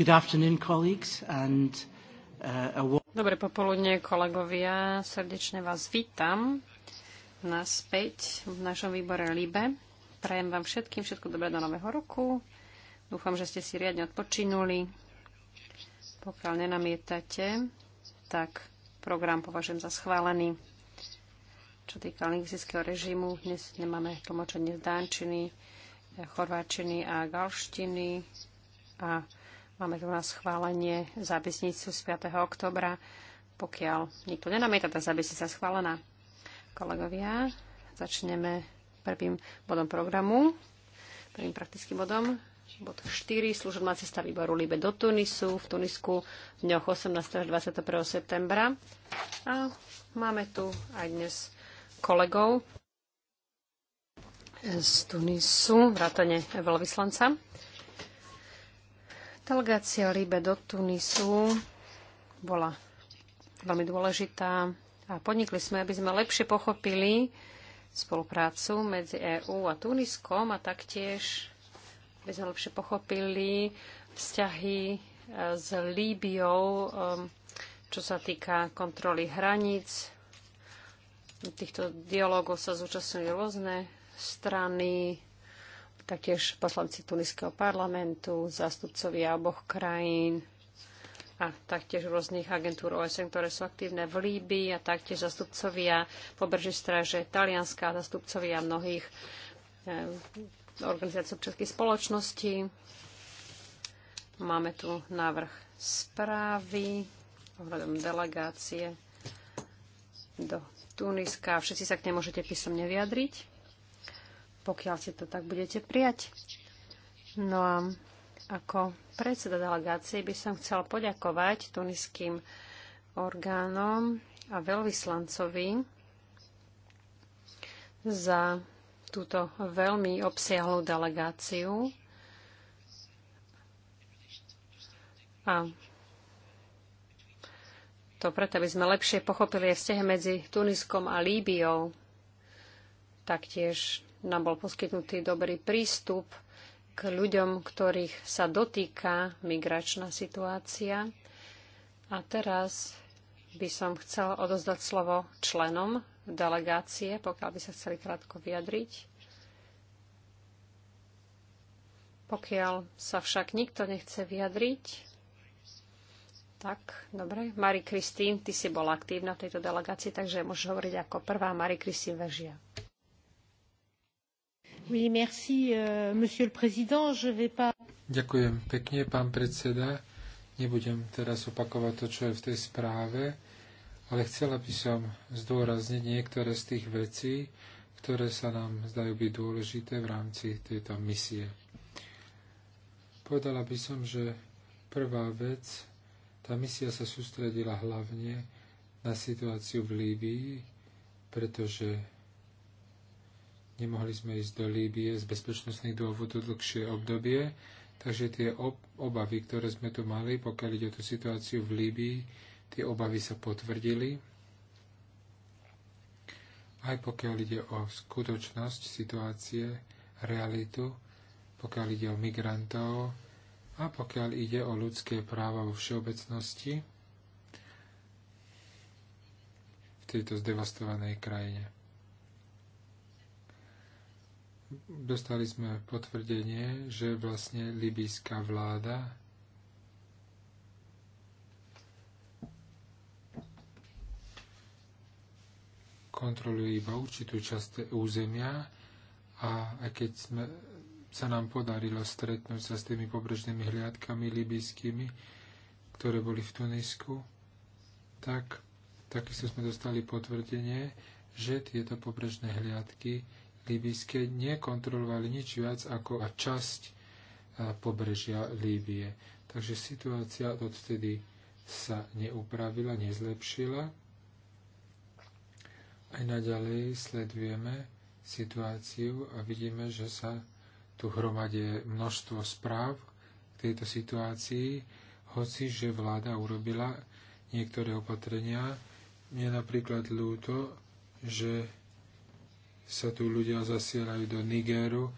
Uh, Dobre popoludne, kolegovia. Srdečne vás vítam naspäť v našom výbore LIBE. Prajem vám všetkým všetko dobré do nového roku. Dúfam, že ste si riadne odpočinuli. Pokiaľ nenamietate, tak program považujem za schválený. Čo týka lingvistického režimu, dnes nemáme tlmočenie z dánčiny, chorváčiny a galštiny a Máme tu na schválenie zápisnicu z 5. oktobra. Pokiaľ nikto nenamieta, tá zápisnica schválená. Kolegovia, začneme prvým bodom programu, prvým praktickým bodom. Bod 4, služobná cesta výboru Libe do Tunisu, v Tunisku v dňoch 18. až 21. septembra. A máme tu aj dnes kolegov z Tunisu, vrátane veľvyslanca. Delegácia Libe do Tunisu bola veľmi dôležitá a podnikli sme, aby sme lepšie pochopili spoluprácu medzi EÚ a Tuniskom a taktiež aby sme lepšie pochopili vzťahy e, s Líbiou, e, čo sa týka kontroly hraníc. Týchto dialogov sa zúčastnili rôzne strany, taktiež poslanci Tuniského parlamentu, zástupcovia oboch krajín a taktiež rôznych agentúr OSN, ktoré sú aktívne v Líbii a taktiež zastupcovia pobrží straže Talianska a zastupcovia mnohých eh, organizácií občianskej spoločnosti. Máme tu návrh správy ohľadom delegácie do Tuniska. Všetci sa k nej môžete písomne vyjadriť pokiaľ si to tak budete prijať. No a ako predseda delegácie by som chcel poďakovať tuniským orgánom a veľvyslancovi za túto veľmi obsiahlu delegáciu. A to preto, aby sme lepšie pochopili vzťahy medzi Tuniskom a Líbiou. Taktiež nám bol poskytnutý dobrý prístup k ľuďom, ktorých sa dotýka migračná situácia. A teraz by som chcela odozdať slovo členom delegácie, pokiaľ by sa chceli krátko vyjadriť. Pokiaľ sa však nikto nechce vyjadriť, tak, dobre. Marie-Christine, ty si bola aktívna v tejto delegácii, takže môžeš hovoriť ako prvá Marie-Christine Vežia. Euh, Ďakujem pekne, pán predseda. Nebudem teraz opakovať to, čo je v tej správe, ale chcela by som zdôrazniť niektoré z tých vecí, ktoré sa nám zdajú byť dôležité v rámci tejto misie. Povedala by som, že prvá vec, tá misia sa sústredila hlavne na situáciu v Líbii, pretože Nemohli sme ísť do Líbie z bezpečnostných dôvodov dlhšie obdobie, takže tie obavy, ktoré sme tu mali, pokiaľ ide o tú situáciu v Líbii, tie obavy sa potvrdili. Aj pokiaľ ide o skutočnosť situácie, realitu, pokiaľ ide o migrantov a pokiaľ ide o ľudské práva vo všeobecnosti v tejto zdevastovanej krajine dostali sme potvrdenie, že vlastne libyjská vláda kontroluje iba určitú časť územia a aj keď sme, sa nám podarilo stretnúť sa s tými pobrežnými hliadkami libyjskými, ktoré boli v Tunisku, tak takisto sme dostali potvrdenie, že tieto pobrežné hliadky líbyjské nekontrolovali nič viac ako časť e, pobrežia Líbie. Takže situácia odvtedy sa neupravila, nezlepšila. Aj naďalej sledujeme situáciu a vidíme, že sa tu hromadie množstvo správ k tejto situácii, hoci že vláda urobila niektoré opatrenia. Je napríklad ľúto, že sa tu ľudia zasielajú do Nigéru,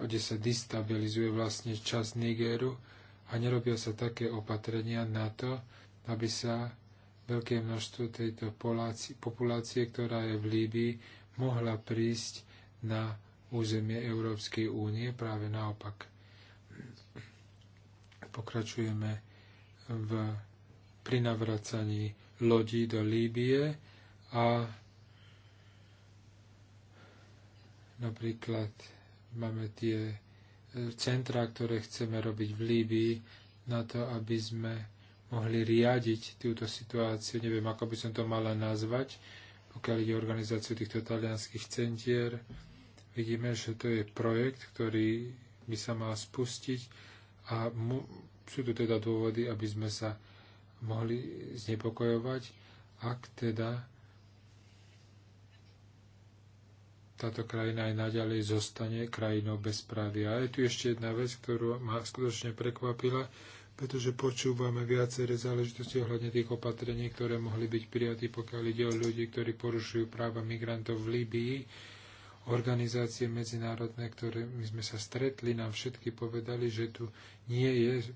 kde sa destabilizuje vlastne čas Nigéru a nerobia sa také opatrenia na to, aby sa veľké množstvo tejto populácie, ktorá je v Líbii, mohla prísť na územie Európskej únie, práve naopak. Pokračujeme v, pri lodí do Líbie a Napríklad máme tie e, centra, ktoré chceme robiť v Líbii na to, aby sme mohli riadiť túto situáciu. Neviem, ako by som to mala nazvať, pokiaľ ide o organizáciu týchto talianských centier. Vidíme, že to je projekt, ktorý by sa mal spustiť a mu, sú tu teda dôvody, aby sme sa mohli znepokojovať, ak teda táto krajina aj naďalej zostane krajinou bezprávy. A je tu ešte jedna vec, ktorú ma skutočne prekvapila, pretože počúvame viaceré záležitosti ohľadne tých opatrení, ktoré mohli byť prijatí, pokiaľ ide o ľudí, ktorí porušujú práva migrantov v Líbii. Organizácie medzinárodné, ktoré my sme sa stretli, nám všetky povedali, že tu nie je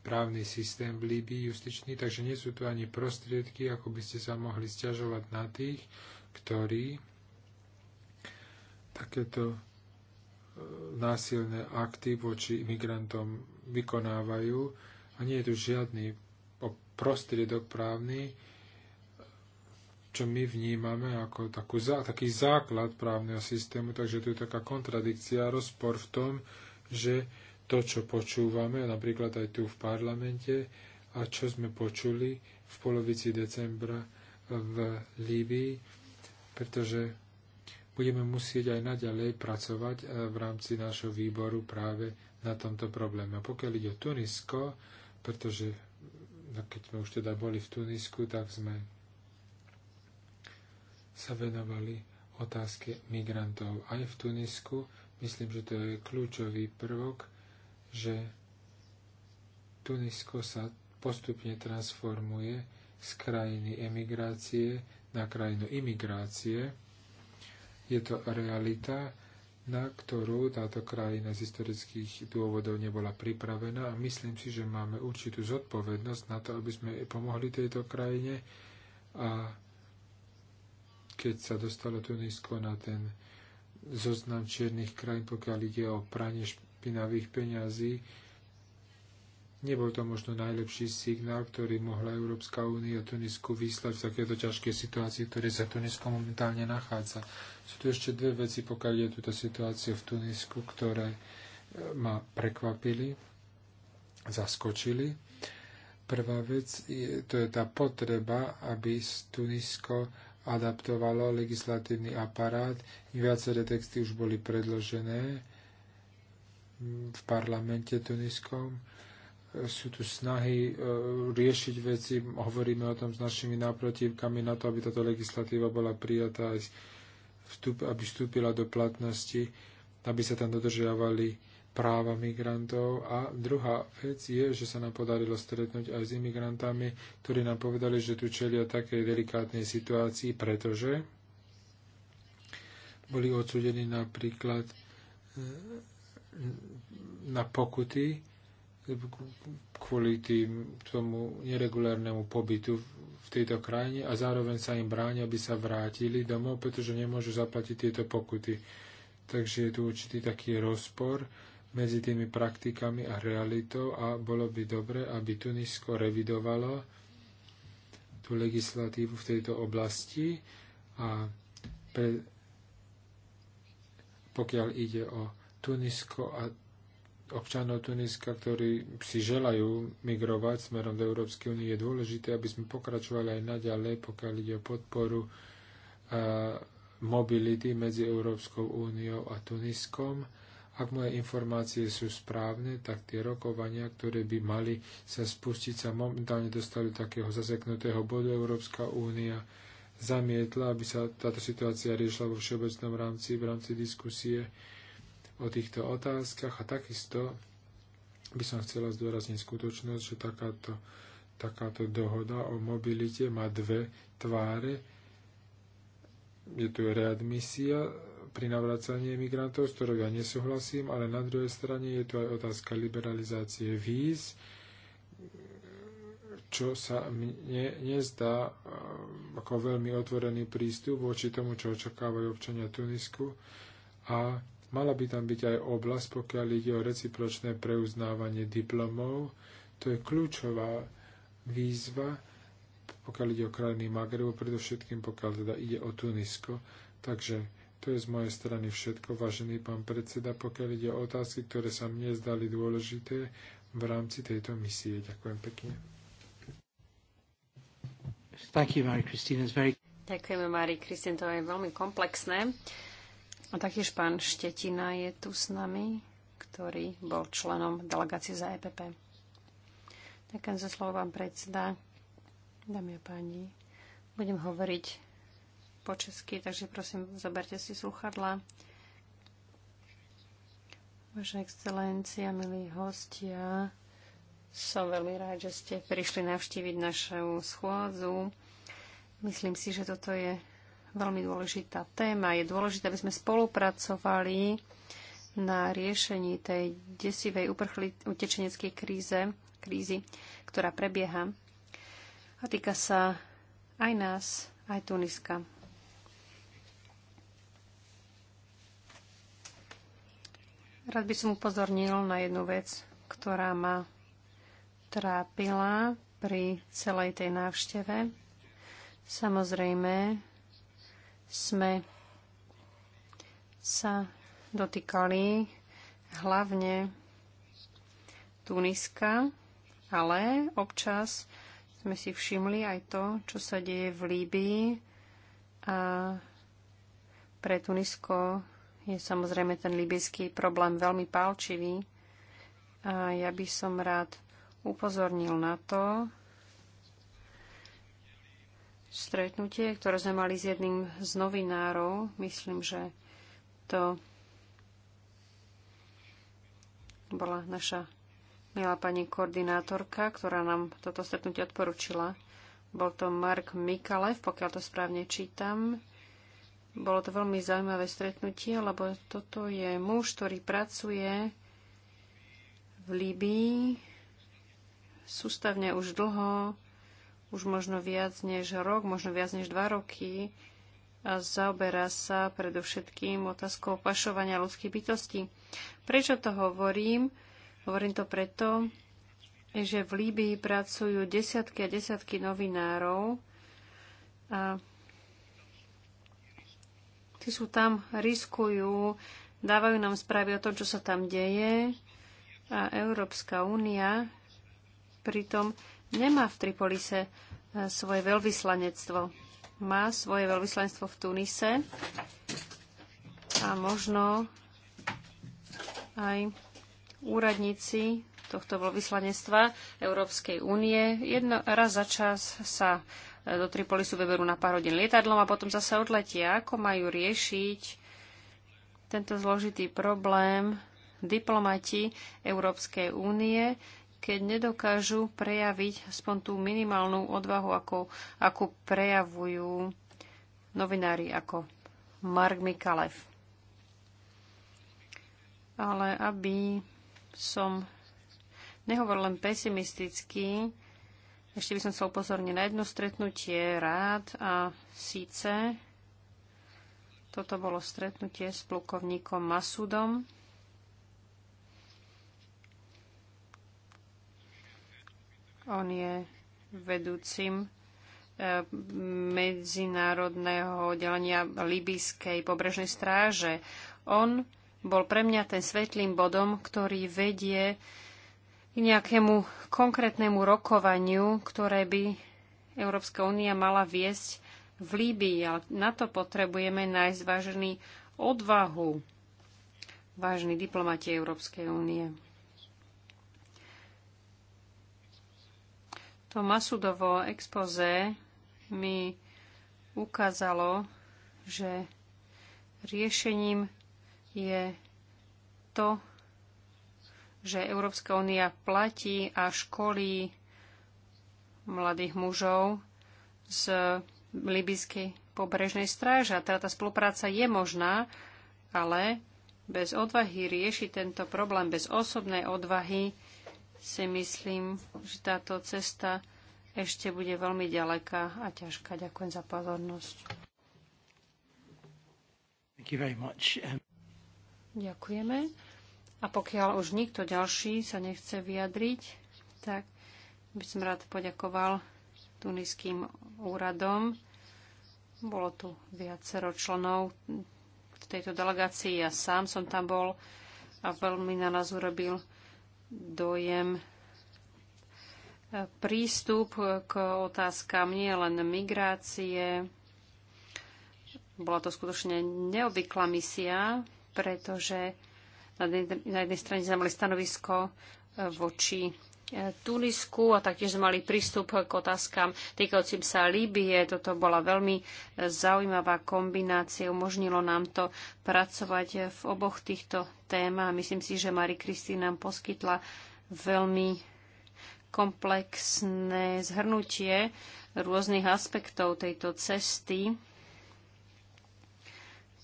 právny systém v Líbii justičný, takže nie sú tu ani prostriedky, ako by ste sa mohli stiažovať na tých, ktorí takéto e, násilné akty voči imigrantom vykonávajú a nie je tu žiadny prostriedok právny, čo my vnímame ako takú, taký základ právneho systému, takže tu je taká kontradikcia, rozpor v tom, že to, čo počúvame, napríklad aj tu v parlamente, a čo sme počuli v polovici decembra v Líbii, pretože budeme musieť aj naďalej pracovať eh, v rámci nášho výboru práve na tomto probléme. A pokiaľ ide o Tunisko, pretože no keď sme už teda boli v Tunisku, tak sme sa venovali otázke migrantov aj v Tunisku. Myslím, že to je kľúčový prvok, že Tunisko sa postupne transformuje z krajiny emigrácie na krajinu imigrácie je to realita, na ktorú táto krajina z historických dôvodov nebola pripravená a myslím si, že máme určitú zodpovednosť na to, aby sme pomohli tejto krajine a keď sa dostalo Tunisko na ten zoznam čiernych krajín, pokiaľ ide o pranie špinavých peňazí, Nebol to možno najlepší signál, ktorý mohla Európska únia Tunisku vyslať v takéto ťažkej situácii, v ktorej sa Tunisko momentálne nachádza. Sú tu ešte dve veci, pokiaľ je túto situáciu v Tunisku, ktoré e, ma prekvapili, zaskočili. Prvá vec, je, to je tá potreba, aby Tunisko adaptovalo legislatívny aparát. Viaceré texty už boli predložené v parlamente tuniskom sú tu snahy e, riešiť veci, hovoríme o tom s našimi náprotivkami na to, aby táto legislatíva bola prijatá, vstup, aby vstúpila do platnosti, aby sa tam dodržiavali práva migrantov. A druhá vec je, že sa nám podarilo stretnúť aj s imigrantami, ktorí nám povedali, že tu čelia takej delikátnej situácii, pretože boli odsudení napríklad e, na pokuty kvôli tým, tomu neregulárnemu pobytu v tejto krajine a zároveň sa im bráni, aby sa vrátili domov, pretože nemôžu zaplatiť tieto pokuty. Takže je tu určitý taký rozpor medzi tými praktikami a realitou a bolo by dobre, aby Tunisko revidovalo tú legislatívu v tejto oblasti a pre, pokiaľ ide o Tunisko a občanov Tuniska, ktorí si želajú migrovať smerom do Európskej únie, je dôležité, aby sme pokračovali aj naďalej, pokiaľ ide o podporu a, mobility medzi Európskou úniou a Tuniskom. Ak moje informácie sú správne, tak tie rokovania, ktoré by mali sa spustiť, sa momentálne dostali do takého zaseknutého bodu. Európska únia zamietla, aby sa táto situácia riešila vo všeobecnom rámci, v rámci diskusie o týchto otázkach a takisto by som chcela zdôrazniť skutočnosť, že takáto, takáto dohoda o mobilite má dve tváre. Je tu readmisia pri navracaní imigrantov, s ktorou ja nesúhlasím, ale na druhej strane je tu aj otázka liberalizácie víz, čo sa mne nezdá eh, ako veľmi otvorený prístup voči tomu, čo očakávajú občania Tunisku a Mala by tam byť aj oblasť, pokiaľ ide o recipročné preuznávanie diplomov. To je kľúčová výzva, pokiaľ ide o krajiny Magrebu, predovšetkým pokiaľ teda ide o Tunisko. Takže to je z mojej strany všetko, vážený pán predseda, pokiaľ ide o otázky, ktoré sa mne zdali dôležité v rámci tejto misie. Ďakujem pekne. Thank you, Mary Christine. Very... Ďakujeme, to je veľmi komplexné. A taktiež pán Štetina je tu s nami, ktorý bol členom delegácie za EPP. Ďakujem za slovo vám predseda. Dámy a páni, budem hovoriť po česky, takže prosím, zoberte si sluchadla. Vaša excelencia, milí hostia, som veľmi rád, že ste prišli navštíviť našu schôdzu. Myslím si, že toto je veľmi dôležitá téma. Je dôležité, aby sme spolupracovali na riešení tej desivej uprchli, utečeneckej kríze, krízy, ktorá prebieha a týka sa aj nás, aj Tuniska. Rád by som upozornil na jednu vec, ktorá ma trápila pri celej tej návšteve. Samozrejme, sme sa dotýkali hlavne Tuniska, ale občas sme si všimli aj to, čo sa deje v Líbii a pre Tunisko je samozrejme ten líbyský problém veľmi pálčivý a ja by som rád upozornil na to, stretnutie, ktoré sme mali s jedným z novinárov. Myslím, že to bola naša milá pani koordinátorka, ktorá nám toto stretnutie odporučila. Bol to Mark Mikalev, pokiaľ to správne čítam. Bolo to veľmi zaujímavé stretnutie, lebo toto je muž, ktorý pracuje v Líbii sústavne už dlho už možno viac než rok, možno viac než dva roky a zaoberá sa predovšetkým otázkou pašovania ľudských bytostí. Prečo to hovorím? Hovorím to preto, že v Líbii pracujú desiatky a desiatky novinárov a tí sú tam, riskujú, dávajú nám správy o tom, čo sa tam deje a Európska únia pritom nemá v Tripolise e, svoje veľvyslanectvo. Má svoje veľvyslanectvo v Tunise a možno aj úradníci tohto veľvyslanectva Európskej únie jedno, raz za čas sa e, do Tripolisu vyberú na pár hodín lietadlom a potom zase odletia. Ako majú riešiť tento zložitý problém diplomati Európskej únie, keď nedokážu prejaviť aspoň tú minimálnu odvahu, ako, ako prejavujú novinári ako Mark Mikalev. Ale aby som nehovoril len pesimisticky, ešte by som chcel upozorniť na jedno stretnutie rád a síce toto bolo stretnutie s plukovníkom Masudom, On je vedúcim e, medzinárodného oddelenia Libyskej pobrežnej stráže. On bol pre mňa ten svetlým bodom, ktorý vedie k nejakému konkrétnemu rokovaniu, ktoré by Európska únia mala viesť v Líbii, ale na to potrebujeme nájsť vážený odvahu, vážni diplomati Európskej únie. To Masudovo expoze mi ukázalo, že riešením je to, že Európska únia platí a školí mladých mužov z libyskej pobrežnej stráže. A teda tá spolupráca je možná, ale bez odvahy riešiť tento problém, bez osobnej odvahy si myslím, že táto cesta ešte bude veľmi ďaleká a ťažká. Ďakujem za pozornosť. Thank you very much. Um, Ďakujeme. A pokiaľ už nikto ďalší sa nechce vyjadriť, tak by som rád poďakoval tuniským úradom. Bolo tu viacero členov v tejto delegácii. Ja sám som tam bol a veľmi na nás urobil dojem e, prístup k otázkam nie len migrácie. Bola to skutočne neobvyklá misia, pretože na jednej strane sme mali stanovisko e, voči Tunisku a taktiež sme mali prístup k otázkam týkajúcim sa Líbie. Toto bola veľmi zaujímavá kombinácia. Umožnilo nám to pracovať v oboch týchto témach. Myslím si, že Mari Kristýn nám poskytla veľmi komplexné zhrnutie rôznych aspektov tejto cesty.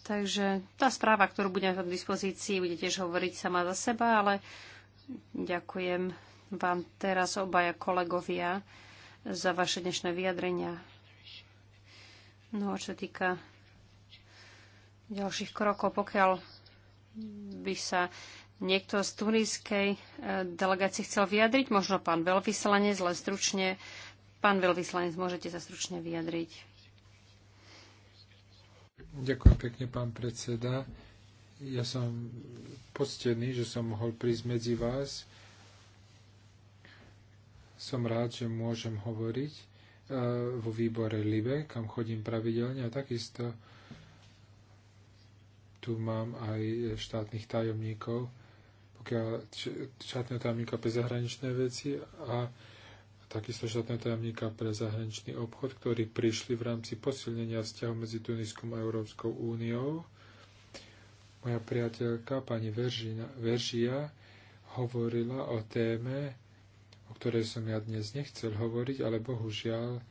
Takže tá správa, ktorú budem v dispozícii, bude tiež hovoriť sama za seba, ale ďakujem vám teraz obaja kolegovia za vaše dnešné vyjadrenia. No a čo týka ďalších krokov, pokiaľ by sa niekto z tunískej e, delegácie chcel vyjadriť, možno pán veľvyslanec, len stručne. Pán veľvyslanec, môžete sa stručne vyjadriť. Ďakujem pekne, pán predseda. Ja som poctený, že som mohol prísť medzi vás som rád, že môžem hovoriť eh, vo výbore LIBE, kam chodím pravidelne a takisto tu mám aj eh, štátnych tajomníkov, pokiaľ štátneho tajomníka pre zahraničné veci a takisto štátneho tajomníka pre zahraničný obchod, ktorí prišli v rámci posilnenia vzťahu medzi Tuniskom a Európskou úniou. Moja priateľka, pani Veržina, Veržia, hovorila o téme ktorej som ja dnes nechcel hovoriť, ale bohužiaľ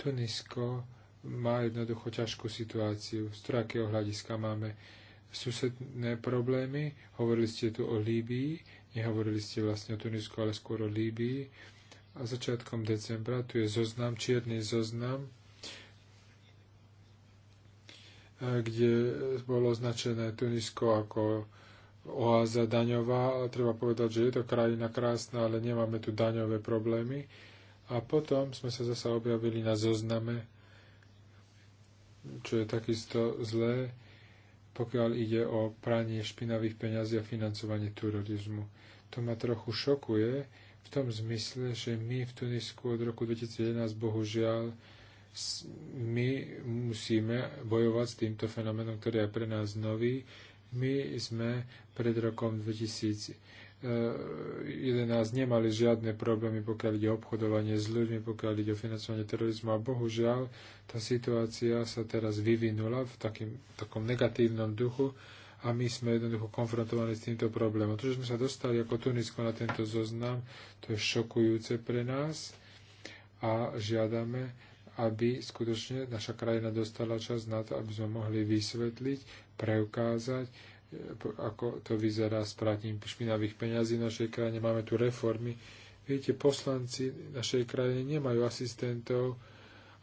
Tunisko má jednoducho ťažkú situáciu. Z trakého hľadiska máme susedné problémy, hovorili ste tu o Líbii, nehovorili ste vlastne o Tunisku, ale skôr o Líbii. A začiatkom decembra tu je zoznam, čierny zoznam, kde bolo označené Tunisko ako oáza daňová. Treba povedať, že je to krajina krásna, ale nemáme tu daňové problémy. A potom sme sa zasa objavili na zozname, čo je takisto zlé, pokiaľ ide o pranie špinavých peňazí a financovanie terorizmu. To ma trochu šokuje v tom zmysle, že my v Tunisku od roku 2011 bohužiaľ my musíme bojovať s týmto fenoménom, ktorý je pre nás nový my sme pred rokom 2011 eh, nemali žiadne problémy, pokiaľ ide o obchodovanie s ľuďmi, pokiaľ ide o financovanie terorizmu a bohužiaľ tá situácia sa teraz vyvinula v takým, takom negatívnom duchu a my sme jednoducho konfrontovaní s týmto problémom. To, že sme sa dostali ako Tunisko na tento zoznam, to je šokujúce pre nás a žiadame, aby skutočne naša krajina dostala čas na to, aby sme mohli vysvetliť, preukázať, eh, ako to vyzerá s pratím špinavých peňazí v našej krajine. Máme tu reformy. Viete, poslanci našej krajine nemajú asistentov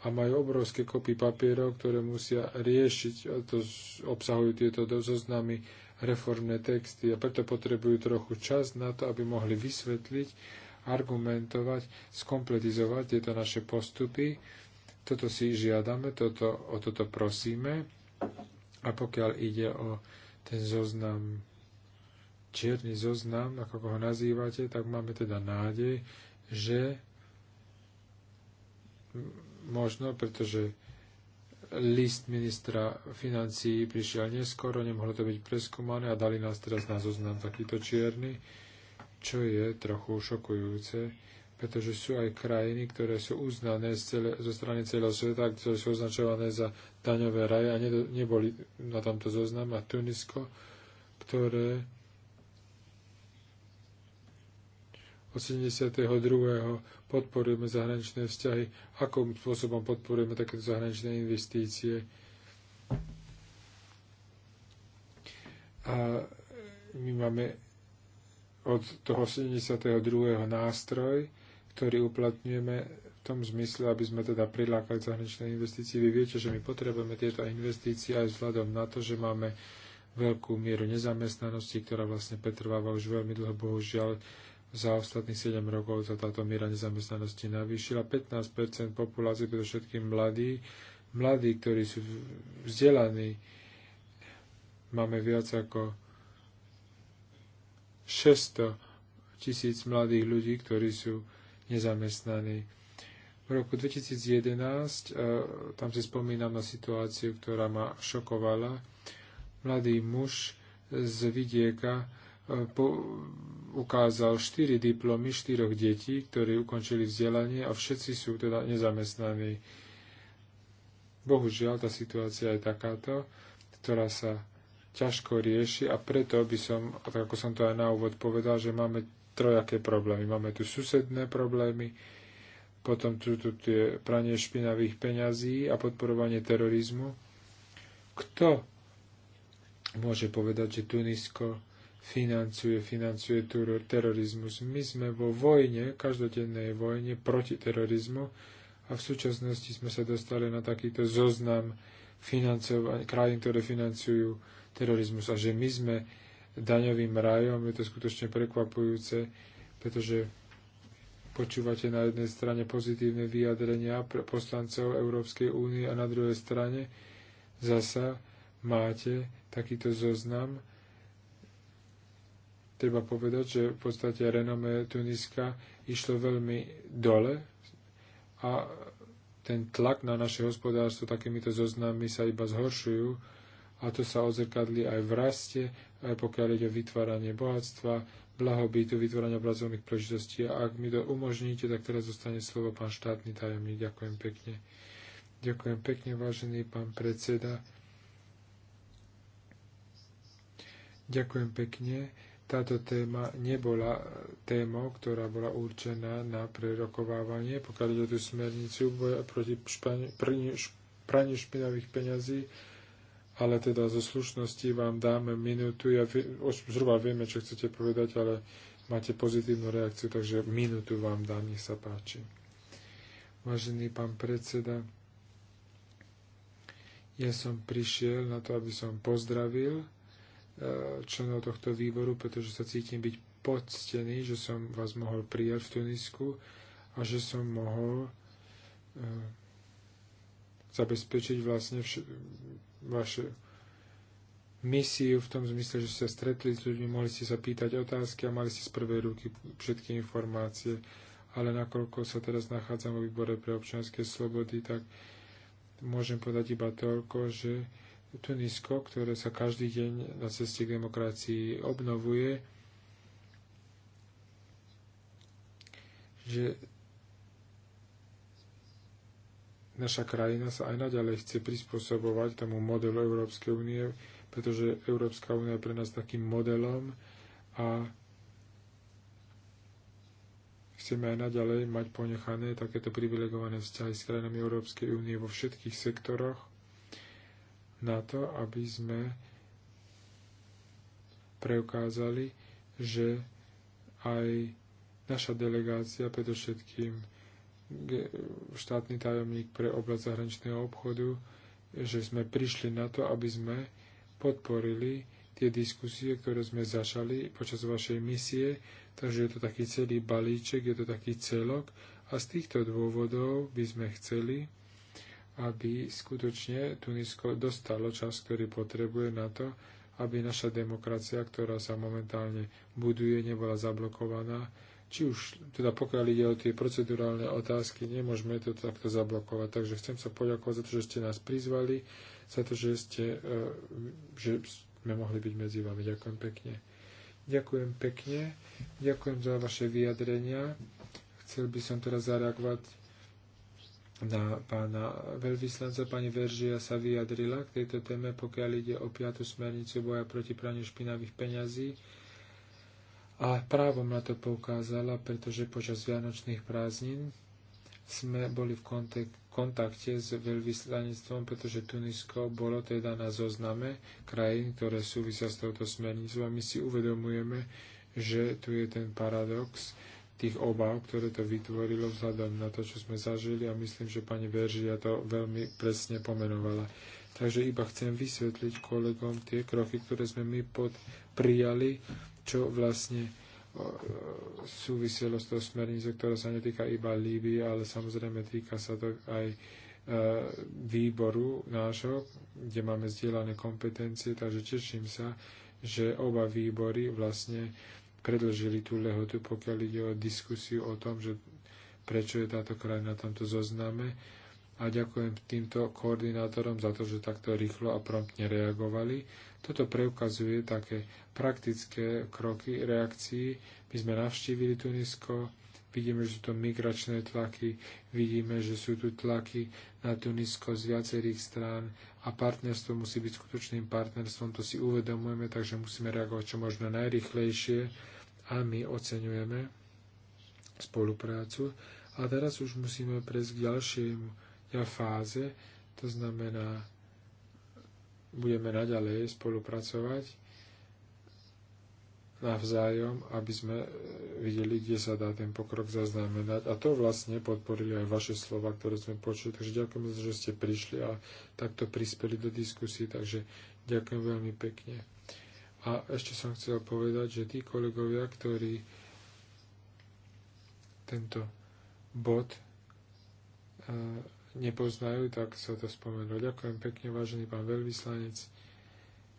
a majú obrovské kopy papierov, ktoré musia riešiť. A to obsahujú tieto zoznamy reformné texty a preto potrebujú trochu čas na to, aby mohli vysvetliť argumentovať, skompletizovať tieto naše postupy toto si žiadame, toto, o toto prosíme. A pokiaľ ide o ten zoznam, čierny zoznam, ako ho nazývate, tak máme teda nádej, že možno, pretože list ministra financí prišiel neskoro, nemohlo to byť preskúmané a dali nás teraz na zoznam takýto čierny, čo je trochu šokujúce pretože sú aj krajiny, ktoré sú uznané z celé, zo strany celého sveta, ktoré sú označované za daňové raje a nedo, neboli na tomto zoznam. A Tunisko, ktoré od 72. podporujeme zahraničné vzťahy, akým spôsobom podporujeme takéto zahraničné investície. A my máme od toho 72. nástroj, ktorý uplatňujeme v tom zmysle, aby sme teda prilákali zahraničné investície. Vy viete, že my potrebujeme tieto investície aj vzhľadom na to, že máme veľkú mieru nezamestnanosti, ktorá vlastne pretrváva už veľmi dlho, bohužiaľ za ostatných 7 rokov sa táto miera nezamestnanosti navýšila. 15 populácie, všetkým mladí, mladí, ktorí sú vzdelaní, máme viac ako 600 tisíc mladých ľudí, ktorí sú nezamestnaní. V roku 2011, e, tam si spomínam na situáciu, ktorá ma šokovala, mladý muž z vidieka e, po, ukázal štyri diplomy štyroch detí, ktorí ukončili vzdelanie a všetci sú teda nezamestnaní. Bohužiaľ, tá situácia je takáto, ktorá sa ťažko rieši a preto by som, tak ako som to aj na úvod povedal, že máme trojaké problémy. Máme tu susedné problémy, potom tu, tu tie pranie špinavých peňazí a podporovanie terorizmu. Kto môže povedať, že Tunisko financuje, financuje terorizmus? My sme vo vojne, každodennej vojne proti terorizmu a v súčasnosti sme sa dostali na takýto zoznam krajín, ktoré financujú terorizmus a že my sme daňovým rajom. Je to skutočne prekvapujúce, pretože počúvate na jednej strane pozitívne vyjadrenia pre poslancov Európskej únie a na druhej strane zasa máte takýto zoznam. Treba povedať, že v podstate renome Tuniska išlo veľmi dole a ten tlak na naše hospodárstvo takýmito zoznami sa iba zhoršujú a to sa odzrkadli aj v raste, aj pokiaľ ide o vytváranie bohatstva, blahobytu, vytvárania pracovných príležitostí. A ak mi to umožníte, tak teraz zostane slovo pán štátny tajomník. Ďakujem pekne. Ďakujem pekne, vážený pán predseda. Ďakujem pekne. Táto téma nebola témou, ktorá bola určená na prerokovávanie, pokiaľ ide o tú smernicu boja proti praniu špinavých peňazí ale teda zo slušnosti vám dáme minútu. Ja zhruba vieme, čo chcete povedať, ale máte pozitívnu reakciu, takže minútu vám dám, nech sa páči. Vážený pán predseda, ja som prišiel na to, aby som pozdravil e, členov tohto výboru, pretože sa cítim byť poctený, že som vás mohol prijať v Tunisku a že som mohol e, zabezpečiť vlastne vš- vašu misiu v tom zmysle, že ste sa stretli s ľuďmi, mohli ste sa pýtať otázky a mali ste z prvej ruky všetky informácie. Ale nakoľko sa teraz nachádzam vo výbore pre občianske slobody, tak môžem povedať iba toľko, že Tunisko, ktoré sa každý deň na ceste k demokracii obnovuje, že Naša krajina sa aj naďalej chce prispôsobovať tomu modelu Európskej únie, pretože Európska únia je pre nás takým modelom a chceme aj naďalej mať ponechané takéto privilegované vzťahy s krajinami Európskej únie vo všetkých sektoroch na to, aby sme preukázali, že aj naša delegácia, predovšetkým štátny tajomník pre oblasť zahraničného obchodu, že sme prišli na to, aby sme podporili tie diskusie, ktoré sme začali počas vašej misie, takže je to taký celý balíček, je to taký celok a z týchto dôvodov by sme chceli, aby skutočne Tunisko dostalo čas, ktorý potrebuje na to, aby naša demokracia, ktorá sa momentálne buduje, nebola zablokovaná, či už teda pokiaľ ide o tie procedurálne otázky, nemôžeme to takto zablokovať. Takže chcem sa poďakovať za to, že ste nás prizvali, za to, že, ste, e, že sme mohli byť medzi vami. Ďakujem pekne. Ďakujem pekne. Ďakujem za vaše vyjadrenia. Chcel by som teraz zareagovať na pána veľvyslanca. Pani Veržia sa vyjadrila k tejto téme, pokiaľ ide o piatu smernicu boja proti praniu špinavých peňazí a právom na to poukázala, pretože počas vianočných prázdnin sme boli v kontek- kontakte s veľvyslanectvom, pretože Tunisko bolo teda na zozname krajín, ktoré súvisia s touto smernicou a my si uvedomujeme, že tu je ten paradox tých obav, ktoré to vytvorilo vzhľadom na to, čo sme zažili a myslím, že pani Veržia to veľmi presne pomenovala. Takže iba chcem vysvetliť kolegom tie kroky, ktoré sme my pod, prijali čo vlastne súviselo s tou smernicou, ktorá sa netýka iba Líbie, ale samozrejme týka sa to aj e, výboru nášho, kde máme zdieľané kompetencie, takže teším sa, že oba výbory vlastne predlžili tú lehotu, pokiaľ ide o diskusiu o tom, že prečo je táto krajina na tomto zozname a ďakujem týmto koordinátorom za to, že takto rýchlo a promptne reagovali. Toto preukazuje také praktické kroky reakcií. My sme navštívili Tunisko, vidíme, že sú to migračné tlaky, vidíme, že sú tu tlaky na Tunisko z viacerých strán a partnerstvo musí byť skutočným partnerstvom, to si uvedomujeme, takže musíme reagovať čo možno najrychlejšie a my oceňujeme spoluprácu. A teraz už musíme prejsť k ďalšiemu fáze, to znamená, budeme naďalej spolupracovať navzájom, aby sme e, videli, kde sa dá ten pokrok zaznamenať. A to vlastne podporili aj vaše slova, ktoré sme počuli. Takže ďakujem že ste prišli a takto prispeli do diskusie. Takže ďakujem veľmi pekne. A ešte som chcel povedať, že tí kolegovia, ktorí tento bod e, nepoznajú, tak sa to spomenú. Ďakujem pekne, vážený pán veľvyslanec,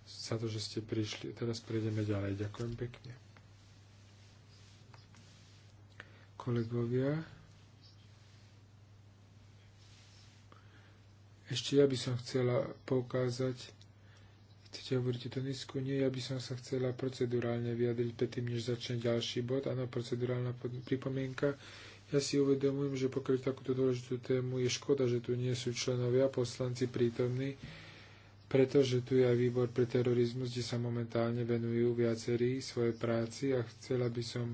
za to, že ste prišli. Teraz prejdeme ďalej. Ďakujem pekne. Kolegovia, ešte ja by som chcela poukázať, chcete hovoriť to nízku? Nie, ja by som sa chcela procedurálne vyjadriť predtým, než začne ďalší bod. Áno, procedurálna pripomienka. Ja si uvedomujem, že pokryť takúto dôležitú tému je škoda, že tu nie sú členovia poslanci prítomní, pretože tu je aj výbor pre terorizmus, kde sa momentálne venujú viacerí svojej práci a chcela by som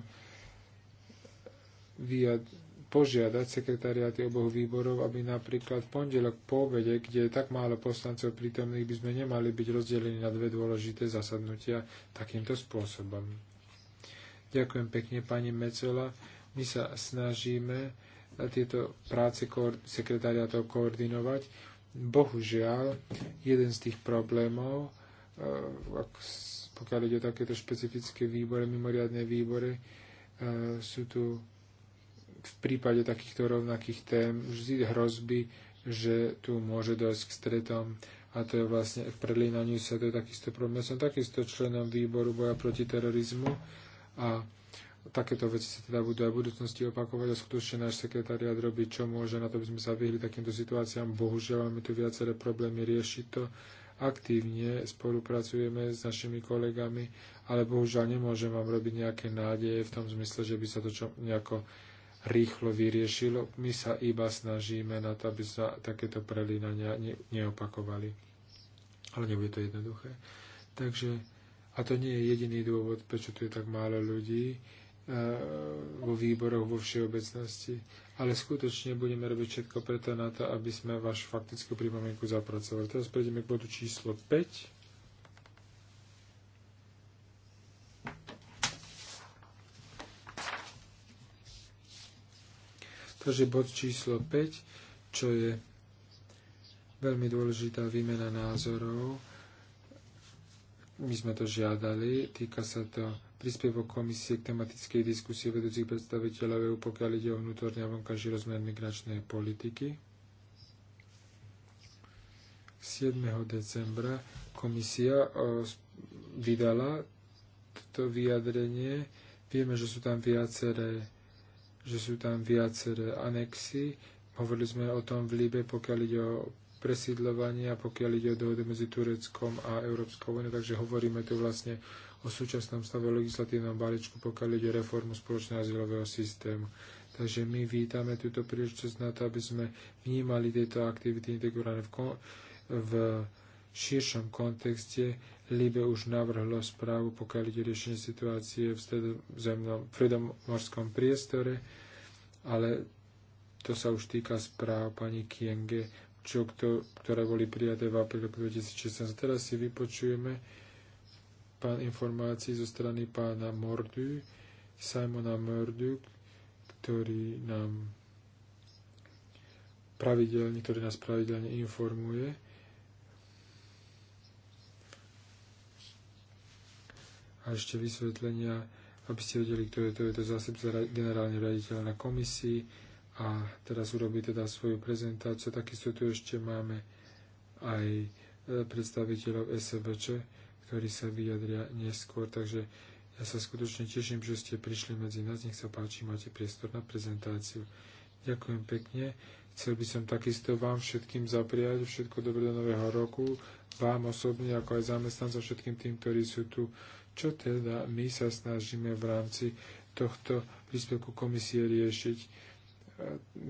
vyjad- požiadať sekretariáty oboch výborov, aby napríklad v pondelok po obede, kde je tak málo poslancov prítomných, by sme nemali byť rozdelení na dve dôležité zasadnutia takýmto spôsobom. Ďakujem pekne pani Mecela. My sa snažíme eh, tieto práce sekretariátov koordinovať. Bohužiaľ, jeden z tých problémov, eh, ak, pokiaľ ide o takéto špecifické výbore, mimoriadne výbore, eh, sú tu v prípade takýchto rovnakých tém vždy hrozby, že tu môže dojsť k stretom a to je vlastne v prelínaniu sa to je takisto problém. Ja som takisto členom výboru boja proti terorizmu a takéto veci sa teda budú aj v budúcnosti opakovať a skutočne náš sekretariat robí, čo môže, na to by sme sa vyhli takýmto situáciám. Bohužiaľ, máme tu viaceré problémy riešiť to. Aktívne spolupracujeme s našimi kolegami, ale bohužiaľ nemôžem vám robiť nejaké nádeje v tom zmysle, že by sa to čo, nejako rýchlo vyriešilo. My sa iba snažíme na to, aby sa takéto prelínania ne, neopakovali. Ale nebude to jednoduché. Takže a to nie je jediný dôvod, prečo tu je tak málo ľudí. E, vo výboroch vo všeobecnosti, ale skutočne budeme robiť všetko preto na to, aby sme vašu faktickú pripomienku zapracovali. Teraz prejdeme k bodu číslo 5. Takže bod číslo 5, čo je veľmi dôležitá výmena názorov. My sme to žiadali, týka sa to príspevok komisie k tematickej diskusii vedúcich predstaviteľov EU, pokiaľ ide o vnútorný a vonkajší rozmer migračnej politiky. 7. decembra komisia e, vydala toto vyjadrenie. Vieme, že sú tam viaceré, že sú tam viaceré anexy. Hovorili sme o tom v Líbe, pokiaľ ide o presídľovanie a pokiaľ ide o dohodu medzi Tureckom a Európskou úniou, takže hovoríme tu vlastne o súčasnom stave legislatívnom balíčku, pokiaľ ide o reformu spoločného azylového systému. Takže my vítame túto príležitosť na to, aby sme vnímali tieto aktivity integrované v, kon- v širšom kontexte. Libe už navrhlo správu, pokiaľ ide riešenie situácie v stredozemnom fredomorskom priestore, ale to sa už týka správ pani Kienge, čo, ktoré boli prijaté v apríli 2016. Teraz si vypočujeme pán informácií zo strany pána Mordu, Simona Mordu, ktorý nám pravidelne, ktorý nás pravidelne informuje. A ešte vysvetlenia, aby ste vedeli, kto je to, je to zástupca generálny raditeľa na komisii a teraz urobí teda svoju prezentáciu. Takisto tu ešte máme aj e, predstaviteľov SVČ, ktorí sa vyjadria neskôr. Takže ja sa skutočne teším, že ste prišli medzi nás. Nech sa páči, máte priestor na prezentáciu. Ďakujem pekne. Chcel by som takisto vám všetkým zapriať všetko dobré do nového roku, vám osobne, ako aj zamestnancom, všetkým tým, ktorí sú tu. Čo teda my sa snažíme v rámci tohto príspevku komisie riešiť?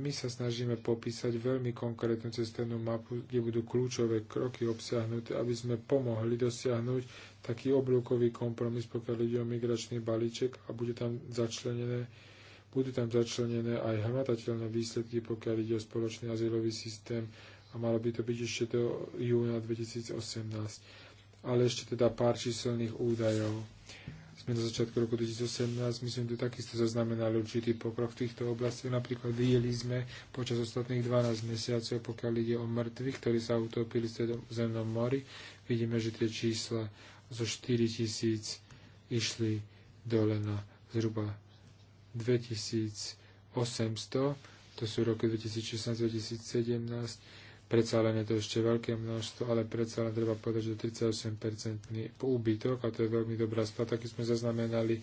my sa snažíme popísať veľmi konkrétnu cestovnú mapu, kde budú kľúčové kroky obsiahnuté, aby sme pomohli dosiahnuť taký oblúkový kompromis, pokiaľ ide o migračný balíček a bude tam začlenené, budú tam začlenené aj hmatateľné výsledky, pokiaľ ide o spoločný azylový systém a malo by to byť ešte do júna 2018. Ale ešte teda pár číselných údajov sme na začiatku roku 2018, myslím, tu takisto zaznamenali určitý pokrok v týchto oblastiach. Napríklad vyjeli sme počas ostatných 12 mesiacov, pokiaľ ide o mŕtvych, ktorí sa utopili v zemnom mori. Vidíme, že tie čísla zo 4 tisíc išli dole na zhruba 2800, to sú roky 2016-2017, Predsa len je to ešte veľké množstvo, ale predsa len treba povedať, že 38-percentný úbytok, a to je veľmi dobrá správa, taký sme zaznamenali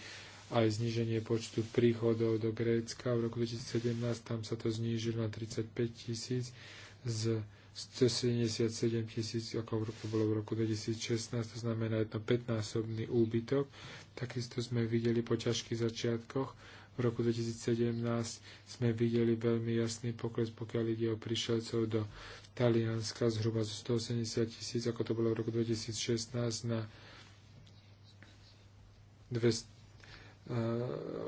aj zníženie počtu príchodov do Grécka. V roku 2017 tam sa to znížilo na 35 tisíc z 177 tisíc, ako roku, bolo v roku 2016, to znamená jedno 15-násobný úbytok. Takisto sme videli po ťažkých začiatkoch v roku 2017 sme videli veľmi jasný pokles, pokiaľ ide o prišielcov do Talianska zhruba zo 180 tisíc, ako to bolo v roku 2016, na 200,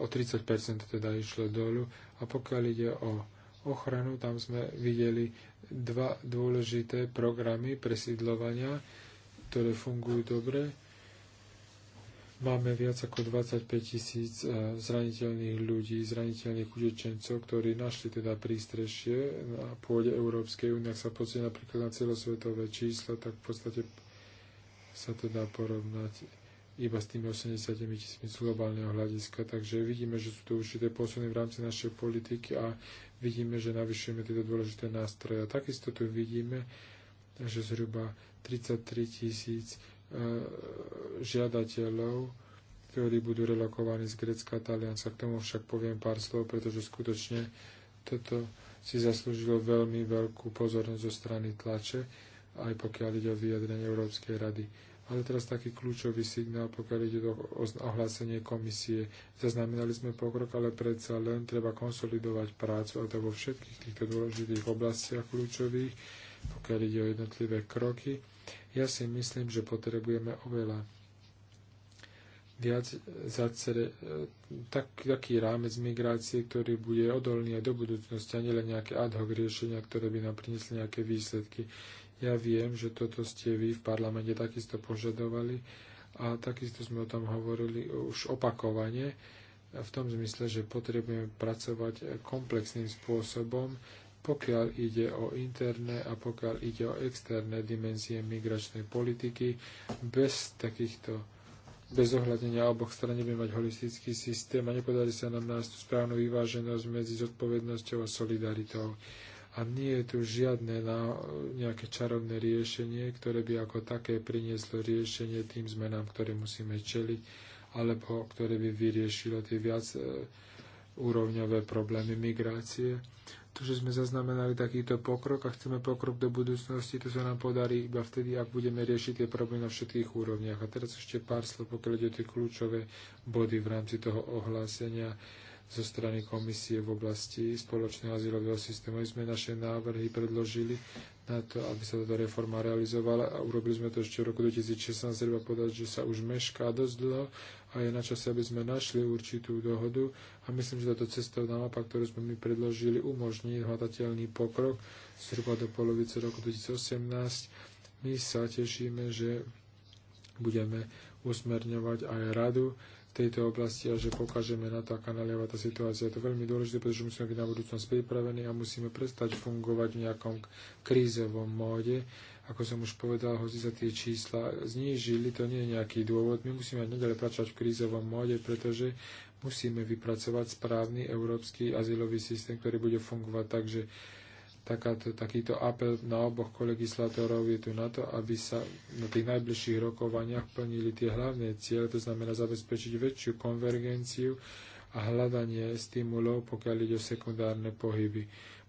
o 30% teda išlo dolu. A pokiaľ ide o ochranu, tam sme videli dva dôležité programy presídlovania, ktoré fungujú dobre Máme viac ako 25 tisíc e, zraniteľných ľudí, zraniteľných utečencov, ktorí našli teda prístrešie na pôde Európskej únie. Ak sa pozrie napríklad na celosvetové čísla, tak v podstate sa to dá porovnať iba s tými 80 tisícmi z globálneho hľadiska. Takže vidíme, že sú to určité posuny v rámci našej politiky a vidíme, že navyšujeme tieto dôležité nástroje. A takisto tu vidíme, že zhruba 33 tisíc E, žiadateľov, ktorí budú relokovaní z Grecka a Talianska. K tomu však poviem pár slov, pretože skutočne toto si zaslúžilo veľmi veľkú pozornosť zo strany tlače, aj pokiaľ ide o vyjadrenie Európskej rady. Ale teraz taký kľúčový signál, pokiaľ ide o ohlásenie komisie. Zaznamenali sme pokrok, ale predsa len treba konsolidovať prácu, a to vo všetkých týchto dôležitých oblastiach kľúčových, pokiaľ ide o jednotlivé kroky ja si myslím, že potrebujeme oveľa viac zacere, tak, taký rámec migrácie, ktorý bude odolný aj do budúcnosti a nielen nejaké ad hoc riešenia, ktoré by nám priniesli nejaké výsledky. Ja viem, že toto ste vy v parlamente takisto požadovali a takisto sme o tom hovorili už opakovane v tom zmysle, že potrebujeme pracovať komplexným spôsobom pokiaľ ide o interné a pokiaľ ide o externé dimenzie migračnej politiky, bez takýchto bez ohľadenia oboch stran nebudeme mať holistický systém a nepodarí sa nám nájsť tú správnu vyváženosť medzi zodpovednosťou a solidaritou. A nie je tu žiadne na, nejaké čarovné riešenie, ktoré by ako také prinieslo riešenie tým zmenám, ktoré musíme čeliť, alebo ktoré by vyriešilo tie viac e, úrovňové problémy migrácie to, že sme zaznamenali takýto pokrok a chceme pokrok do budúcnosti, to sa nám podarí iba vtedy, ak budeme riešiť tie problémy na všetkých úrovniach. A teraz ešte pár slov, pokiaľ ide o tie kľúčové body v rámci toho ohlásenia zo strany komisie v oblasti spoločného azylového systému. My sme naše návrhy predložili na to, aby sa táto reforma realizovala a urobili sme to ešte v roku 2016. Treba povedať, že sa už mešká dosť dlho a je na čase, aby sme našli určitú dohodu a myslím, že táto cestovná mapa, ktorú sme mi predložili, umožní hľadateľný pokrok zhruba do polovice roku 2018. My sa tešíme, že budeme usmerňovať aj radu v tejto oblasti a že pokážeme na to, aká nalieva tá situácia. Je to veľmi dôležité, pretože musíme byť na budúcnosť pripravení a musíme prestať fungovať v nejakom krízovom móde ako som už povedal, hoci sa tie čísla znížili, to nie je nejaký dôvod. My musíme nedele pracovať v krízovom móde, pretože musíme vypracovať správny európsky azylový systém, ktorý bude fungovať tak, že takáto, takýto apel na oboch kolegislátorov je tu na to, aby sa na tých najbližších rokovaniach plnili tie hlavné cieľe, to znamená zabezpečiť väčšiu konvergenciu a hľadanie stimulov, pokiaľ ide o sekundárne pohyby.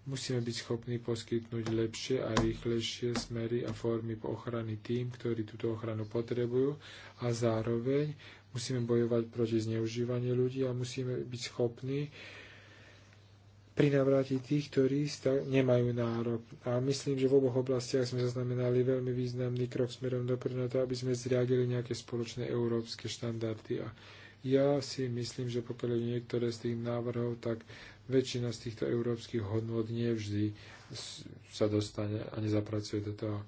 Musíme byť schopní poskytnúť lepšie a rýchlejšie smery a formy ochrany tým, ktorí túto ochranu potrebujú a zároveň musíme bojovať proti zneužívaniu ľudí a musíme byť schopní prinavrátiť tých, ktorí nemajú nárok. A myslím, že v oboch oblastiach sme zaznamenali veľmi významný krok smerom dopredu na to, aby sme zriadili nejaké spoločné európske štandardy. A ja si myslím, že pokiaľ niektoré z tých návrhov, tak väčšina z týchto európskych hodnot nevždy sa dostane a nezapracuje do toho.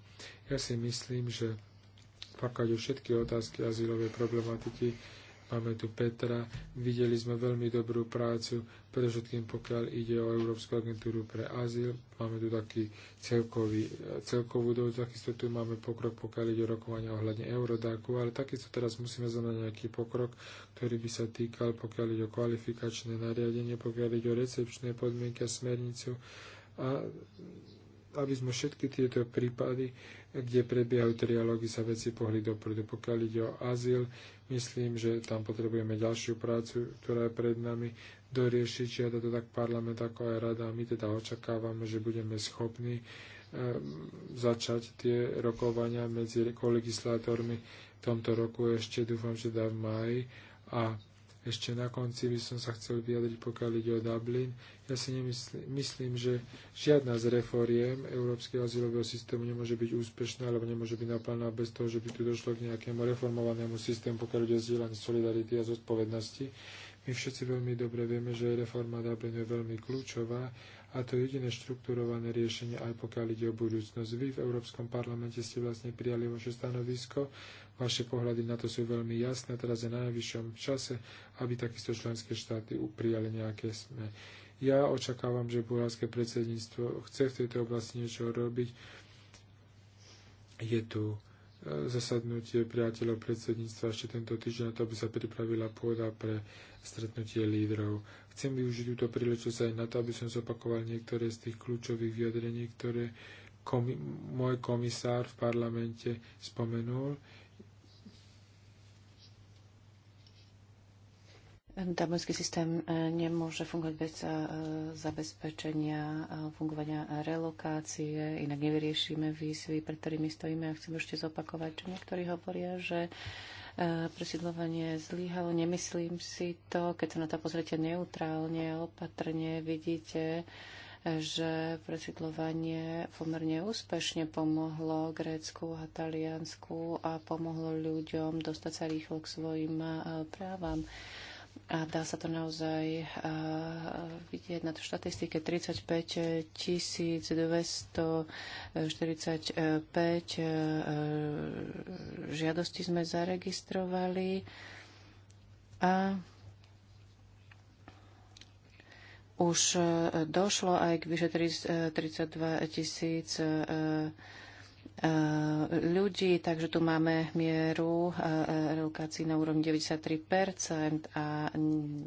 Ja si myslím, že pokiaľ všetky otázky azylovej problematiky, Máme tu Petra, videli sme veľmi dobrú prácu, predovšetkým pokiaľ ide o Európsku agentúru pre azyl. Máme tu taký celkový, celkovú dohodu, takisto tu máme pokrok, pokiaľ ide o rokovania ohľadne Eurodáku, ale takisto teraz musíme znamenať nejaký pokrok, ktorý by sa týkal, pokiaľ ide o kvalifikačné nariadenie, pokiaľ ide o recepčné podmienky a smernicu a aby sme všetky tieto prípady, kde prebiehajú trialógy, sa veci pohli dopredu. Pokiaľ ide o azyl, myslím, že tam potrebujeme ďalšiu prácu, ktorá je pred nami, doriešiť, žiada to tak parlament ako aj rada. My teda očakávame, že budeme schopní eh, začať tie rokovania medzi kolegislátormi v tomto roku ešte, dúfam, že dá v máji a ešte na konci by som sa chcel vyjadriť, pokiaľ ide o Dublin. Ja si nemyslím, myslím, že žiadna z reforiem európskeho azylového systému nemôže byť úspešná, alebo nemôže byť naplná bez toho, že by tu došlo k nejakému reformovanému systému, pokiaľ ide o zdieľanie solidarity a zodpovednosti. My všetci veľmi dobre vieme, že reforma Dublinu je veľmi kľúčová a to je jediné štrukturované riešenie, aj pokiaľ ide o budúcnosť. Vy v Európskom parlamente ste vlastne prijali vaše stanovisko Vaše pohľady na to sú veľmi jasné. Teraz je na najvyššom čase, aby takisto členské štáty prijali nejaké sme. Ja očakávam, že bulharské predsedníctvo chce v tejto oblasti niečo robiť. Je tu e, zasadnutie priateľov predsedníctva ešte tento týždeň na to, by sa pripravila pôda pre stretnutie lídrov. Chcem využiť túto príležitosť aj na to, aby som zopakoval niektoré z tých kľúčových vyjadrení, ktoré komi- môj komisár v parlamente spomenul. Dublinský systém e, nemôže fungovať bez e, zabezpečenia e, fungovania relokácie, inak nevyriešime výzvy, pred ktorými stojíme. A chcem ešte zopakovať, že niektorí hovoria, že presídlovanie zlyhalo. Nemyslím si to, keď sa na to pozriete neutrálne opatrne, vidíte, že presídlovanie pomerne úspešne pomohlo Grécku a Taliansku a pomohlo ľuďom dostať sa rýchlo k svojim právam a dá sa to naozaj eh, vidieť na to štatistike 35 245 eh, eh, žiadosti sme zaregistrovali a už došlo aj k vyše 32 tisíc Eh, ľudí, takže tu máme mieru eh, relokácií na úrovni 93% a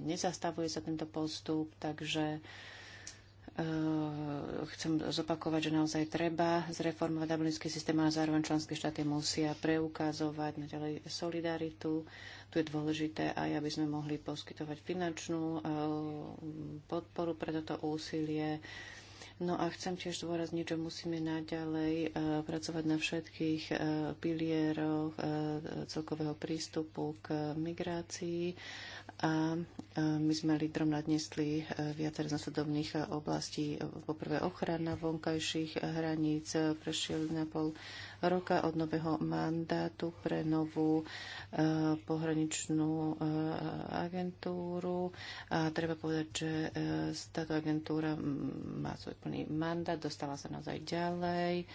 nezastavuje sa tento postup, takže eh, chcem zopakovať, že naozaj treba zreformovať dublinský systém a zároveň členské štáty musia preukazovať naďalej solidaritu. Tu je dôležité aj, aby sme mohli poskytovať finančnú podporu pre toto úsilie No a chcem tiež zdôrazniť, že musíme naďalej e, pracovať na všetkých e, pilieroch e, celkového prístupu k migrácii a my sme lídrom nadnesli viacer z nasledovných oblastí. Poprvé ochrana vonkajších hraníc, prešiel na pol roka od nového mandátu pre novú eh, pohraničnú eh, agentúru. A treba povedať, že eh, táto agentúra mm, má svoj plný mandát, dostala sa naozaj ďalej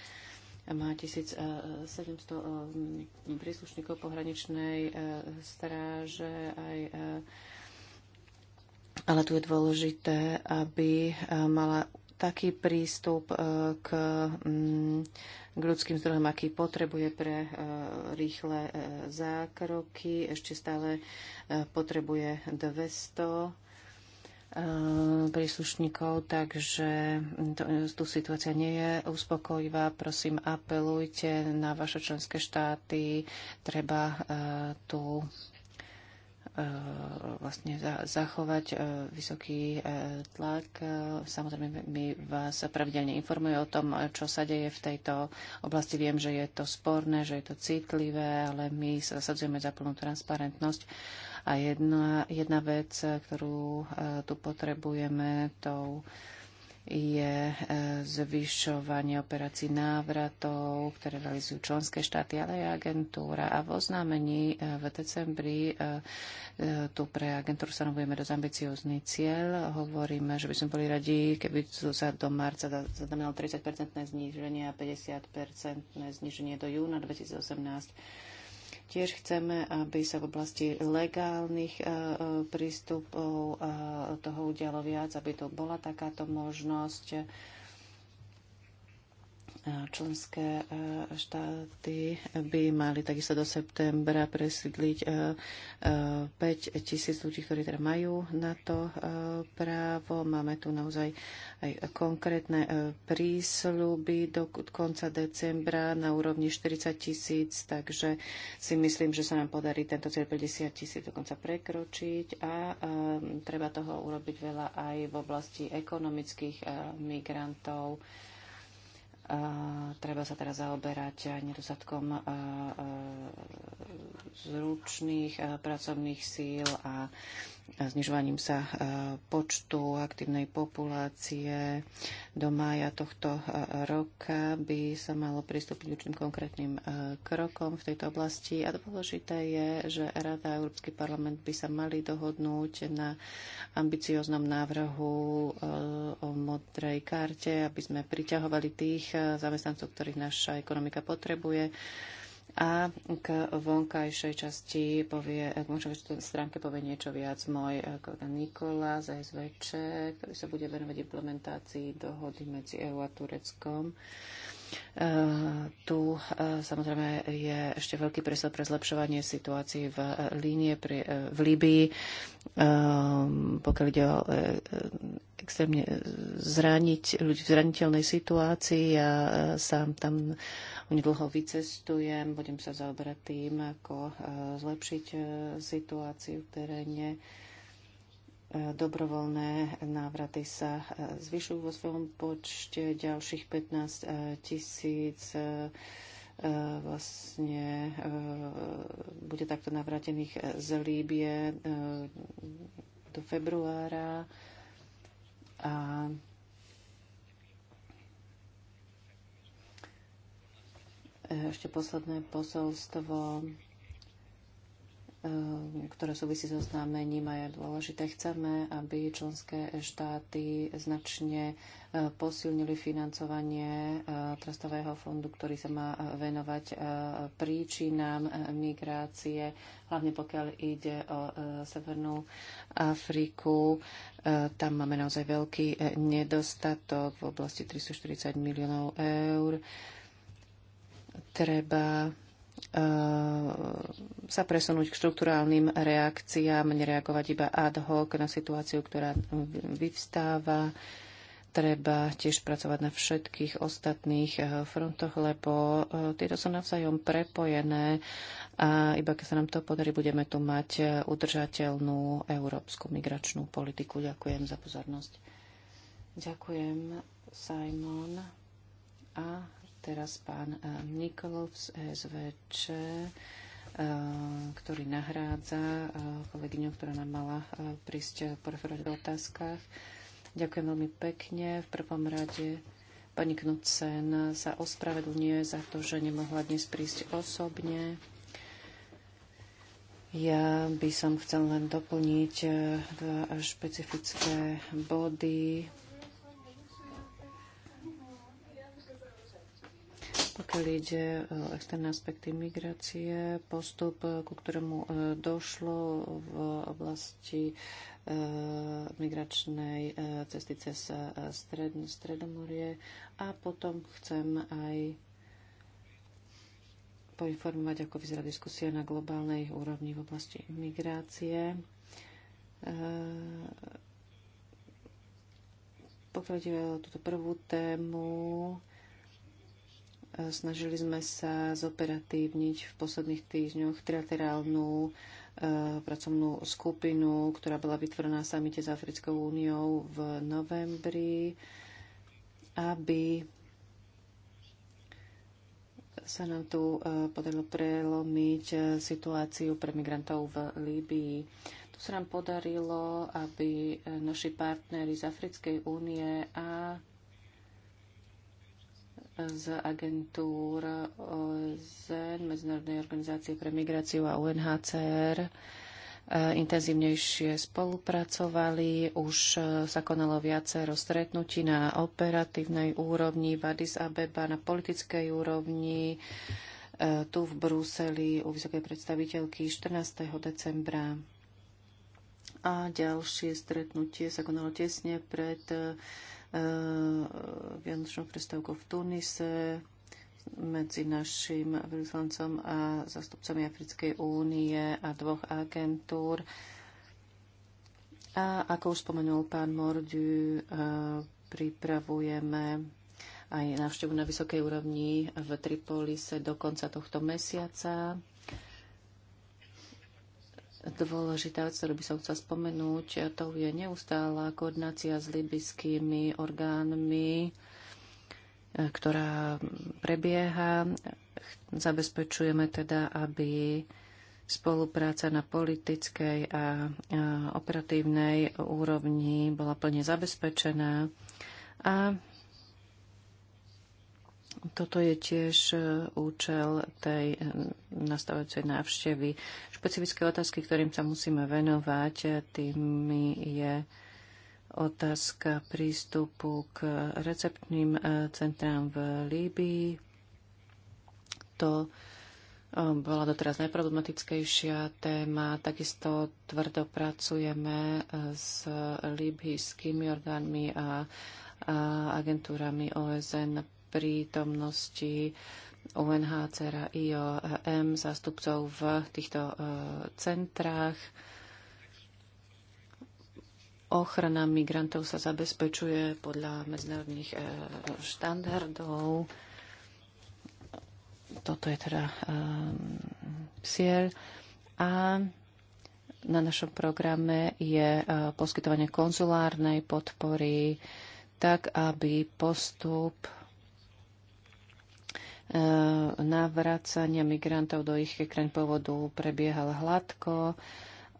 má 1700 príslušníkov pohraničnej stráže aj ale tu je dôležité, aby mala taký prístup e, k, mm, k ľudským zdrojom, aký potrebuje pre e, rýchle e, zákroky. Ešte stále potrebuje 200 príslušníkov, takže tu situácia nie je uspokojivá. Prosím, apelujte na vaše členské štáty. Treba tu Eh, vlastne zachovať eh, vysoký eh, tlak. Samozrejme, my vás pravidelne informuje o tom, čo sa deje v tejto oblasti. Viem, že je to sporné, že je to citlivé, ale my sa zasadzujeme za plnú transparentnosť. A jedna, jedna vec, ktorú tu potrebujeme, tou je e, zvyšovanie operácií návratov, ktoré realizujú členské štáty, ale aj agentúra. A v oznámení e, v decembri e, tu pre agentúru stanovujeme dosť ambiciózny cieľ. Hovoríme, že by sme boli radi, keby sa do marca zadamenalo 30-percentné zníženie a 50-percentné zníženie do júna 2018 Tiež chceme, aby sa v oblasti legálnych e, e, prístupov e, toho udialo viac, aby to bola takáto možnosť Členské e, štáty by mali takisto do septembra presídliť 5 e, e, tisíc ľudí, ktorí teda majú na to právo. Máme tu naozaj aj konkrétne prísľuby do konca decembra na úrovni 40 tisíc, takže si myslím, že sa nám podarí tento cieľ 50 tisíc dokonca prekročiť a treba toho urobiť veľa aj v oblasti ekonomických migrantov treba sa teraz zaoberať nedostatkom zručných pracovných síl a znižovaním sa počtu aktívnej populácie do mája tohto e, roka by sa malo pristúpiť určitým konkrétnym e, krokom v tejto oblasti. A dôležité je, že Rada a Európsky parlament by sa mali dohodnúť na ambicioznom návrhu e, o modrej karte, aby sme priťahovali tých zamestnancov, ktorých naša ekonomika potrebuje a k vonkajšej časti povie, k vonkajšej stránke povie niečo viac môj e, kolega Nikola z SVČ, ktorý sa bude venovať implementácii dohody medzi EU a Tureckom. E, tu e, samozrejme je ešte veľký priestor pre zlepšovanie situácií v línie pri, v Líbii, pokiaľ ide o extrémne zraniť ľudí v zraniteľnej situácii. a sám tam Dlho vycestujem, budem sa zaoberať tým, ako e, zlepšiť e, situáciu v teréne. E, dobrovoľné návraty sa zvyšujú vo svojom počte ďalších 15 tisíc vlastne bude takto navrátených z Líbie do februára a Eh, ešte posledné posolstvo, eh, ktoré súvisí so známením a je dôležité. Chceme, aby členské štáty značne eh, posilnili financovanie trastového fondu, ktorý sa má venovať príčinám migrácie, hlavne pokiaľ ide o Severnú Afriku. Tam máme naozaj veľký nedostatok v oblasti 340 miliónov eur treba eh, sa presunúť k štruktúrálnym reakciám, nereagovať iba ad hoc na situáciu, ktorá vyvstáva. Treba tiež pracovať na všetkých ostatných eh, frontoch, lebo eh, tieto sú navzájom prepojené a iba keď sa nám to podarí, budeme tu mať udržateľnú európsku migračnú politiku. Ďakujem za pozornosť. Ďakujem, Simon. A Teraz pán eh, Nikolov z SVČ, eh, ktorý nahrádza eh, kolegyňu, ktorá nám mala prísť poreferovať v otázkach. Ďakujem veľmi pekne. V prvom rade pani Knudsen sa ospravedlňuje za to, že nemohla dnes prísť osobne. Ja by som chcel len doplniť dva špecifické body Pokiaľ ide o e, externé aspekty migrácie, postup, e, ku ktorému e, došlo v oblasti migračnej cesty cez stred, Stredomorie a potom chcem aj poinformovať, ako vyzerá diskusia na globálnej úrovni v oblasti migrácie. Pokiaľ ide o túto prvú tému, Snažili sme sa zoperatívniť v posledných týždňoch trilaterálnu e, pracovnú skupinu, ktorá bola vytvorená samite s Africkou úniou v novembri, aby sa nám tu e, podarilo prelomiť e, situáciu pre migrantov v Líbii. Tu sa nám podarilo, aby naši partnery z Africkej únie a z agentúr OSN, Medzinárodnej organizácie pre migráciu a UNHCR e, intenzívnejšie spolupracovali. Už sa konalo viacero stretnutí na operatívnej úrovni v Addis Abeba, na politickej úrovni, e, tu v Bruseli u vysokej predstaviteľky 14. decembra. A ďalšie stretnutie sa konalo tesne pred Eh, vianočnou prestávkou v Tunise medzi našim vyslancom a zastupcami Africkej únie a dvoch agentúr. A ako už spomenul pán Mordiu, eh, pripravujeme aj návštevu na vysokej úrovni v Tripolise do konca tohto mesiaca. Dôležitá vec, ktorú by som chcel spomenúť, to je neustála koordinácia s libyskými orgánmi, e, ktorá prebieha. Zabezpečujeme teda, aby spolupráca na politickej a operatívnej úrovni bola plne zabezpečená a toto je tiež e, účel tej e, nastavujúcej návštevy. Špecifické otázky, ktorým sa musíme venovať, e, tými je otázka prístupu k receptným centrám v Líbii. To bola doteraz najproblematickejšia téma. Takisto tvrdo pracujeme s líbyjskými orgánmi a agentúrami OSN prítomnosti UNHCR a IOM, zástupcov v týchto e, centrách. Ochrana migrantov sa zabezpečuje podľa medzinárodných e, štandardov. Toto je teda e, cieľ. A na našom programe je poskytovanie konzulárnej podpory tak, aby postup Eh, navracania migrantov do ich krajín pôvodu prebiehal hladko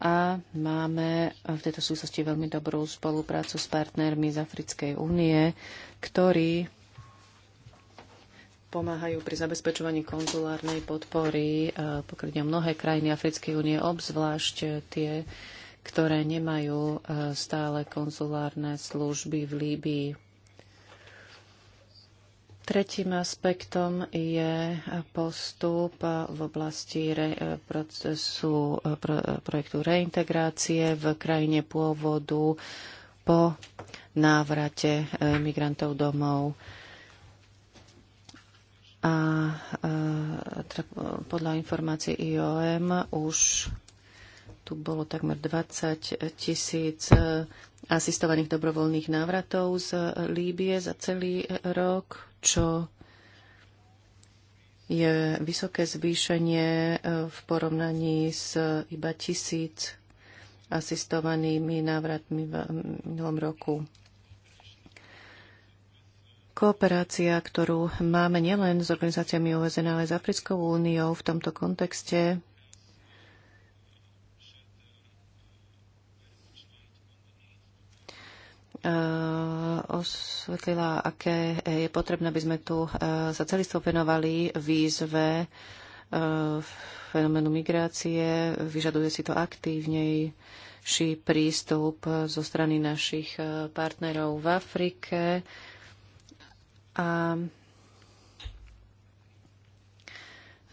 a máme v tejto súvislosti veľmi dobrú spoluprácu s partnermi z Africkej únie, ktorí pomáhajú pri zabezpečovaní konzulárnej podpory, eh, pokiaľ mnohé krajiny Africkej únie, obzvlášť tie, ktoré nemajú eh, stále konzulárne služby v Líbii. Tretím aspektom je postup v oblasti re, procesu pro, projektu reintegrácie v krajine pôvodu po návrate e, migrantov domov. A teda podľa informácií IOM už tu bolo takmer 20 tisíc e, asistovaných dobrovoľných návratov z Líbie za celý rok čo je vysoké zvýšenie e, v porovnaní s iba tisíc asistovanými návratmi v minulom roku. Kooperácia, ktorú máme nielen s organizáciami OSN, ale s Africkou úniou v tomto kontexte, e, osvetlila, aké je potrebné, aby sme tu e, sa celistvo venovali výzve e, fenoménu migrácie. Vyžaduje si to aktívnejší prístup zo strany našich e, partnerov v Afrike. A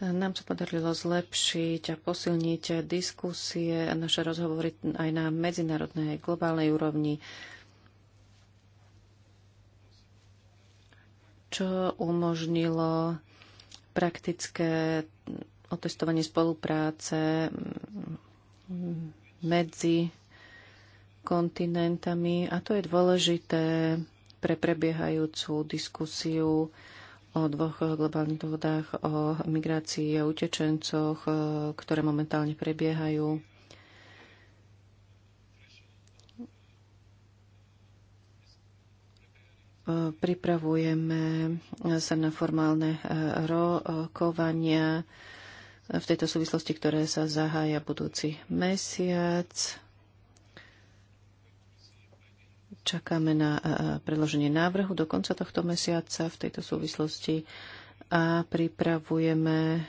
nám sa podarilo zlepšiť a posilniť diskusie a naše rozhovory aj na medzinárodnej, globálnej úrovni. čo umožnilo praktické otestovanie spolupráce medzi kontinentami a to je dôležité pre prebiehajúcu diskusiu o dvoch globálnych dohodách o migrácii a utečencoch, ktoré momentálne prebiehajú. pripravujeme sa na formálne rokovania v tejto súvislosti, ktoré sa zahája budúci mesiac. Čakáme na e, predloženie návrhu do konca tohto mesiaca v tejto súvislosti a pripravujeme e,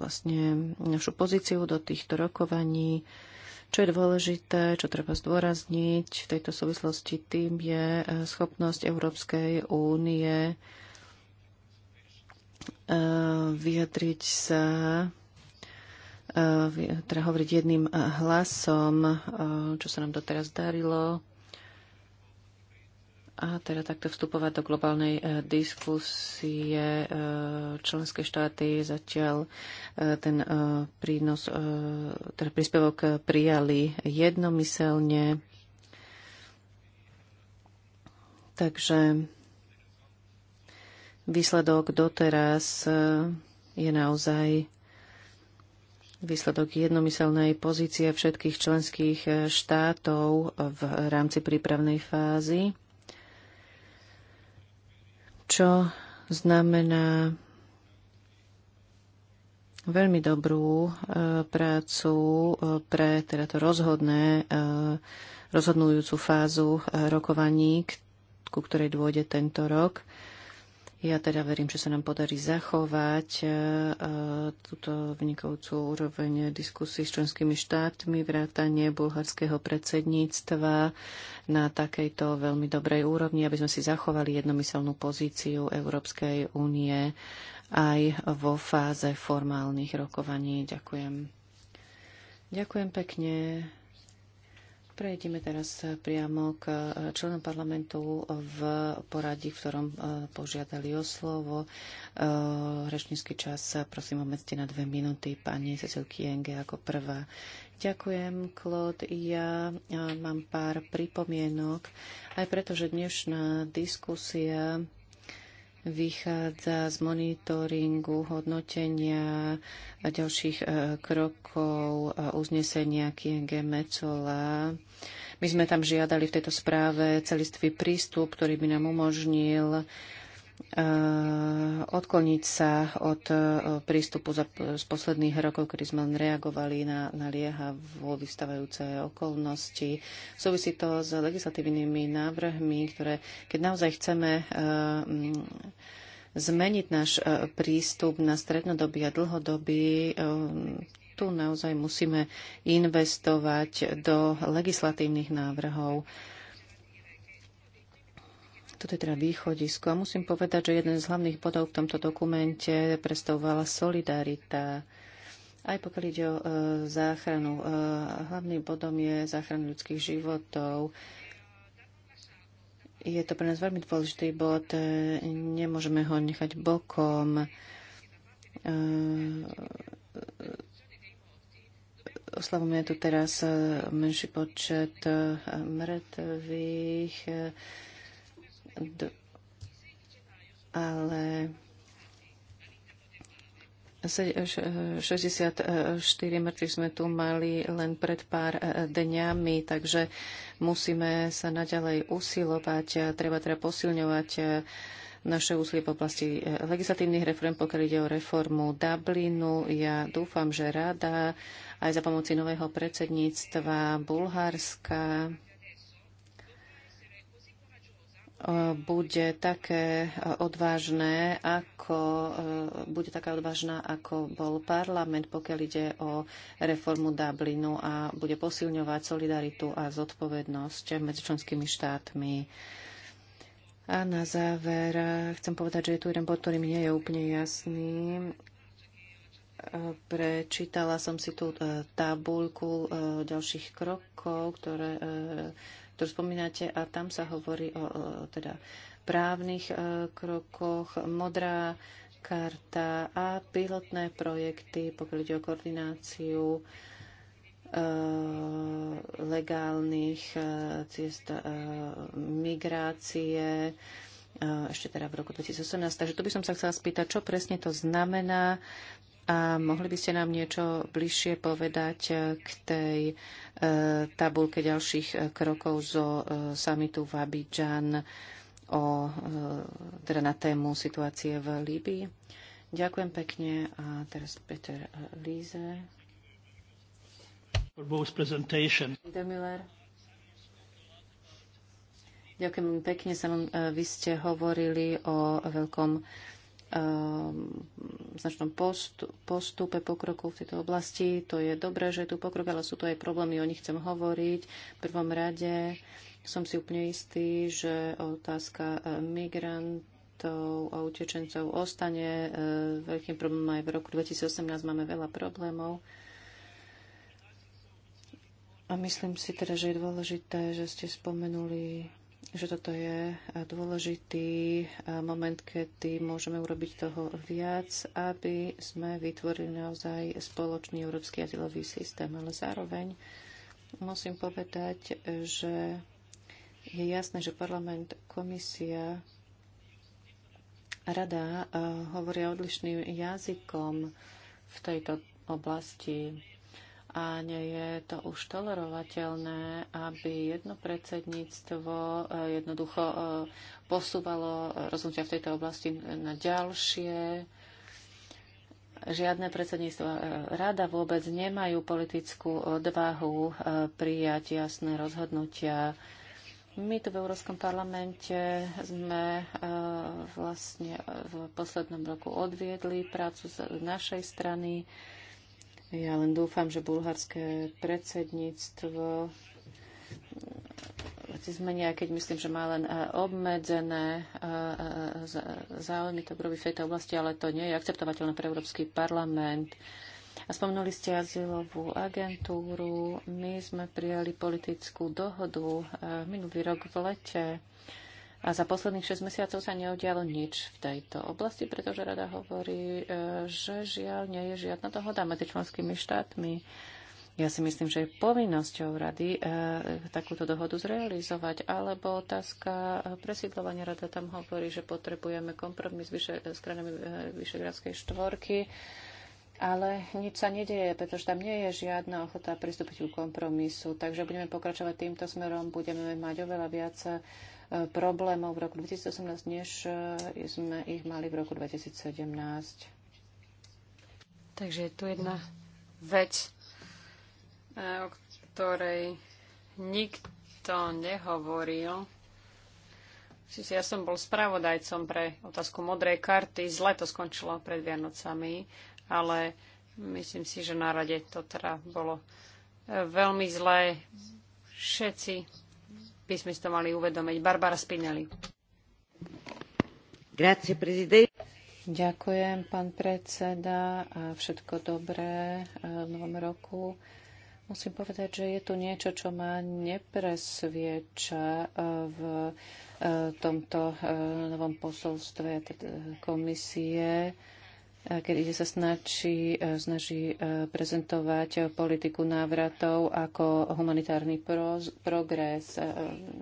vlastne našu pozíciu do týchto rokovaní. Čo je dôležité, čo treba zdôrazniť v tejto súvislosti, tým je e, schopnosť Európskej únie e, vyjadriť sa, e, teda hovoriť jedným hlasom, čo sa nám doteraz darilo, a teda takto vstupovať do globálnej e, diskusie e, členské štáty zatiaľ e, ten prínos, teda príspevok prijali jednomyselne. Takže výsledok doteraz je naozaj výsledok jednomyselnej pozície všetkých členských štátov v rámci prípravnej fázy čo znamená veľmi dobrú e, prácu e, pre teda to rozhodné, e, rozhodnujúcu fázu rokovaní, ku ktorej dôjde tento rok. Ja teda verím, že sa nám podarí zachovať e, e, túto vynikajúcu úroveň diskusí s členskými štátmi, vrátanie bulharského predsedníctva na takejto veľmi dobrej úrovni, aby sme si zachovali jednomyselnú pozíciu Európskej únie aj vo fáze formálnych rokovaní. Ďakujem. Ďakujem pekne. Prejdeme teraz priamo k eh, členom parlamentu v poradí, v ktorom eh, požiadali o slovo. Eh, rečnícky čas prosím obmedzte na dve minúty. Pani Cecil Kienge ako prvá. Ďakujem, Klod. Ja mám pár pripomienok, aj preto, že dnešná diskusia vychádza z monitoringu, hodnotenia a ďalších e, krokov a uznesenia KNG Mecola. My sme tam žiadali v tejto správe celistvý prístup, ktorý by nám umožnil Eh, odkloniť sa od eh, prístupu za, z posledných rokov, kedy sme reagovali na, na lieha vo vystavajúce okolnosti. Súvisí to s legislatívnymi návrhmi, ktoré, keď naozaj chceme eh, mm, zmeniť náš prístup na strednodobý a dlhodobý, tu naozaj musíme investovať do legislatívnych návrhov toto je teda východisko. A musím povedať, že jeden z hlavných bodov v tomto dokumente predstavovala solidarita. Aj pokiaľ ide o e, záchranu. E, hlavným bodom je záchrana ľudských životov. Je to pre nás veľmi dôležitý bod. E, nemôžeme ho nechať bokom. E, oslavujeme tu teraz e, menší počet e, mŕtvych. E, ale 64 mŕtvych sme tu mali len pred pár e, dňami, takže musíme sa naďalej usilovať. a Treba teda posilňovať e, naše úsilie v oblasti e, legislatívnych reform, pokiaľ ide o reformu Dublinu. Ja dúfam, že rada aj za pomoci nového predsedníctva Bulharska bude také e, odvážne, ako, e, bude taká odvážna, ako bol parlament, pokiaľ ide o reformu Dublinu a bude posilňovať solidaritu a zodpovednosť medzi členskými štátmi. A na záver e, chcem povedať, že je tu jeden bod, ktorý mi nie je úplne jasný. Prečítala som si tú tabuľku ďalších krokov, ktoré ktorú spomínate a tam sa hovorí o, teda právnych e, krokoch, modrá karta a pilotné projekty, pokiaľ ide o koordináciu e, legálnych e, ciest e, migrácie e, ešte teda v roku 2018. Takže tu by som sa chcela spýtať, čo presne to znamená a mohli by ste nám niečo bližšie povedať eh, k tej e, tabulke ďalších eh, krokov zo e, samitu v Abidžan o, e, teda na tému situácie v Líbii? Ďakujem pekne. A teraz Peter Líze. For Miller. Ďakujem pekne. Sam, vy ste hovorili o veľkom značnom postupe pokroku v tejto oblasti. To je dobré, že je tu pokrok, ale sú tu aj problémy, o nich chcem hovoriť. V prvom rade som si úplne istý, že otázka e, migrant a utečencov ostane. E, veľkým problémom aj v roku 2018 máme veľa problémov. A myslím si teda, že je dôležité, že ste spomenuli že toto je e, dôležitý e, moment, kedy môžeme urobiť toho viac, aby sme vytvorili naozaj spoločný európsky azylový systém. Ale zároveň musím povedať, že je jasné, že parlament, komisia rada e, hovoria odlišným jazykom v tejto oblasti a nie je to už tolerovateľné, aby jedno predsedníctvo e, jednoducho e, posúvalo e, rozhodnutia v tejto oblasti na ďalšie. Žiadne predsedníctvo rada vôbec nemajú politickú odvahu prijať jasné rozhodnutia. My tu v Európskom parlamente sme vlastne v poslednom roku odviedli prácu z našej strany. Ja len dúfam, že bulharské predsedníctvo zmenia, keď myslím, že má len e, obmedzené e, e, záujmy to robí v tejto oblasti, ale to nie je akceptovateľné pre Európsky parlament. A spomnuli ste azylovú agentúru. My sme prijali politickú dohodu minulý rok v lete a za posledných 6 mesiacov sa neudialo nič v tejto oblasti, pretože rada hovorí, e, že žiaľ nie je žiadna dohoda medzi členskými štátmi. Ja si myslím, že je povinnosťou rady e, takúto dohodu zrealizovať. Alebo otázka e, presídlovania rada tam hovorí, že potrebujeme kompromis vyše, e, s krajinami e, Vyšegradskej štvorky. Ale nič sa nedieje, pretože tam nie je žiadna ochota pristúpiť k kompromisu. Takže budeme pokračovať týmto smerom, budeme mať oveľa viac problémov v roku 2018, než eh, sme ich mali v roku 2017. Takže je tu jedna vec, eh, o ktorej nikto nehovoril. ja som bol spravodajcom pre otázku modrej karty, zle to skončilo pred Vianocami, ale myslím si, že na rade to teda bolo eh, veľmi zlé. Všetci by sme si to mali uvedomiť. Barbara Spinelli. Ďakujem, pán predseda, a všetko dobré e, v novom roku. Musím povedať, že je tu niečo, čo ma nepresvieča e, v e, tomto novom posolstve komisie. Eh, kedy sa eh, snaží, snaží eh, prezentovať politiku návratov ako humanitárny progres.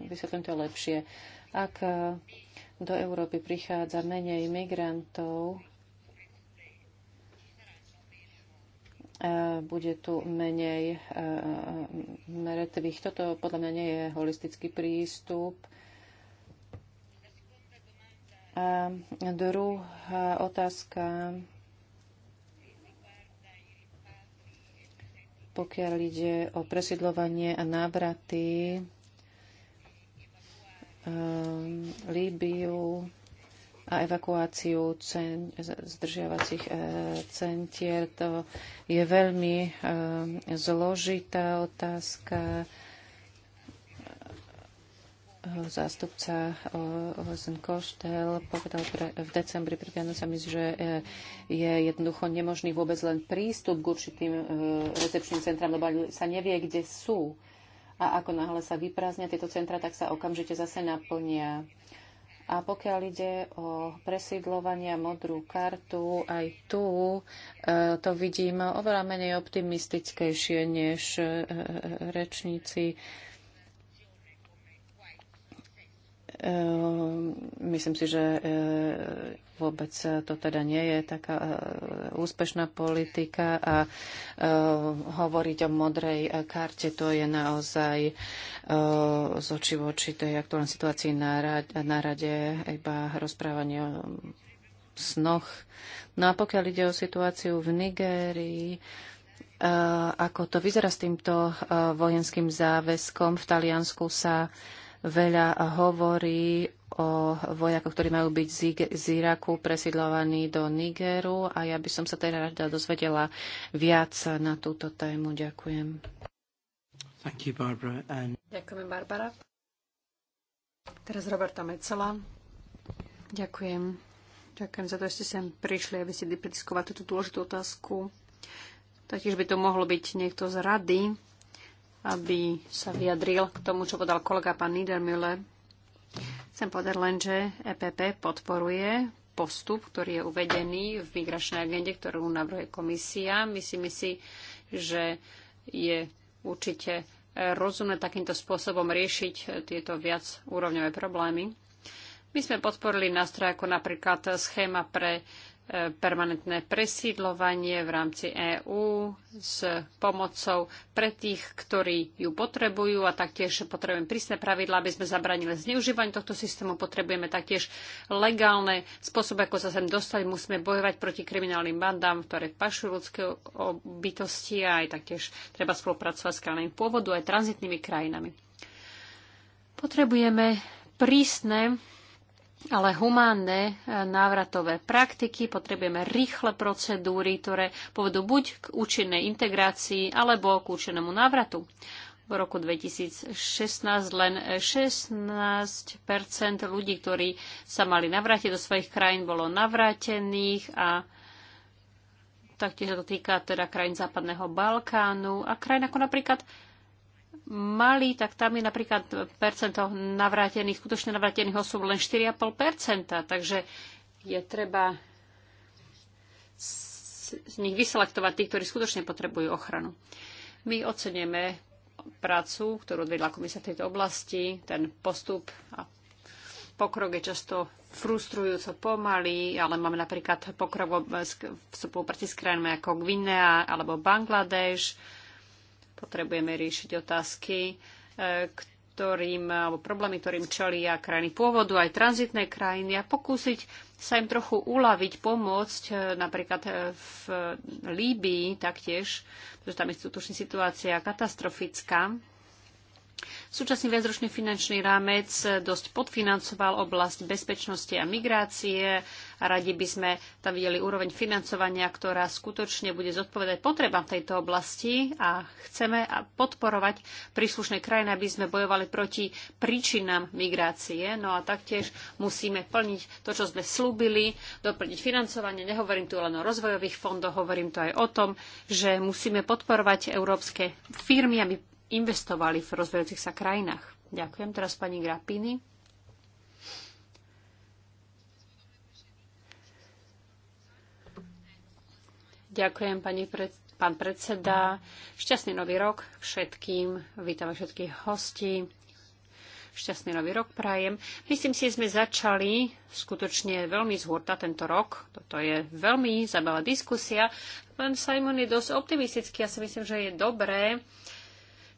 Vysvetlím to lepšie. Ak do Európy prichádza menej migrantov, bude tu menej mŕtvych. Toto podľa mňa nie je holistický prístup a druhá otázka, pokiaľ ide o presidlovanie a návraty, ehm, Líbiu a evakuáciu cen, zdržiavacích e, centier. To je veľmi ehm, zložitá otázka zástupca eh, OSN Koštel povedal pre, v decembri pred Vianocami, že eh, je jednoducho nemožný vôbec len prístup k určitým eh, recepčným centram, lebo sa nevie, kde sú. A ako náhle sa vyprázdnia tieto centra, tak sa okamžite zase naplnia. A pokiaľ ide o presídlovanie modrú kartu, aj tu to vidím oveľa menej optimistickejšie než rečníci Ehm, myslím si, že e, vôbec to teda nie je taká e, úspešná politika a e, hovoriť o modrej karte to je naozaj z očí oči tej aktuálnej situácii na rade iba rozprávanie o snoch. No a pokiaľ ide o situáciu v Nigérii, ako to vyzerá s týmto vojenským záväzkom v Taliansku sa veľa hovorí o vojakoch, ktorí majú byť z Iraku presidlovaní do Nigeru a ja by som sa teda rada dozvedela viac na túto tému. Ďakujem. Thank you, Barbara. And... Ďakujem, Barbara. Teraz Roberta Mecela. Ďakujem. Ďakujem za to, že ste sem prišli, aby ste diskutovali túto dôležitú otázku. Taktiež by to mohlo byť niekto z rady, aby sa vyjadril k tomu, čo podal kolega pán Niedermüller. Chcem povedať len, že EPP podporuje postup, ktorý je uvedený v migračnej agende, ktorú navrhuje komisia. Myslím si, že je určite rozumné takýmto spôsobom riešiť tieto viac úrovňové problémy. My sme podporili nástroje ako napríklad schéma pre permanentné presídlovanie v rámci EÚ s pomocou pre tých, ktorí ju potrebujú a taktiež potrebujeme prísne pravidlá, aby sme zabranili zneužívanie tohto systému. Potrebujeme taktiež legálne spôsoby, ako sa sem dostať. Musíme bojovať proti kriminálnym bandám, ktoré pašujú ľudské bytosti a aj taktiež treba spolupracovať s krajinami pôvodu aj tranzitnými krajinami. Potrebujeme prísne ale humánne e, návratové praktiky, potrebujeme rýchle procedúry, ktoré povedú buď k účinnej integrácii alebo k účinnému návratu. V roku 2016 len 16 ľudí, ktorí sa mali navrátiť do svojich krajín, bolo navrátených a taktiež sa to týka teda krajín Západného Balkánu a krajín ako napríklad Mali, tak tam je napríklad percento navrátených, skutočne navrátených osôb len 4,5%, takže je treba z nich vyselektovať tých, ktorí skutočne potrebujú ochranu. My ocenieme prácu, ktorú odvedla komisia v tejto oblasti, ten postup a pokrok je často frustrujúco pomalý, ale máme napríklad pokrok v spolupráci s krajinami ako Gvinea alebo Bangladeš, Potrebujeme riešiť otázky, e, ktorým, alebo problémy, ktorým čelia krajiny pôvodu, aj tranzitné krajiny a pokúsiť sa im trochu uľaviť, pomôcť e, napríklad e, v Líbii taktiež, pretože tam je skutočne situácia katastrofická. Súčasný viacročný finančný rámec dosť podfinancoval oblasť bezpečnosti a migrácie a radi by sme tam videli úroveň financovania, ktorá skutočne bude zodpovedať potrebám tejto oblasti a chceme podporovať príslušné krajiny, aby sme bojovali proti príčinám migrácie. No a taktiež musíme plniť to, čo sme slúbili, doplniť financovanie. Nehovorím tu len o rozvojových fondoch, hovorím tu aj o tom, že musíme podporovať európske firmy, aby investovali v rozvíjajúcich sa krajinách. Ďakujem teraz pani Grapini. Ďakujem, pani pred, pán predseda. Šťastný nový rok všetkým. Vítam všetkých hostí. Šťastný nový rok prajem. Myslím si, že sme začali skutočne veľmi zhurta tento rok. Toto je veľmi zaujímavá diskusia. Pán Simon je dosť optimistický. Ja si myslím, že je dobré,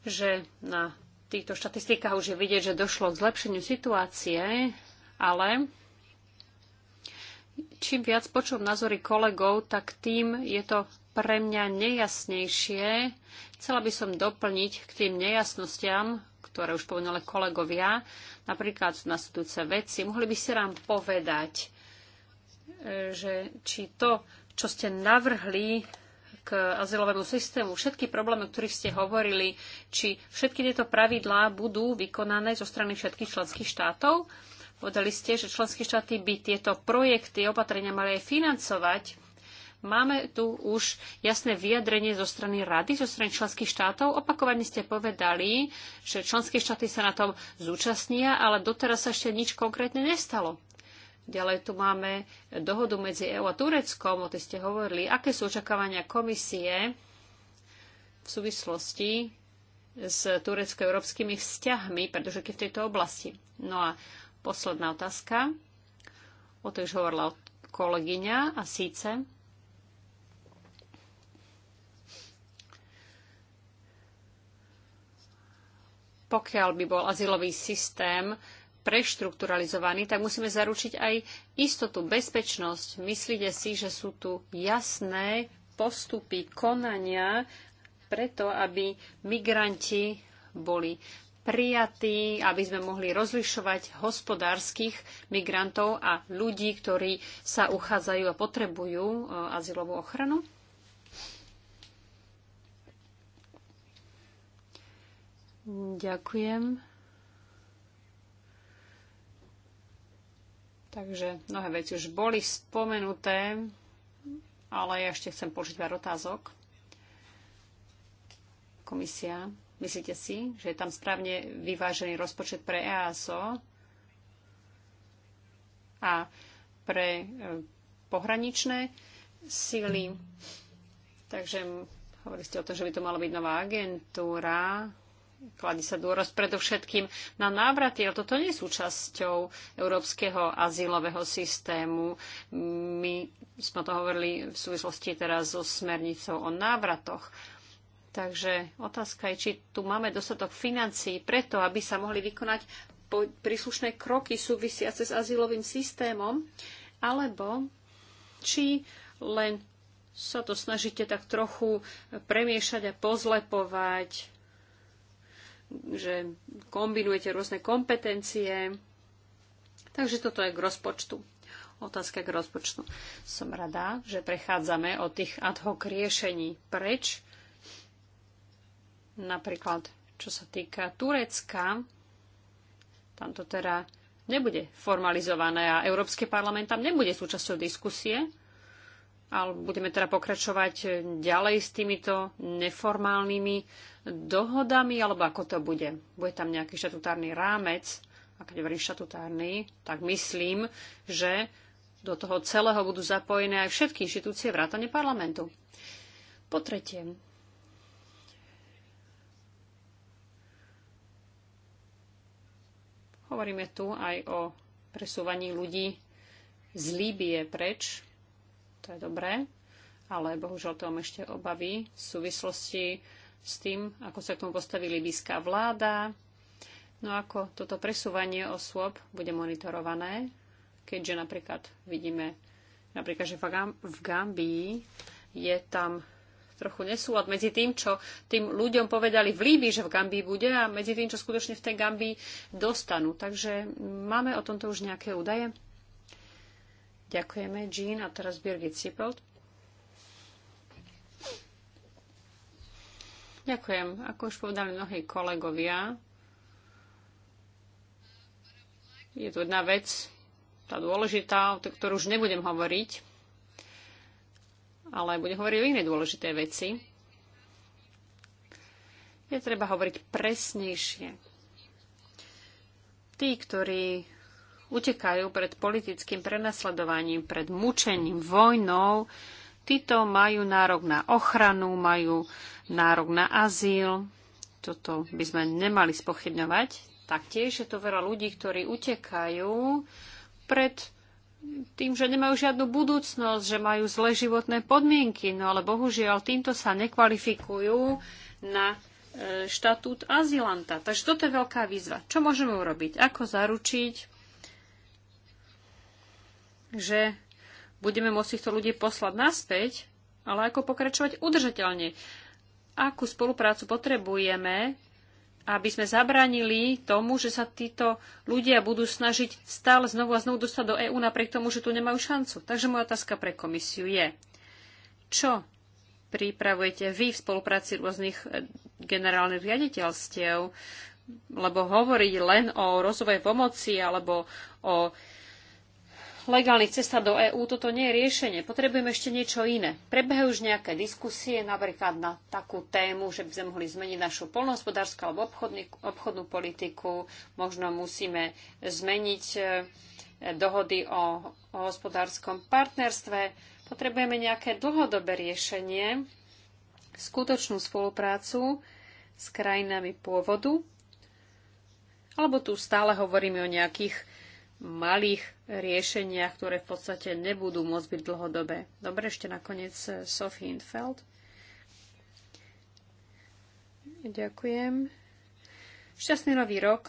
že na týchto štatistikách už je vidieť, že došlo k zlepšeniu situácie, ale čím viac počujem názory kolegov, tak tým je to pre mňa nejasnejšie. Chcela by som doplniť k tým nejasnostiam, ktoré už povedali kolegovia, napríklad sú nasledujúce veci. Mohli by ste nám povedať, e, že či to, čo ste navrhli k azylovému systému, všetky problémy, o ktorých ste hovorili, či všetky tieto pravidlá budú vykonané zo strany všetkých členských štátov. Povedali ste, že členské štáty by tieto projekty, opatrenia mali aj financovať. Máme tu už jasné vyjadrenie zo strany rady, zo strany členských štátov. Opakovane ste povedali, že členské štáty sa na tom zúčastnia, ale doteraz sa ešte nič konkrétne nestalo. Ďalej tu máme dohodu medzi EU a Tureckom, o tej ste hovorili. Aké sú očakávania komisie v súvislosti s turecko-európskymi vzťahmi, pretože keď v tejto oblasti. No a posledná otázka, o to už hovorila kolegyňa, a síce pokiaľ by bol azylový systém preštrukturalizovaní, tak musíme zaručiť aj istotu, bezpečnosť. Myslíte si, že sú tu jasné postupy, konania preto, aby migranti boli prijatí, aby sme mohli rozlišovať hospodárskych migrantov a ľudí, ktorí sa uchádzajú a potrebujú e, azylovú ochranu? Ďakujem. Takže mnohé veci už boli spomenuté, ale ja ešte chcem počuť pár otázok. Komisia, myslíte si, že je tam správne vyvážený rozpočet pre EASO a pre e, pohraničné síly? Takže hovorili ste o tom, že by to mala byť nová agentúra kladí sa dôraz predovšetkým na návraty, ale toto nie je súčasťou európskeho azylového systému. My sme to hovorili v súvislosti teraz so smernicou o návratoch. Takže otázka je, či tu máme dostatok financií preto, aby sa mohli vykonať príslušné kroky súvisiace s azylovým systémom, alebo či len sa to snažíte tak trochu premiešať a pozlepovať že kombinujete rôzne kompetencie. Takže toto je k rozpočtu. Otázka k rozpočtu. Som rada, že prechádzame od tých ad hoc riešení preč. Napríklad, čo sa týka Turecka, tam to teda nebude formalizované a Európsky parlament tam nebude súčasťou diskusie, ale budeme teda pokračovať ďalej s týmito neformálnymi dohodami, alebo ako to bude? Bude tam nejaký štatutárny rámec, a keď hovorím štatutárny, tak myslím, že do toho celého budú zapojené aj všetky inštitúcie vrátane parlamentu. Po tretie, hovoríme tu aj o presúvaní ľudí z Líbie preč to je dobré, ale bohužiaľ to mám ešte obavy v súvislosti s tým, ako sa k tomu postaví libyská vláda, no ako toto presúvanie osôb bude monitorované, keďže napríklad vidíme, napríklad, že v Gambii je tam trochu nesúlad medzi tým, čo tým ľuďom povedali v Líbii, že v Gambii bude a medzi tým, čo skutočne v tej Gambii dostanú. Takže máme o tomto už nejaké údaje? Ďakujeme, Jean. A teraz Birgit Siepelt. Ďakujem. Ako už povedali mnohí kolegovia, je tu jedna vec, tá dôležitá, o ktorú už nebudem hovoriť, ale budem hovoriť o inej dôležité veci. Je treba hovoriť presnejšie. Tí, ktorí utekajú pred politickým prenasledovaním, pred mučením, vojnou. Títo majú nárok na ochranu, majú nárok na azyl. Toto by sme nemali spochybňovať. Taktiež je to veľa ľudí, ktorí utekajú pred tým, že nemajú žiadnu budúcnosť, že majú zlé životné podmienky. No ale bohužiaľ týmto sa nekvalifikujú na e, štatút azylanta. Takže toto je veľká výzva. Čo môžeme urobiť? Ako zaručiť, že budeme môcť týchto ľudí poslať naspäť, ale ako pokračovať udržateľne. Akú spoluprácu potrebujeme, aby sme zabranili tomu, že sa títo ľudia budú snažiť stále znovu a znovu dostať do EÚ napriek tomu, že tu nemajú šancu. Takže moja otázka pre komisiu je, čo pripravujete vy v spolupráci rôznych e, generálnych riaditeľstiev, lebo hovoriť len o rozvoj pomoci alebo o legálnych cestách do EÚ, toto nie je riešenie. Potrebujeme ešte niečo iné. Prebehajú už nejaké diskusie, napríklad na takú tému, že by sme mohli zmeniť našu polnohospodárskú alebo obchodný, obchodnú politiku. Možno musíme zmeniť e, dohody o, o hospodárskom partnerstve. Potrebujeme nejaké dlhodobé riešenie, skutočnú spoluprácu s krajinami pôvodu, alebo tu stále hovoríme o nejakých malých riešeniach, ktoré v podstate nebudú môcť byť dlhodobé. Dobre, ešte nakoniec eh, Sophie Infeld. Ďakujem. Šťastný nový rok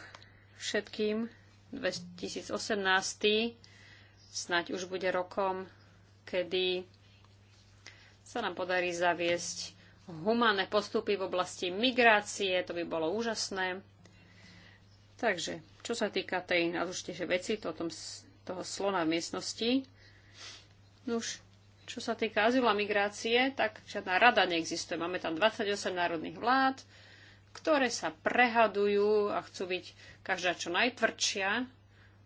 všetkým. 2018. Snaď už bude rokom, kedy sa nám podarí zaviesť humánne postupy v oblasti migrácie. To by bolo úžasné. Takže čo sa týka tej najdôležitejšej veci, to tom, toho slona v miestnosti, už čo sa týka azylu a migrácie, tak žiadna rada neexistuje. Máme tam 28 národných vlád, ktoré sa prehadujú a chcú byť každá čo najtvrdšia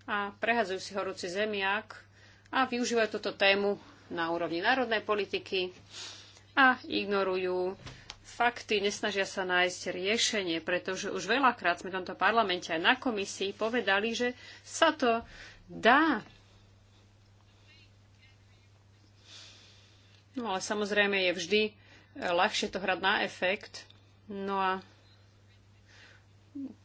a prehadzujú si horúci zemiak a využívajú túto tému na úrovni národnej politiky a ignorujú fakty, nesnažia sa nájsť riešenie, pretože už veľakrát sme v tomto parlamente aj na komisii povedali, že sa to dá. No ale samozrejme je vždy eh, ľahšie to hrať na efekt. No a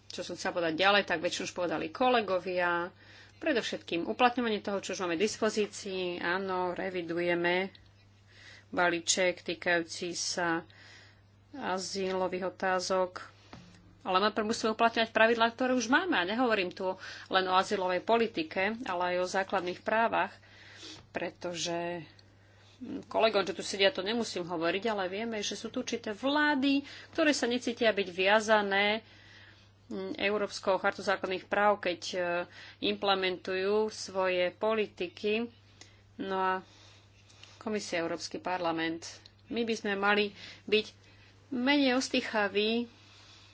čo som chcela povedať ďalej, tak väčšinu už povedali kolegovia. Predovšetkým uplatňovanie toho, čo už máme v dispozícii. Áno, revidujeme balíček týkajúci sa azylových otázok. Ale najprv musíme uplatňovať pravidlá, ktoré už máme. A nehovorím tu len o azylovej politike, ale aj o základných právach, pretože kolegom, že tu sedia, to nemusím hovoriť, ale vieme, že sú tu určité vlády, ktoré sa necítia byť viazané mm, Európskou chartu základných práv, keď e, implementujú svoje politiky. No a Komisia Európsky parlament. My by sme mali byť menej ostýchaví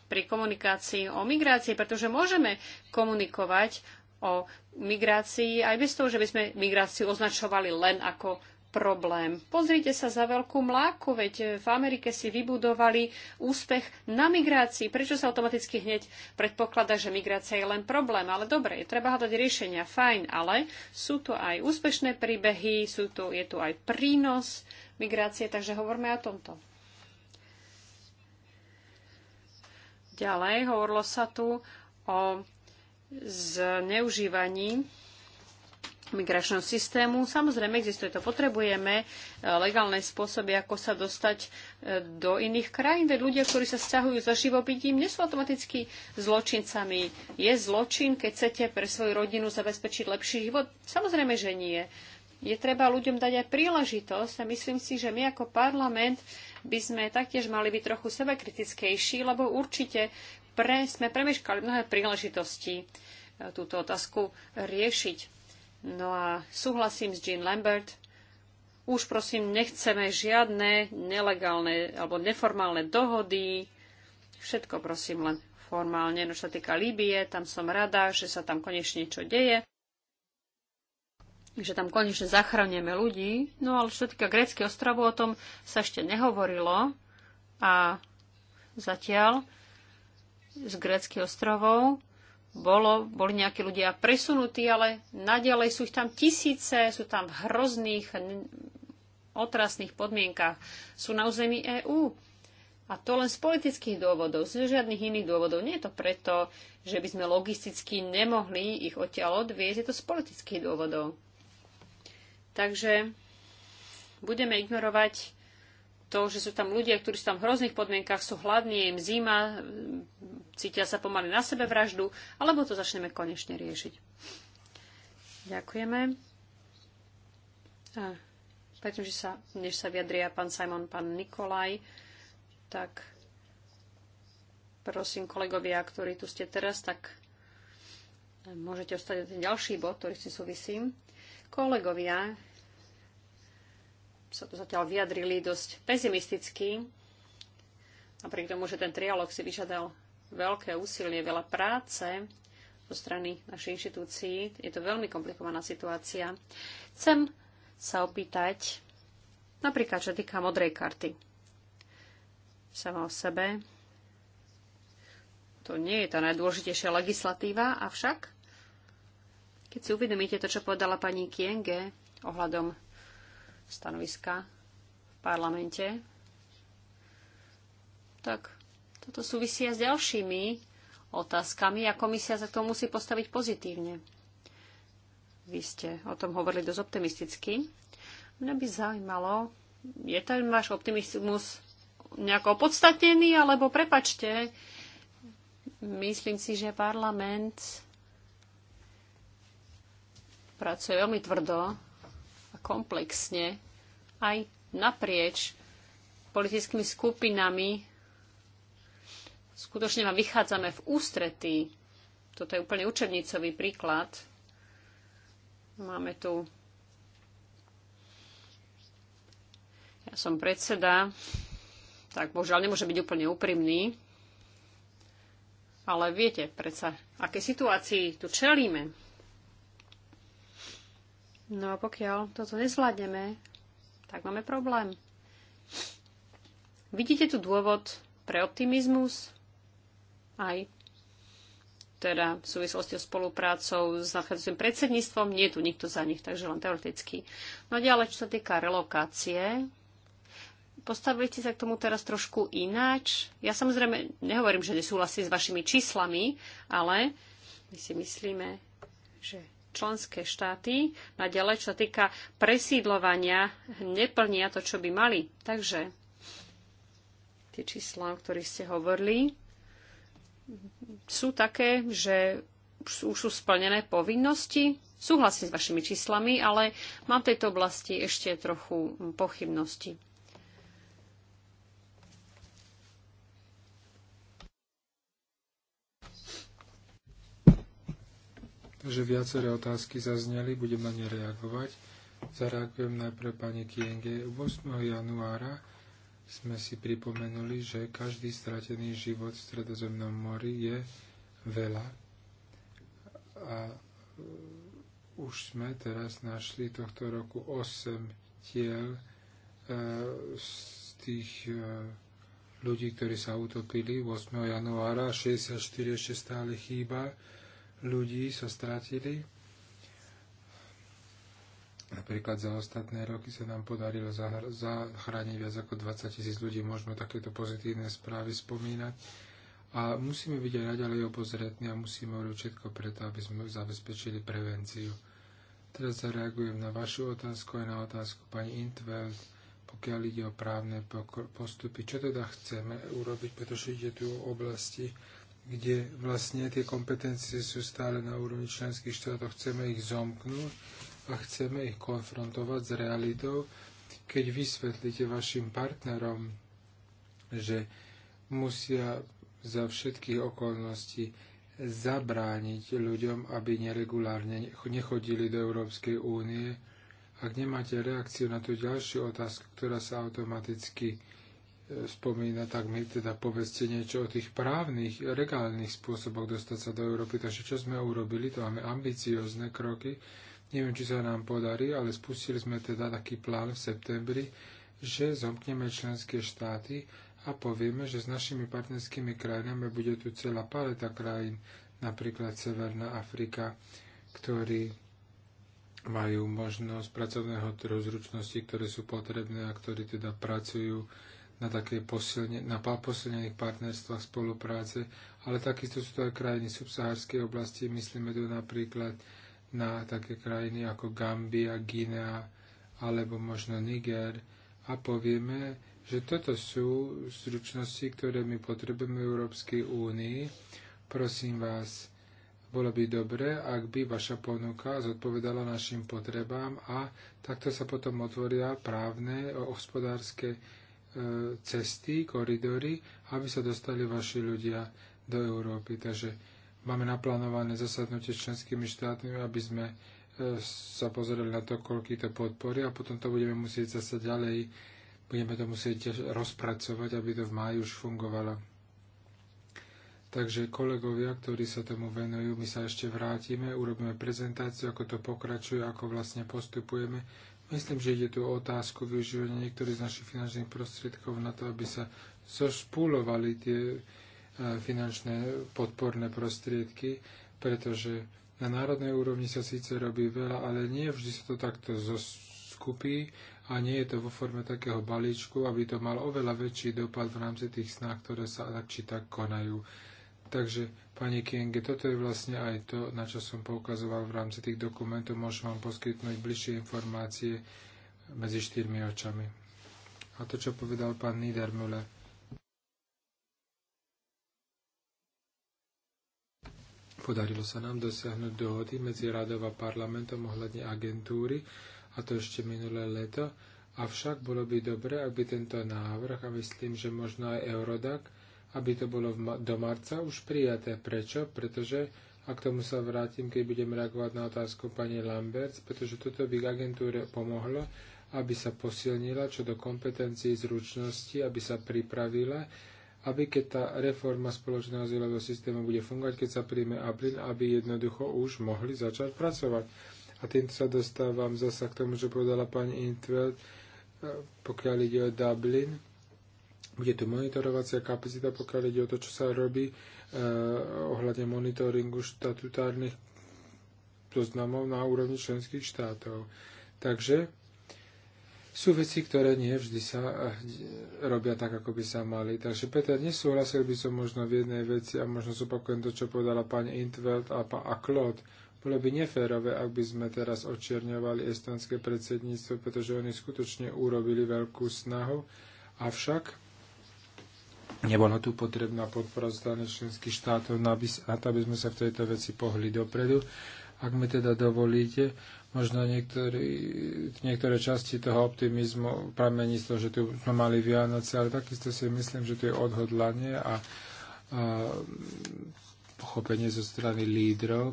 pri komunikácii o migrácii, pretože môžeme komunikovať o migrácii aj bez toho, že by sme migráciu označovali len ako problém. Pozrite sa za veľkú mláku, veď v Amerike si vybudovali úspech na migrácii. Prečo sa automaticky hneď predpokladá, že migrácia je len problém? Ale dobre, je treba hľadať riešenia, fajn, ale sú tu aj úspešné príbehy, sú tu, je tu aj prínos migrácie, takže hovorme o tomto. Ďalej hovorilo sa tu o zneužívaní migračného systému. Samozrejme, existuje to. Potrebujeme e, legálne spôsoby, ako sa dostať e, do iných krajín. Veď ľudia, ktorí sa sťahujú za živobytím, nie sú automaticky zločincami. Je zločin, keď chcete pre svoju rodinu zabezpečiť lepší život? Samozrejme, že nie je treba ľuďom dať aj príležitosť a myslím si, že my ako parlament by sme taktiež mali byť trochu sebekritickejší, lebo určite pre, sme premeškali mnohé príležitosti e, túto otázku riešiť. No a súhlasím s Jean Lambert. Už prosím, nechceme žiadne nelegálne alebo neformálne dohody. Všetko prosím len formálne. No čo sa týka Líbie, tam som rada, že sa tam konečne niečo deje že tam konečne zachránime ľudí. No ale čo týka gréckých ostrovov, o tom sa ešte nehovorilo a zatiaľ z gréckých ostrovov bolo, boli nejakí ľudia presunutí, ale naďalej sú ich tam tisíce, sú tam v hrozných, otrasných podmienkách, sú na území EÚ. A to len z politických dôvodov, z žiadnych iných dôvodov. Nie je to preto, že by sme logisticky nemohli ich odtiaľ odviezť, je to z politických dôvodov. Takže budeme ignorovať to, že sú tam ľudia, ktorí sú tam v hrozných podmienkach, sú hladní, je im zima, cítia sa pomaly na sebe vraždu, alebo to začneme konečne riešiť. Ďakujeme. A predtým, že sa, než sa vyjadria pán Simon, pán Nikolaj, tak prosím kolegovia, ktorí tu ste teraz, tak môžete ostať na ten ďalší bod, ktorý si súvisím. Kolegovia, sa tu zatiaľ vyjadrili dosť pesimisticky, napriek tomu, že ten trialog si vyžadal veľké úsilie, veľa práce zo strany našej inštitúcií. Je to veľmi komplikovaná situácia. Chcem sa opýtať, napríklad čo týka modrej karty. Sama o sebe. To nie je tá najdôležitejšia legislatíva, avšak keď si uvedomíte to, čo povedala pani Kienge ohľadom stanoviska v parlamente, tak toto súvisí s ďalšími otázkami a komisia sa k tomu musí postaviť pozitívne. Vy ste o tom hovorili dosť optimisticky. Mňa by zaujímalo, je ten váš optimizmus nejako opodstatnený, alebo prepačte, myslím si, že parlament pracuje veľmi tvrdo komplexne aj naprieč politickými skupinami. Skutočne ma vychádzame v ústretí. Toto je úplne učebnicový príklad. Máme tu. Ja som predseda, tak bohužiaľ nemôže byť úplne úprimný. Ale viete predsa, aké situácii tu čelíme. No a pokiaľ toto nezvládneme, tak máme problém. Vidíte tu dôvod pre optimizmus? Aj teda v súvislosti s spoluprácou s nadchádzajúcim predsedníctvom, nie je tu nikto za nich, takže len teoreticky. No a ďalej, čo sa týka relokácie, postavili ste sa k tomu teraz trošku ináč. Ja samozrejme nehovorím, že nesúhlasím s vašimi číslami, ale my si myslíme, že členské štáty naďalej, čo sa týka presídlovania, neplnia to, čo by mali. Takže tie čísla, o ktorých ste hovorili, sú také, že už sú splnené povinnosti. Súhlasím s vašimi číslami, ale mám v tejto oblasti ešte trochu pochybnosti. Takže viaceré otázky zazneli, budem na ne reagovať. Zareagujem najprv pani Kienge. 8. januára sme si pripomenuli, že každý stratený život v Stredozemnom mori je veľa. A e, už sme teraz našli tohto roku 8 tiel e, z tých e, ľudí, ktorí sa utopili 8. januára. 64 ešte stále chýba ľudí sa stratili. Napríklad za ostatné roky sa nám podarilo zachrániť viac ako 20 tisíc ľudí. Môžeme takéto pozitívne správy spomínať. A musíme byť aj naďalej obozretní a musíme urobiť všetko preto, aby sme zabezpečili prevenciu. Teraz zareagujem na vašu otázku aj na otázku pani Intveld, pokiaľ ide o právne postupy. Čo teda chceme urobiť, pretože ide tu o oblasti, kde vlastne tie kompetencie sú stále na úrovni členských štátov. Chceme ich zomknúť a chceme ich konfrontovať s realitou, keď vysvetlíte vašim partnerom, že musia za všetkých okolností zabrániť ľuďom, aby neregulárne nechodili do Európskej únie. Ak nemáte reakciu na tú ďalšiu otázku, ktorá sa automaticky spomína, tak mi teda povedzte niečo o tých právnych, regálnych spôsoboch dostať sa do Európy. Takže čo sme urobili, to máme ambiciozne kroky. Neviem, či sa nám podarí, ale spustili sme teda taký plán v septembri, že zomkneme členské štáty a povieme, že s našimi partnerskými krajinami bude tu celá paleta krajín, napríklad Severná Afrika, ktorí majú možnosť pracovného trhu zručnosti, ktoré sú potrebné a ktorí teda pracujú na také posilne, na posilnených partnerstvách spolupráce, ale takisto sú to aj krajiny subsaharskej oblasti, myslíme tu napríklad na také krajiny ako Gambia, Guinea alebo možno Niger a povieme, že toto sú zručnosti, ktoré my potrebujeme v Európskej únii. Prosím vás, bolo by dobre, ak by vaša ponuka zodpovedala našim potrebám a takto sa potom otvoria právne, hospodárske E, cesty, koridory, aby sa dostali vaši ľudia do Európy. Takže máme naplánované zasadnutie s členskými štátmi, aby sme e, sa pozreli na to, koľko to podpory a potom to budeme musieť zase ďalej, budeme to musieť rozpracovať, aby to v máji už fungovalo. Takže kolegovia, ktorí sa tomu venujú, my sa ešte vrátime, urobíme prezentáciu, ako to pokračuje, ako vlastne postupujeme Myslím, že ide tu o otázku využívania niektorých z našich finančných prostriedkov na to, aby sa zošpúlovali tie e, finančné podporné prostriedky, pretože na národnej úrovni sa síce robí veľa, ale nie vždy sa to takto zoskupí a nie je to vo forme takého balíčku, aby to mal oveľa väčší dopad v rámci tých snách, ktoré sa tak či tak konajú Takže, pani Kienge, toto je vlastne aj to, na čo som poukazoval v rámci tých dokumentov. Môžem vám poskytnúť bližšie informácie medzi štyrmi očami. A to, čo povedal pán Niedermüller. Podarilo sa nám dosiahnuť dohody medzi radou a parlamentom ohľadne agentúry, a to ešte minulé leto. Avšak bolo by dobre, aby tento návrh, a myslím, že možno aj Eurodac, aby to bolo do marca už prijaté. Prečo? Pretože, a k tomu sa vrátim, keď budem reagovať na otázku pani Lamberts, pretože toto by agentúre pomohlo, aby sa posilnila čo do kompetencií zručnosti, aby sa pripravila, aby keď tá reforma spoločného zielového systému bude fungovať, keď sa príjme Ablin, aby jednoducho už mohli začať pracovať. A týmto sa dostávam zasa k tomu, čo povedala pani Intveld, eh, pokiaľ ide o Dublin bude tu monitorovacia kapacita, pokiaľ ide o to, čo sa robí eh, ohľadne monitoringu štatutárnych zoznamov na úrovni členských štátov. Takže sú veci, ktoré nie vždy sa e, robia tak, ako by sa mali. Takže Peter, nesúhlasil by som možno v jednej veci a možno zopakujem to, čo povedala pani Intveld a, a Claude. Bolo by neférové, ak by sme teraz očierňovali estonské predsedníctvo, pretože oni skutočne urobili veľkú snahu. Avšak Nebola tu potrebná podpora strany členských štátov na to, aby sme sa v tejto veci pohli dopredu. Ak mi teda dovolíte, možno niektorý, niektoré časti toho optimizmu pramení z toho, že tu sme mali Vianoce, ale takisto si myslím, že tu je odhodlanie a, a pochopenie zo strany lídrov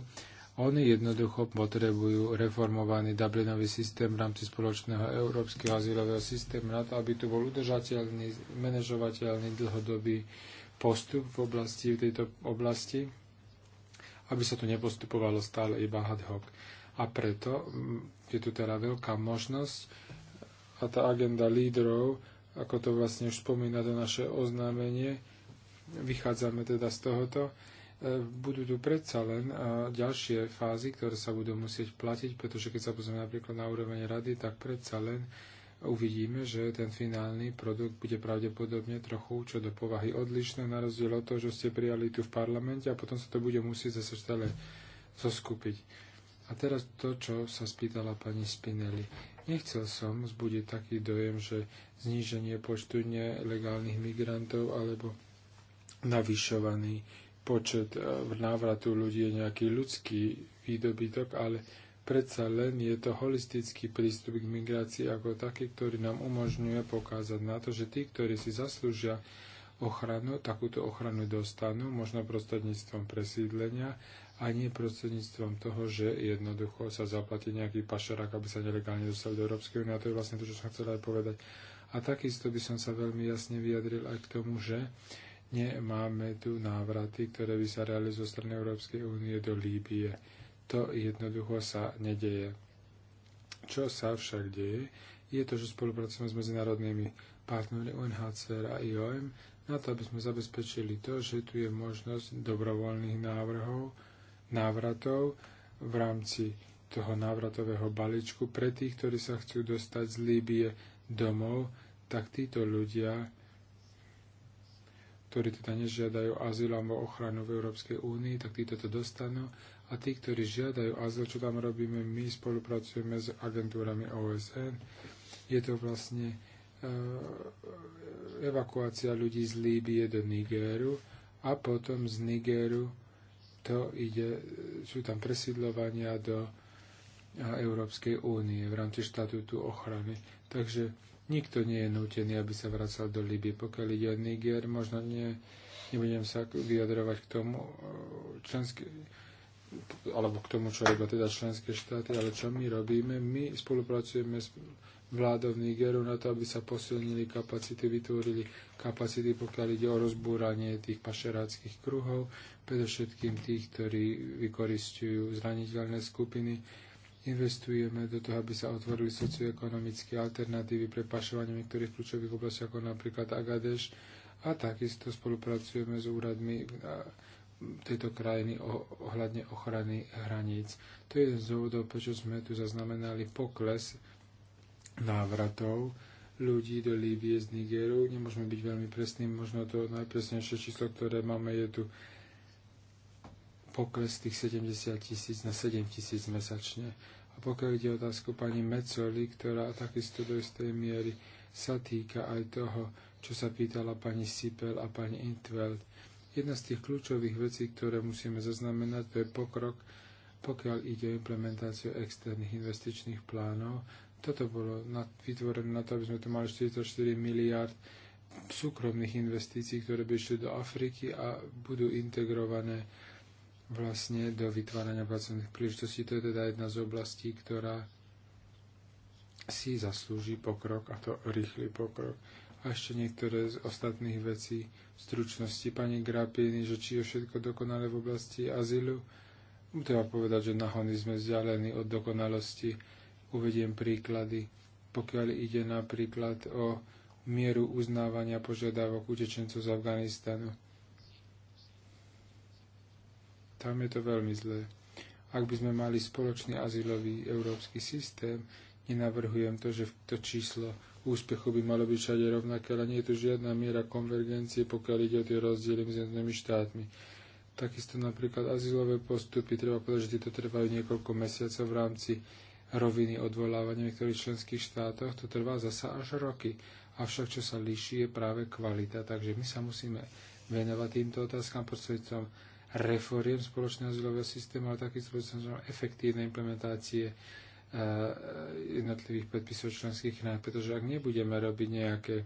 oni jednoducho potrebujú reformovaný Dublinový systém v rámci spoločného európskeho azylového systému na to, aby tu bol udržateľný, manažovateľný dlhodobý postup v oblasti, v tejto oblasti, aby sa tu nepostupovalo stále iba ad hoc. A preto mm, je tu teda veľká možnosť a tá agenda lídrov, ako to vlastne už spomína to naše oznámenie, vychádzame teda z tohoto, E, budú tu predsa len e, ďalšie fázy, ktoré sa budú musieť platiť, pretože keď sa pozrieme napríklad na úroveň rady, tak predsa len uvidíme, že ten finálny produkt bude pravdepodobne trochu čo do povahy odlišné, na rozdiel od toho, že ste prijali tu v parlamente a potom sa to bude musieť zase stále zoskupiť. A teraz to, čo sa spýtala pani Spinelli. Nechcel som zbudiť taký dojem, že zníženie počtu nelegálnych migrantov alebo navyšovaný počet návratu ľudí je nejaký ľudský výdobytok, ale predsa len je to holistický prístup k migrácii ako taký, ktorý nám umožňuje pokázať na to, že tí, ktorí si zaslúžia ochranu, takúto ochranu dostanú, možno prostredníctvom presídlenia a nie prostredníctvom toho, že jednoducho sa zaplatí nejaký pašerák, aby sa nelegálne dostali do Európskej únie. A to je vlastne to, čo som chcel aj povedať. A takisto by som sa veľmi jasne vyjadril aj k tomu, že uh, nemáme tu návraty, ktoré by sa reali zo strany Európskej únie do Líbie. To jednoducho sa nedeje. Čo sa však deje, je to, že spolupracujeme s medzinárodnými partnermi UNHCR a IOM na to, aby sme zabezpečili to, že tu je možnosť dobrovoľných návrhov, návratov v rámci toho návratového balíčku pre tých, ktorí sa chcú dostať z Líbie domov, tak títo ľudia ktorí teda nežiadajú azyl alebo ochranu v Európskej únii, tak títo to dostanú. A tí, ktorí žiadajú azyl, čo tam robíme, my spolupracujeme s agentúrami OSN. Je to vlastne uh, evakuácia ľudí z Líbie do Nigéru a potom z Nigéru to ide, sú tam presídlovania do e, Európskej únie v rámci štatútu ochrany. Takže Nikto nie je nutený aby sa vracal do Libie. Pokiaľ ide o Niger, možno nie, nebudem sa vyjadrovať k tomu e, členské, alebo k tomu, čo robia teda členské štáty, ale čo my robíme, my spolupracujeme s vládou v Nigeru na to, aby sa posilnili kapacity, vytvorili kapacity, pokiaľ ide o rozbúranie tých pašeráckých kruhov, predovšetkým tých, ktorí vykoristujú zraniteľné skupiny investujeme do toho, aby sa otvorili socioekonomické alternatívy pre pašovanie v niektorých kľúčových oblastiach, ako napríklad Agadeš, a takisto spolupracujeme s úradmi tejto krajiny ohľadne ochrany hraníc. To je jeden z dôvodov, prečo sme tu zaznamenali pokles návratov ľudí do Líbie z Nigeru. Nemôžeme byť veľmi presní, možno to najpresnejšie číslo, ktoré máme, je tu pokles tých 70 tisíc na 7 tisíc mesačne. A pokiaľ ide otázku pani Mecoli, ktorá takisto do istej miery sa týka aj toho, čo sa pýtala pani Sipel a pani Intveld. Jedna z tých kľúčových vecí, ktoré musíme zaznamenať, to je pokrok, pokiaľ ide o implementáciu externých investičných plánov. Toto bolo vytvorené na to, aby sme tu mali 44 miliard súkromných investícií, ktoré by išli do Afriky a budú integrované vlastne do vytvárania pracovných príležitostí. To je teda jedna z oblastí, ktorá si zaslúži pokrok, a to rýchly pokrok. A ešte niektoré z ostatných vecí v stručnosti pani Grapiny, že či je všetko dokonalé v oblasti azylu. Treba povedať, že nahony sme vzdialení od dokonalosti. Uvediem príklady. Pokiaľ ide napríklad o mieru uznávania požiadavok utečencov z Afganistanu tam je to veľmi zlé. Ak by sme mali spoločný azylový európsky systém, nenavrhujem to, že to číslo úspechu by malo byť všade rovnaké, ale nie je tu žiadna miera konvergencie, pokiaľ ide o tie rozdiely medzi jednotlivými štátmi. Takisto napríklad azylové postupy, treba povedať, že tieto trvajú niekoľko mesiacov v rámci roviny odvolávania v niektorých členských štátoch, to trvá zasa až roky. Avšak čo sa líši je práve kvalita, takže my sa musíme venovať týmto otázkam prostredníctvom reforiem spoločného azylového systému, ale takisto efektívnej implementácie eh, jednotlivých predpisov členských krajín, pretože ak nebudeme robiť nejaké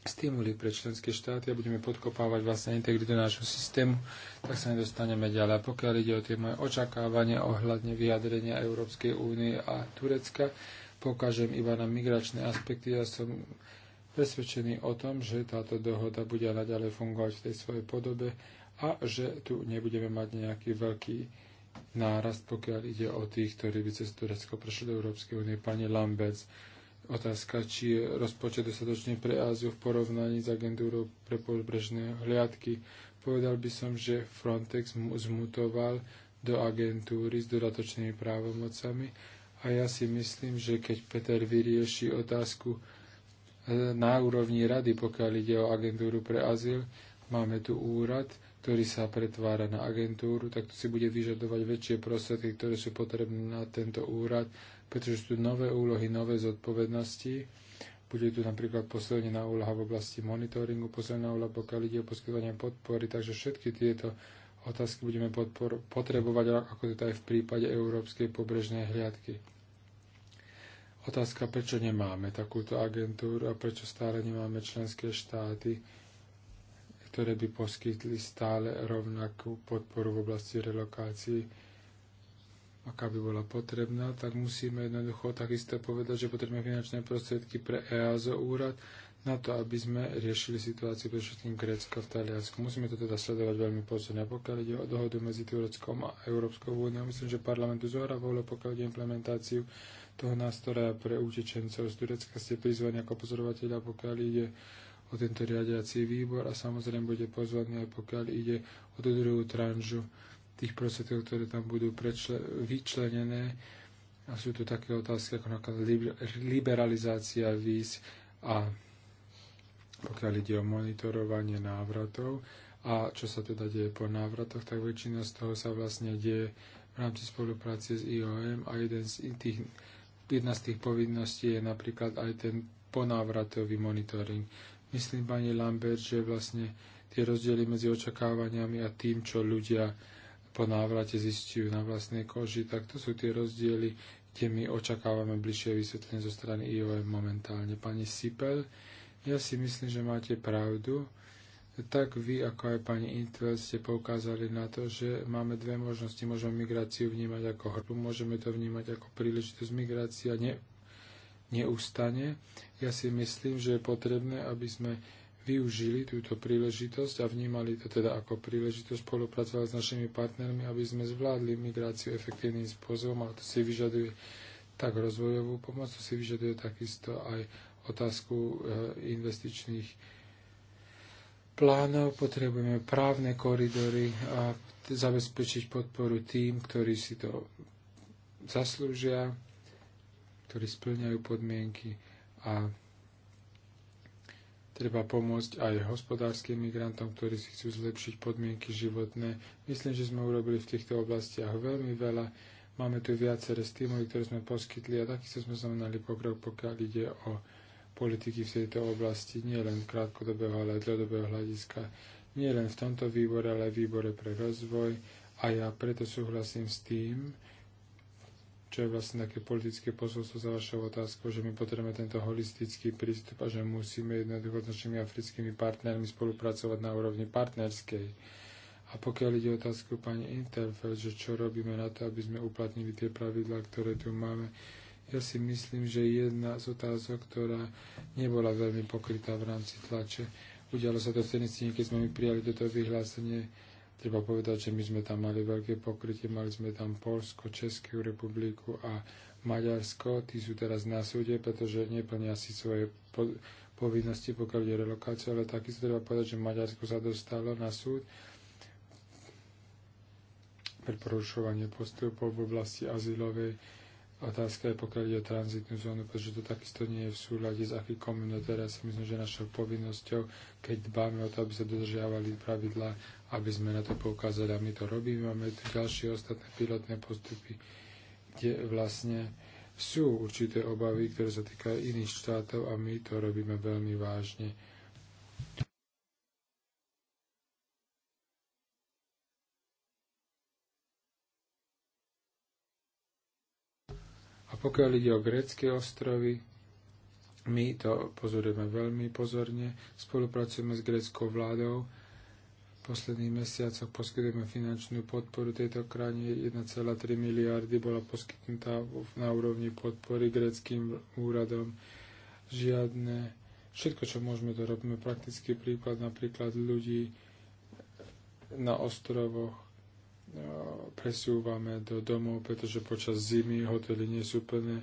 stimuly pre členské štáty a budeme podkopávať vlastne integritu nášho systému, tak sa nedostaneme ďalej. A pokiaľ ide o tie moje očakávania ohľadne vyjadrenia Európskej únie a Turecka, pokážem iba na migračné aspekty. Ja som presvedčený o tom, že táto dohoda bude naďalej fungovať v tej svojej podobe a že tu nebudeme mať nejaký veľký nárast, pokiaľ ide o tých, ktorí by cez Turecko prešli do Európskej únie. Pani Lambec, otázka, či je rozpočet dostatočne pre Áziu v porovnaní s agentúrou pre pobrežné hliadky. Povedal by som, že Frontex zmutoval do agentúry s dodatočnými právomocami a ja si myslím, že keď Peter vyrieši otázku e, na úrovni rady, pokiaľ ide o agentúru pre azyl, máme tu úrad, ktorý sa pretvára na agentúru, tak to si bude vyžadovať väčšie prostriedky, ktoré sú potrebné na tento úrad, pretože sú tu nové úlohy, nové zodpovednosti. Bude tu napríklad posilnená úloha v oblasti monitoringu, posilnená úloha, pokiaľ ide o poskytovanie podpory, takže všetky tieto otázky budeme podpor- potrebovať, ako to aj v prípade Európskej pobrežnej hliadky. Otázka, prečo nemáme takúto agentúru a prečo stále nemáme členské štáty, ktoré by poskytli stále rovnakú podporu v oblasti relokácií, aká by bola potrebná, tak musíme jednoducho takisto povedať, že potrebujeme finančné prostriedky pre EASO úrad na to, aby sme riešili situáciu pre všetkým Grécko v Taliansku. Musíme to teda sledovať veľmi pozorne. Pokiaľ ide o dohodu medzi Tureckom a Európskou úniou, myslím, že parlamentu zohra vôľu, pokiaľ ide implementáciu toho nástroja pre utečencov z Turecka ste prizvaní ako pozorovateľa, pokiaľ ide o tento riadiací výbor a samozrejme bude pozvaný aj pokiaľ ide o tú druhú tranžu tých prostriedkov, ktoré tam budú prečle, vyčlenené. A sú tu také otázky ako napríklad liberalizácia víz a pokiaľ ide o monitorovanie návratov a čo sa teda deje po návratoch, tak väčšina z toho sa vlastne deje v rámci spolupráce s IOM a jeden z tých, jedna z tých povinností je napríklad aj ten ponávratový monitoring. Myslím, pani Lambert, že vlastne tie rozdiely medzi očakávaniami a tým, čo ľudia po návrate zistujú na vlastnej koži, tak to sú tie rozdiely, kde my očakávame bližšie vysvetlenie zo strany IOM momentálne. Pani Sipel, ja si myslím, že máte pravdu. Tak vy, ako aj pani Intel ste poukázali na to, že máme dve možnosti. Môžeme migráciu vnímať ako hrbu, môžeme to vnímať ako príležitosť migrácia, ne, neustane. Ja si myslím, že je potrebné, aby sme využili túto príležitosť a vnímali to teda ako príležitosť spolupracovať s našimi partnermi, aby sme zvládli migráciu efektívnym spôsobom, ale to si vyžaduje tak rozvojovú pomoc, to si vyžaduje takisto aj otázku eh, investičných plánov, potrebujeme právne koridory a zabezpečiť podporu tým, ktorí si to zaslúžia ktorí splňajú podmienky a treba pomôcť aj hospodárskym migrantom, ktorí si chcú zlepšiť podmienky životné. Myslím, že sme urobili v týchto oblastiach veľmi veľa. Máme tu viaceré stimuly, ktoré sme poskytli a takisto sme znamenali pokrok, pokiaľ ide o politiky v tejto oblasti, nie len krátkodobého, ale aj dlhodobého hľadiska, len v tomto výbore, ale aj výbore pre rozvoj. A ja preto súhlasím s tým, čo je vlastne také politické posolstvo za vašou otázku, že my potrebujeme tento holistický prístup a že musíme jednoducho s našimi africkými partnermi spolupracovať na úrovni partnerskej. A pokiaľ ide otázku pani Interfeld, že čo robíme na to, aby sme uplatnili tie pravidlá, ktoré tu máme, ja si myslím, že jedna z otázok, ktorá nebola veľmi pokrytá v rámci tlače, udialo sa to v Tenisíne, keď sme my prijali toto vyhlásenie, Treba povedať, že my sme tam mali veľké pokrytie, mali sme tam Polsko, Českú republiku a Maďarsko. Tí sú teraz na súde, pretože neplnia si svoje povinnosti, pokiaľ je relokáciu, ale takisto treba povedať, že Maďarsko sa dostalo na súd pre porušovanie postupov v oblasti azylovej otázka je, pokiaľ ide o tranzitnú zónu, pretože to takisto nie je v súľade s aký komino teraz. Myslím, že našou povinnosťou, keď dbáme o to, aby sa dodržiavali pravidlá, aby sme na to poukázali a my to robíme. Máme tu ďalšie ostatné pilotné postupy, kde vlastne sú určité obavy, ktoré sa týkajú iných štátov a my to robíme veľmi vážne. pokiaľ ide o grécké ostrovy, my to pozorujeme veľmi pozorne, spolupracujeme s gréckou vládou, v posledných mesiacoch poskytujeme finančnú podporu tejto krajine, 1,3 miliardy bola poskytnutá na úrovni podpory gréckým úradom, žiadne, všetko, čo môžeme, to robíme, praktický príklad, napríklad ľudí na ostrovoch, presúvame do domov, pretože počas zimy hotely nie sú plné.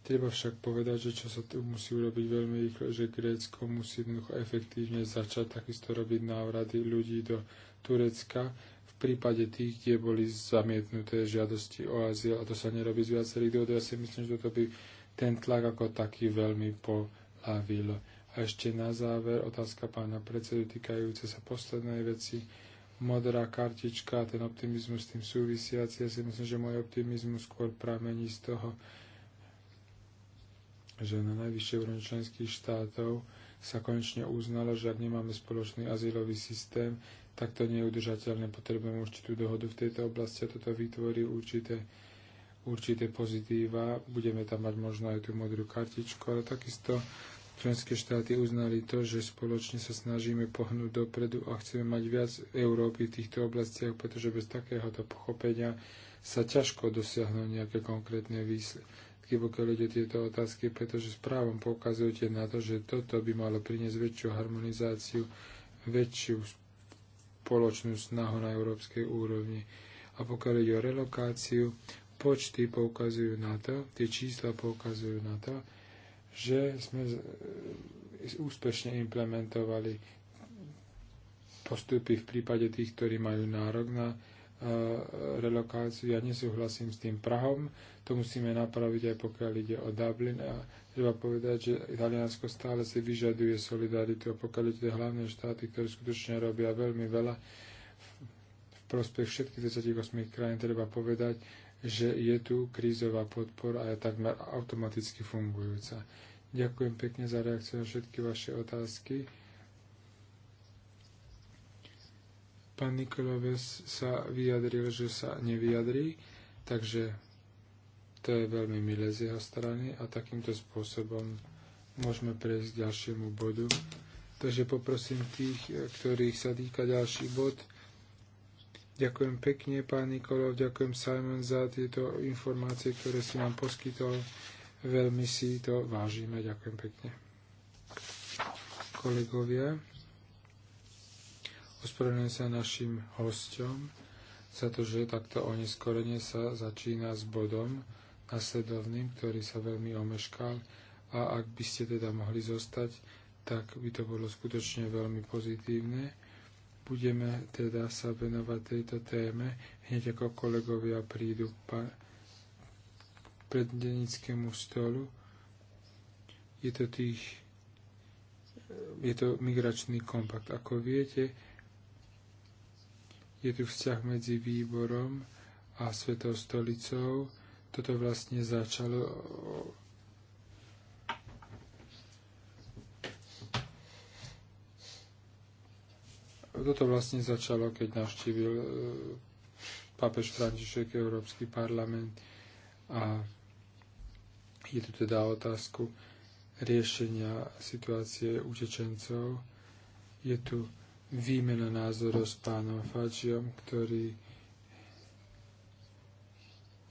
Treba však povedať, že čo sa tu musí urobiť veľmi rýchlo, že Grécko musí jednoducho efektívne začať takisto robiť návraty ľudí do Turecka v prípade tých, kde boli zamietnuté žiadosti o azyl a to sa nerobí z viacerých dôvodov. Ja si myslím, že toto by ten tlak ako taký veľmi polavil. A ešte na záver otázka pána predsedu týkajúce sa poslednej veci modrá kartička, ten optimizmus s tým súvisiaci. Ja si myslím, že môj optimizmus skôr pramení z toho, že na najvyššej úrovni členských štátov sa konečne uznalo, že ak nemáme spoločný azylový systém, tak to nie je udržateľné. Potrebujeme určitú dohodu v tejto oblasti a toto vytvorí určité, určité pozitíva. Budeme tam mať možno aj tú modrú kartičku, ale takisto členské štáty uznali to, že spoločne sa snažíme pohnúť dopredu a chceme mať viac Európy v týchto oblastiach, pretože bez takéhoto pochopenia sa ťažko dosiahnu nejaké konkrétne výsledky, pokiaľ ide tieto otázky, pretože správom poukazujete na to, že toto by malo priniesť väčšiu harmonizáciu, väčšiu spoločnú snahu na európskej úrovni. A pokiaľ ide o relokáciu, počty poukazujú na to, tie čísla poukazujú na to, že sme e, úspešne implementovali postupy v prípade tých, ktorí majú nárok na e, relokáciu. Ja nesúhlasím s tým Prahom, to musíme napraviť aj pokiaľ ide o Dublin a treba povedať, že Italiansko stále si vyžaduje solidaritu a pokiaľ ide hlavné štáty, ktoré skutočne robia veľmi veľa v prospech všetkých 28 krajín, treba povedať, že je tu krízová podpora a je takmer automaticky fungujúca. Ďakujem pekne za reakciu na všetky vaše otázky. Pán Nikoloves sa vyjadril, že sa nevyjadrí, takže to je veľmi milé z jeho strany a takýmto spôsobom môžeme prejsť k ďalšiemu bodu. Takže poprosím tých, ktorých sa týka ďalší bod, Ďakujem pekne, pán Nikolov, ďakujem Simon za tieto informácie, ktoré si nám poskytol. Veľmi si to vážime. Ďakujem pekne. Kolegovia, ospravedlňujem sa našim hosťom za to, že takto oneskorenie sa začína s bodom nasledovným, ktorý sa veľmi omeškal a ak by ste teda mohli zostať, tak by to bolo skutočne veľmi pozitívne. Budeme teda sa venovať tejto téme hneď ako kolegovia prídu k preddenickému stolu. Je to tých e, je to migračný kompakt. Ako viete, je tu vzťah medzi výborom a Svetou stolicou. Toto vlastne začalo Toto vlastne začalo, keď navštívil e, pápež František Európsky parlament a je tu teda otázku riešenia situácie utečencov. Je tu výmena názorov s pánom Fadžiom, ktorý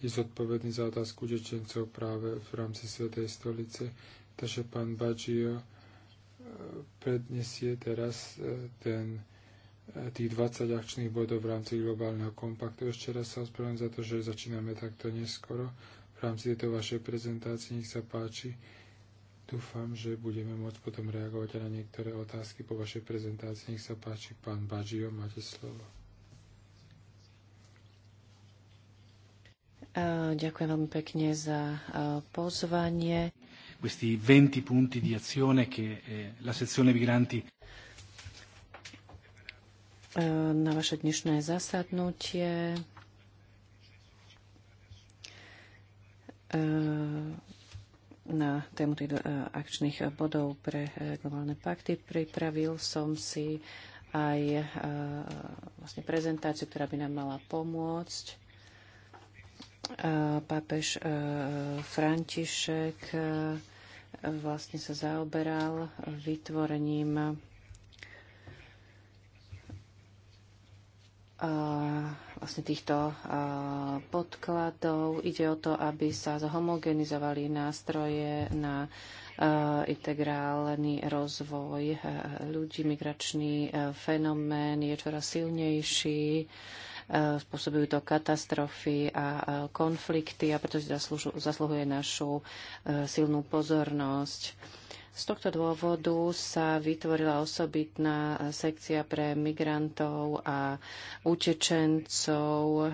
je zodpovedný za otázku utečencov práve v rámci Svetej stolice. Takže pán Baggio e, predniesie teraz e, ten tých 20 akčných bodov v rámci globálneho kompaktu. Ešte raz sa ospravedlňujem za to, že začíname takto neskoro. V rámci tejto vašej prezentácie nech sa páči. Dúfam, že budeme môcť potom reagovať na niektoré otázky po vašej prezentácii. Nech sa páči, pán Bažio, máte slovo. E, ďakujem veľmi pekne za e, pozvanie. Questi 20 punti di azione che eh, la sezione migranti E, na vaše dnešné zasadnutie. E, na tému tých e, akčných bodov pre globálne pakty. Pripravil som si aj vlastne prezentáciu, ktorá by nám mala pomôcť. Pápež František vlastne sa zaoberal vytvorením Eh, vlastne týchto eh, podkladov. Ide o to, aby sa zhomogenizovali nástroje na eh, integrálny rozvoj ľudí. Migračný fenomén je čoraz silnejší, spôsobujú to katastrofy a konflikty a preto si zaslúžuje našu silnú pozornosť. Z tohto dôvodu sa vytvorila osobitná sekcia pre migrantov a utečencov eh,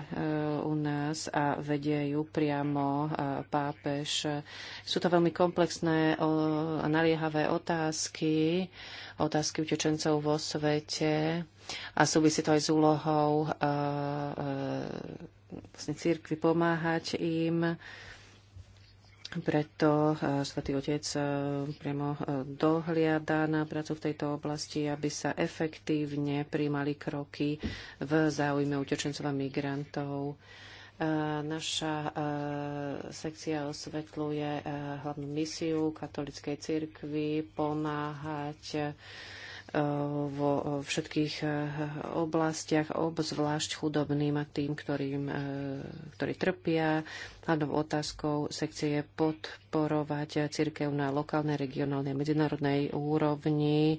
u nás a vedie ju priamo eh, pápež. Sú to veľmi komplexné a naliehavé otázky, otázky utečencov vo svete a súvisí to aj s úlohou eh, vlastne církvy pomáhať im preto e, Svetý Otec e, priamo e, dohliada na prácu v tejto oblasti, aby sa efektívne príjmali kroky v záujme utečencov a migrantov. Naša sekcia osvetľuje hlavnú misiu katolickej cirkvi pomáhať vo všetkých eh, oblastiach, obzvlášť chudobným a tým, ktorým, eh, ktorí trpia. Hlavnou otázkou sekcie je podporovať církev na lokálnej, regionálnej a medzinárodnej úrovni eh,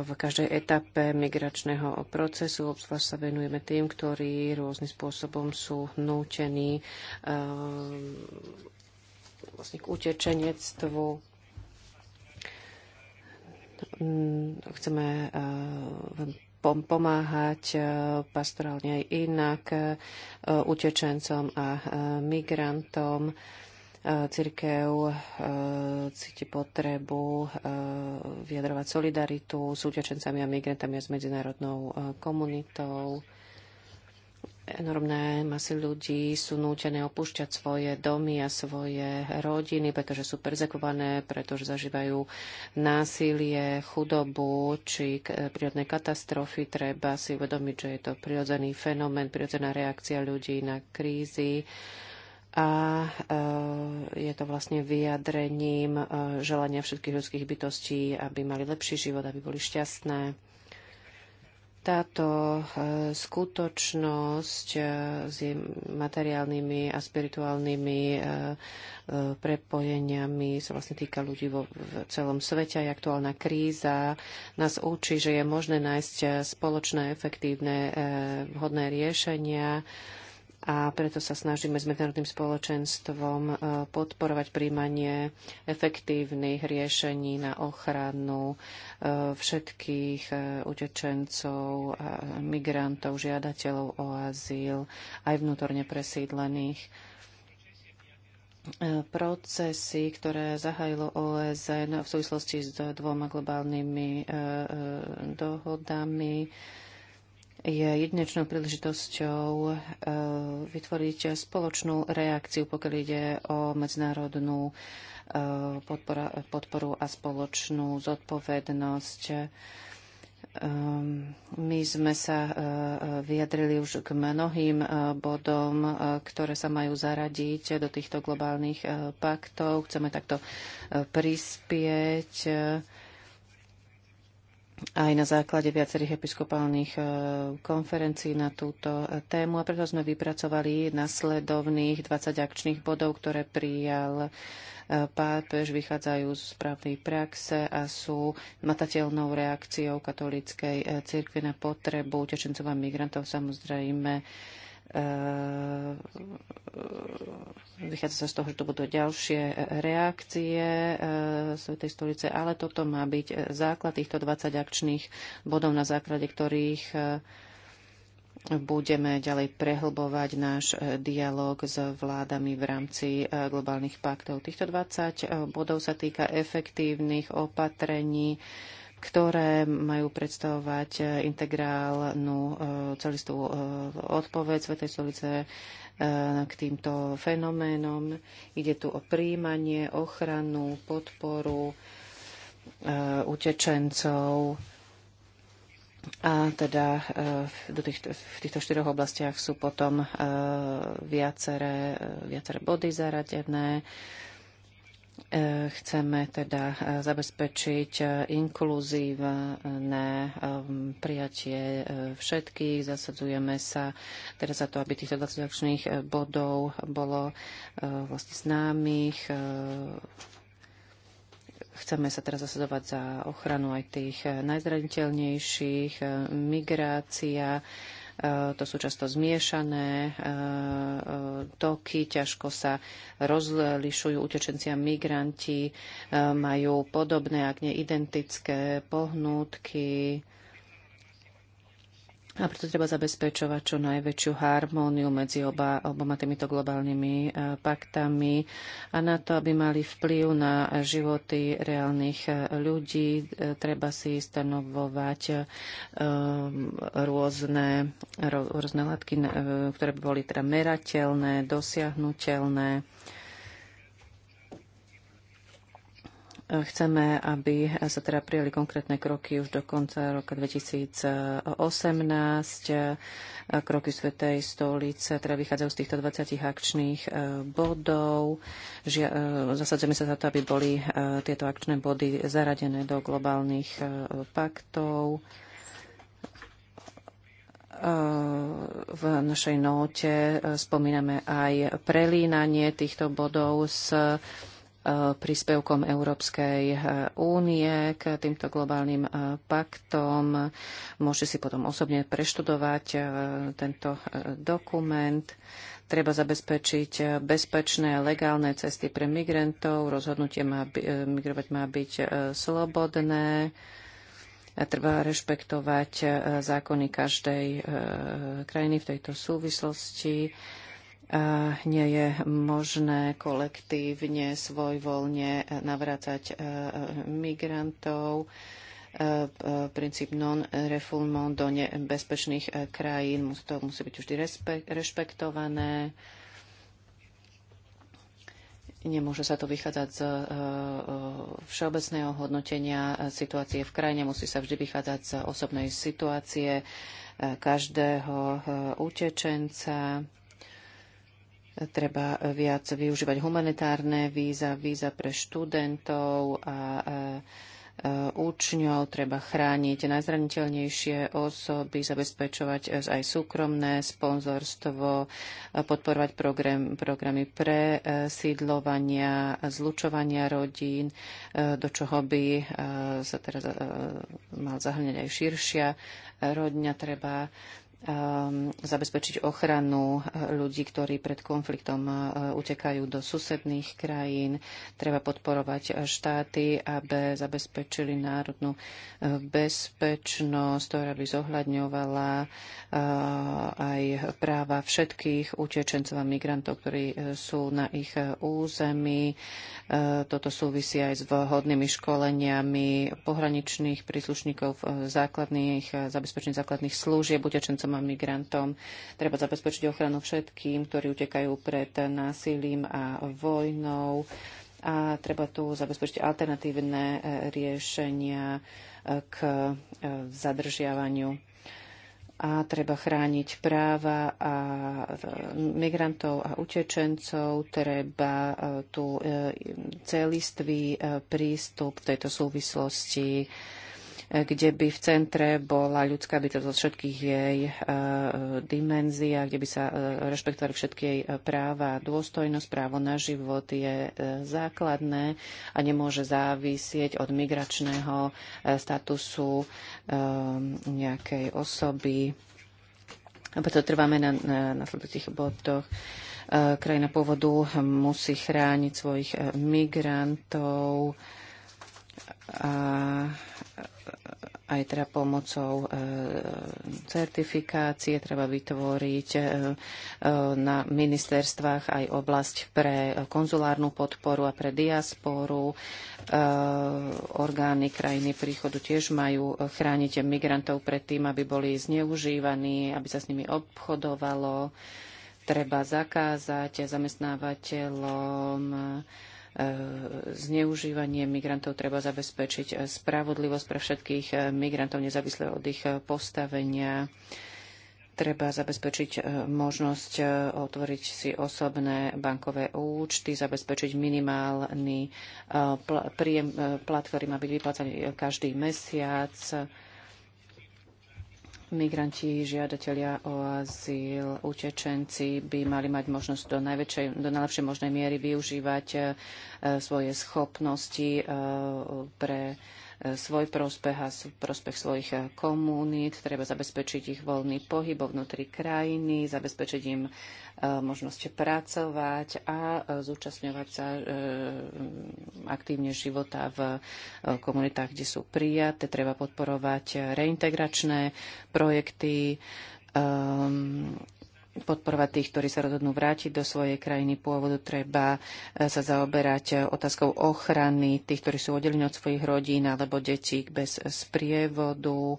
v každej etape migračného procesu. Obzvlášť sa venujeme tým, ktorí rôznym spôsobom sú nútení vlastne k utečenectvu Mm, chceme eh, pomáhať eh, pastorálne aj inak eh, utečencom a migrantom. Cirkev cíti potrebu vyjadrovať solidaritu s utečencami a migrantami a s medzinárodnou komunitou. Enormné masy ľudí sú nútené opúšťať svoje domy a svoje rodiny, pretože sú perzekované, pretože zažívajú násilie, chudobu či prírodné katastrofy. Treba si uvedomiť, že je to prirodzený fenomén, prirodzená reakcia ľudí na krízy a e, je to vlastne vyjadrením e, želania všetkých ľudských bytostí, aby mali lepší život, aby boli šťastné táto e, skutočnosť e, s materiálnymi a spirituálnymi e, prepojeniami sa vlastne týka ľudí vo v celom svete. Aj aktuálna kríza nás učí, že je možné nájsť spoločné, efektívne, vhodné riešenia a preto sa snažíme s medzinárodným spoločenstvom e, podporovať príjmanie efektívnych riešení na ochranu e, všetkých e, utečencov, migrantov, žiadateľov o azyl, aj vnútorne presídlených procesy, ktoré zahajilo OSN v súvislosti s dvoma globálnymi dohodami je jedinečnou príležitosťou e, vytvoriť spoločnú reakciu, pokiaľ ide o medzinárodnú e, podpora, podporu a spoločnú zodpovednosť. E, my sme sa vyjadrili už k mnohým bodom, ktoré sa majú zaradiť do týchto globálnych paktov. Chceme takto prispieť aj na základe viacerých episkopálnych e, konferencií na túto e, tému a preto sme vypracovali nasledovných 20 akčných bodov, ktoré prijal e, pápež, vychádzajú z správnej praxe a sú matateľnou reakciou katolíckej cirkvi na potrebu utečencov a migrantov samozrejme Eh, vychádza sa z toho, že to budú ďalšie eh, reakcie eh, Svetej stolice, ale toto má byť základ týchto 20 akčných bodov, na základe ktorých budeme ďalej prehlbovať náš dialog s vládami v rámci globálnych paktov. Týchto 20 bodov sa týka efektívnych opatrení, ktoré majú predstavovať eh, integrálnu eh, celistú eh, odpoveď Svetej stolice k týmto fenoménom. Ide tu o príjmanie, ochranu, podporu utečencov a teda do v týchto štyroch oblastiach sú potom viaceré, viaceré body zaradené. Eh, chceme teda eh, zabezpečiť eh, inkluzívne prijatie všetkých. Zasadzujeme sa teda za to, aby týchto 20 ročných bodov bolo vlastne známych chceme sa teraz zasadovať za ochranu aj tých najzraniteľnejších, migrácia, Eh, to sú často zmiešané eh, toky, ťažko sa rozlišujú utečenci a migranti, eh, majú podobné, ak nie identické pohnútky a preto treba zabezpečovať čo najväčšiu harmóniu medzi oba, oboma týmito globálnymi e, paktami a na to, aby mali vplyv na životy reálnych e, ľudí, e, treba si stanovovať rôzne, rôzne látky, ktoré by boli teda merateľné, dosiahnuteľné Chceme, aby sa teda prijali konkrétne kroky už do konca roka 2018. Kroky Svetej stolice teda vychádzajú z týchto 20 akčných e, bodov. E, zasadzujeme sa za to, aby boli e, tieto akčné body zaradené do globálnych paktov v našej note spomíname aj prelínanie týchto bodov s príspevkom Európskej eh, únie k týmto globálnym eh, paktom. Môžete si potom osobne preštudovať eh, tento dokument. Treba zabezpečiť bezpečné a legálne cesty pre migrantov. Rozhodnutie má by, migrovať má byť slobodné. A treba rešpektovať zákony každej krajiny v tejto súvislosti nie je možné kolektívne svojvoľne navrácať e, e, migrantov. E, princíp non-refoulement do nebezpečných krajín, to musí byť vždy rešpektované. Nemôže sa to vychádzať z všeobecného hodnotenia situácie v krajine, musí sa vždy vychádzať z osobnej situácie každého utečenca treba viac využívať humanitárne víza, víza pre študentov a e, e, učňov, treba chrániť najzraniteľnejšie osoby, zabezpečovať aj súkromné sponzorstvo, podporovať program, programy pre e, sídlovania, zlučovania rodín, do čoho by sa teraz mal zahrňať aj širšia rodňa. Treba Ehm, zabezpečiť ochranu eh, ľudí, ktorí pred konfliktom eh, utekajú do susedných krajín. Treba podporovať eh, štáty, aby zabezpečili národnú bezpečnosť, ktorá by zohľadňovala aj práva všetkých utečencov a migrantov, ktorí sú na ich území. Toto súvisí aj s vhodnými školeniami pohraničných príslušníkov základných, zabezpečení základných služieb utečencom utečencom a migrantom. Treba zabezpečiť ochranu všetkým, ktorí utekajú pred násilím a vojnou a treba tu zabezpečiť alternatívne e, riešenia e, k e, zadržiavaniu. A treba chrániť práva a migrantov a utečencov, treba tu celistvý prístup v tejto súvislosti kde by v centre bola ľudská bytosť zo všetkých jej e, dimenzií a kde by sa e, rešpektovali všetky jej e, práva. Dôstojnosť, právo na život je základné a nemôže závisieť od migračného statusu nejakej osoby. A preto trváme na nasledujúcich na bodoch krajina pôvodu musí chrániť svojich migrantov a aj teda pomocou e, certifikácie treba vytvoriť e, e, na ministerstvách aj oblasť pre konzulárnu podporu a pre diasporu. E, orgány krajiny príchodu tiež majú chrániť migrantov pred tým, aby boli zneužívaní, aby sa s nimi obchodovalo. Treba zakázať zamestnávateľom zneužívanie migrantov treba zabezpečiť spravodlivosť pre všetkých migrantov nezávisle od ich postavenia. Treba zabezpečiť e, možnosť e, otvoriť si osobné bankové účty, zabezpečiť minimálny e, príjem, plat, ktorý má byť vyplácaný každý mesiac Migranti, žiadatelia o azyl, utečenci by mali mať možnosť do, najväčšej, do najlepšej možnej miery využívať eh, svoje schopnosti eh, pre svoj prospech a prospech svojich eh, komunít. Treba zabezpečiť ich voľný pohyb vnútri krajiny, zabezpečiť im eh, možnosť pracovať a eh, zúčastňovať sa aktívne života v komunitách, kde sú prijaté. Treba podporovať reintegračné projekty, ehm, podporovať tých, ktorí sa rozhodnú vrátiť do svojej krajiny pôvodu. Treba e, sa zaoberať e, otázkou ochrany tých, ktorí sú oddelení od svojich rodín alebo detí bez sprievodu. E,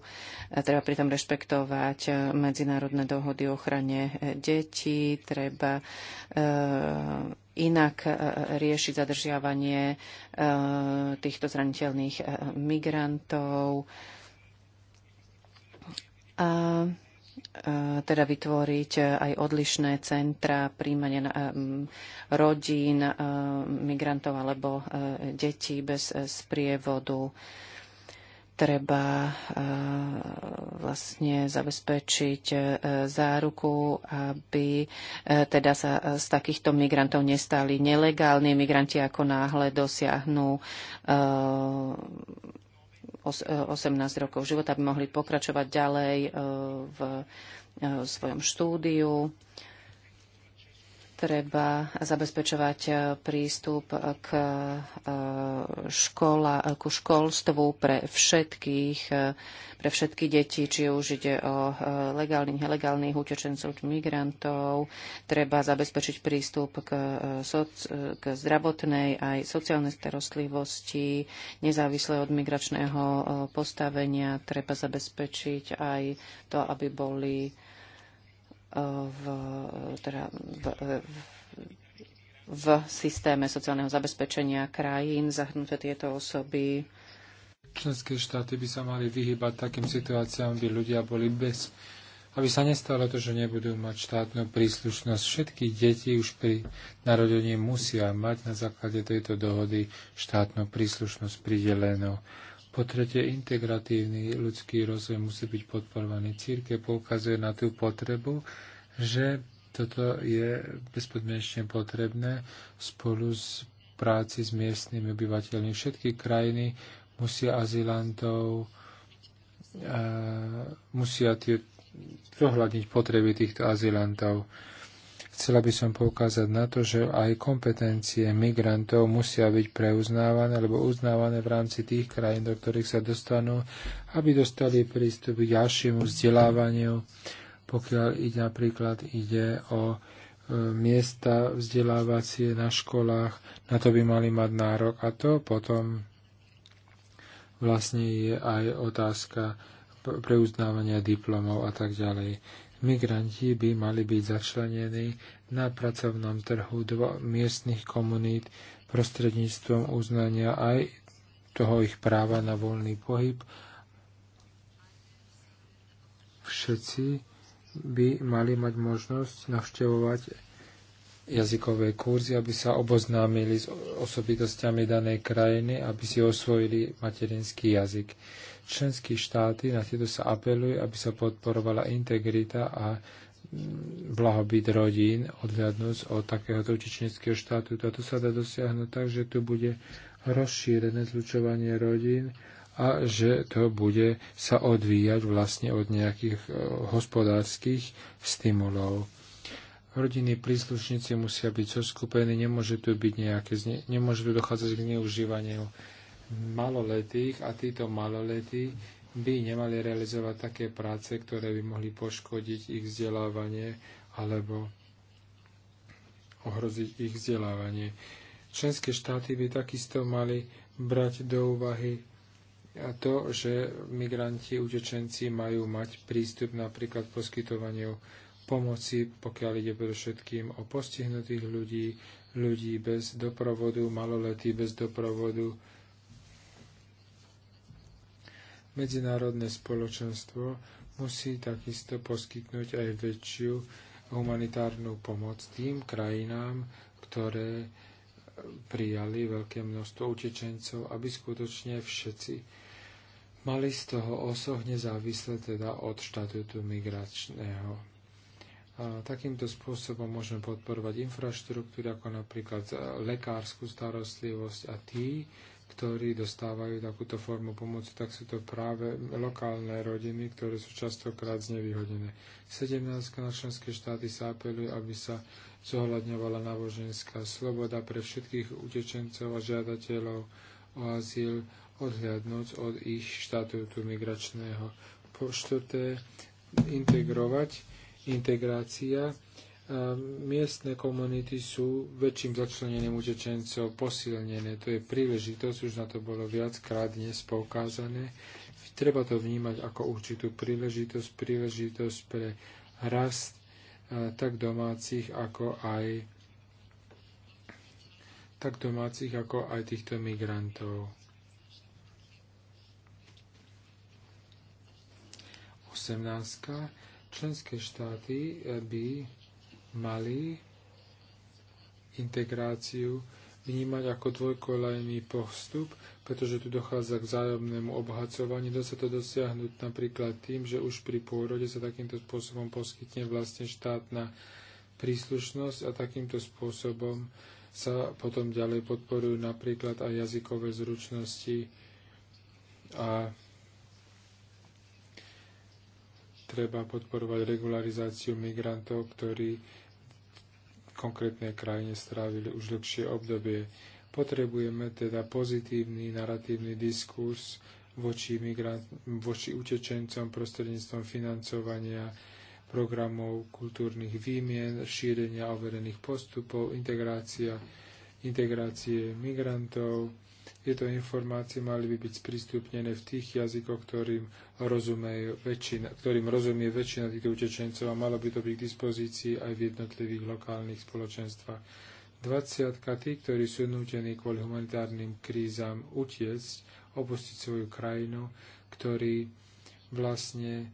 treba pritom rešpektovať medzinárodné dohody o ochrane detí. Treba inak riešiť zadržiavanie týchto zraniteľných migrantov. A E, teda vytvoriť e, aj odlišné centra príjmania e, rodín, migrantov alebo detí bez sprievodu. Treba vlastne zabezpečiť záruku, aby teda sa z takýchto migrantov nestali nelegálni migranti, ako náhle dosiahnu 18 e, rokov života, aby mohli pokračovať ďalej e, e, v svojom štúdiu treba zabezpečovať e, prístup k, e, škola, e, k školstvu pre všetkých, pre všetky deti, či už ide o legálnych, nelegálnych utečencov, či migrantov. Treba zabezpečiť prístup k, soc, k zdravotnej aj sociálnej starostlivosti, nezávisle od migračného postavenia. Treba zabezpečiť aj to, aby boli v, teda v, v, v systéme sociálneho zabezpečenia krajín zahrnuté tieto osoby. Členské štáty by sa mali vyhybať takým situáciám, aby ľudia boli bez aby sa nestalo to, že nebudú mať štátnu príslušnosť. Všetky deti už pri narodení musia mať na základe tejto dohody štátnu príslušnosť pridelenú. Po tretie, integratívny ľudský rozvoj musí byť podporovaný. Círke poukazuje na tú potrebu, že toto je bezpodmienečne potrebné spolu s práci s miestnymi obyvateľmi. Všetky krajiny musia azylantov, e, musia tie, zohľadniť potreby týchto azylantov. Chcela by som poukázať na to, že aj kompetencie migrantov musia byť preuznávané alebo uznávané v rámci tých krajín, do ktorých sa dostanú, aby dostali prístup k ďalšiemu vzdelávaniu, pokiaľ ide, napríklad ide o e, miesta vzdelávacie na školách, na to by mali mať nárok a to potom vlastne je aj otázka preuznávania diplomov a tak ďalej. Migranti by mali byť začlenení na pracovnom trhu do miestnych komunít prostredníctvom uznania aj toho ich práva na voľný pohyb. Všetci by mali mať možnosť navštevovať jazykové kurzy, aby sa oboznámili s osobitostiami danej krajiny, aby si osvojili materinský jazyk. Členské štáty na tieto sa apelujú, aby sa podporovala integrita a mm, blahobyt rodín, odhľadnúť od takéhoto čečenského štátu. Toto sa dá dosiahnuť tak, že tu bude rozšírené zlučovanie rodín a že to bude sa odvíjať vlastne od nejakých e, hospodárskych stimulov. Rodiny príslušníci musia byť zoskupení, nemôže tu byť nejaké, nemôže tu dochádzať k neužívaniu maloletých a títo maloletí by nemali realizovať také práce, ktoré by mohli poškodiť ich vzdelávanie alebo ohroziť ich vzdelávanie. Členské štáty by takisto mali brať do úvahy to, že migranti, utečenci majú mať prístup napríklad poskytovaniu pomoci, pokiaľ ide predovšetkým o postihnutých ľudí, ľudí bez doprovodu, maloletí bez doprovodu, medzinárodné spoločenstvo musí takisto poskytnúť aj väčšiu humanitárnu pomoc tým krajinám, ktoré prijali veľké množstvo utečencov, aby skutočne všetci mali z toho osoch nezávisle teda od štatútu migračného. A takýmto spôsobom môžeme podporovať infraštruktúru, ako napríklad lekárskú starostlivosť a tí, ktorí dostávajú takúto formu pomoci, tak sú to práve lokálne rodiny, ktoré sú častokrát znevýhodnené. 17 na členské štáty sa apeluje, aby sa zohľadňovala náboženská sloboda pre všetkých utečencov a žiadateľov o azyl, odhľadnúť od ich štatútu migračného. Po štvrté, integrovať, integrácia miestne komunity sú väčším začlenením utečencov posilnené. To je príležitosť, už na to bolo viackrát dnes poukázané. Treba to vnímať ako určitú príležitosť, príležitosť pre rast tak domácich, ako aj tak domácich, ako aj týchto migrantov. 18. Členské štáty eh, by mali integráciu vnímať ako dvojkolajný postup, pretože tu dochádza k vzájomnému obohacovaniu. Dá sa to dosiahnuť napríklad tým, že už pri pôrode sa takýmto spôsobom poskytne vlastne štátna príslušnosť a takýmto spôsobom sa potom ďalej podporujú napríklad aj jazykové zručnosti a treba podporovať regularizáciu migrantov, ktorí konkrétnej krajine strávili už dlhšie obdobie. Potrebujeme teda pozitívny naratívny diskurs voči, migrant, voči utečencom prostredníctvom financovania programov kultúrnych výmien, šírenia overených postupov, integrácia, integrácie migrantov, tieto informácie mali by byť sprístupnené v tých jazykoch, ktorým, väčšina, ktorým rozumie väčšina týchto utečencov a malo by to byť k dispozícii aj v jednotlivých lokálnych spoločenstvách. 20. Tí, ktorí sú nutení kvôli humanitárnym krízam utiecť, opustiť svoju krajinu, ktorí vlastne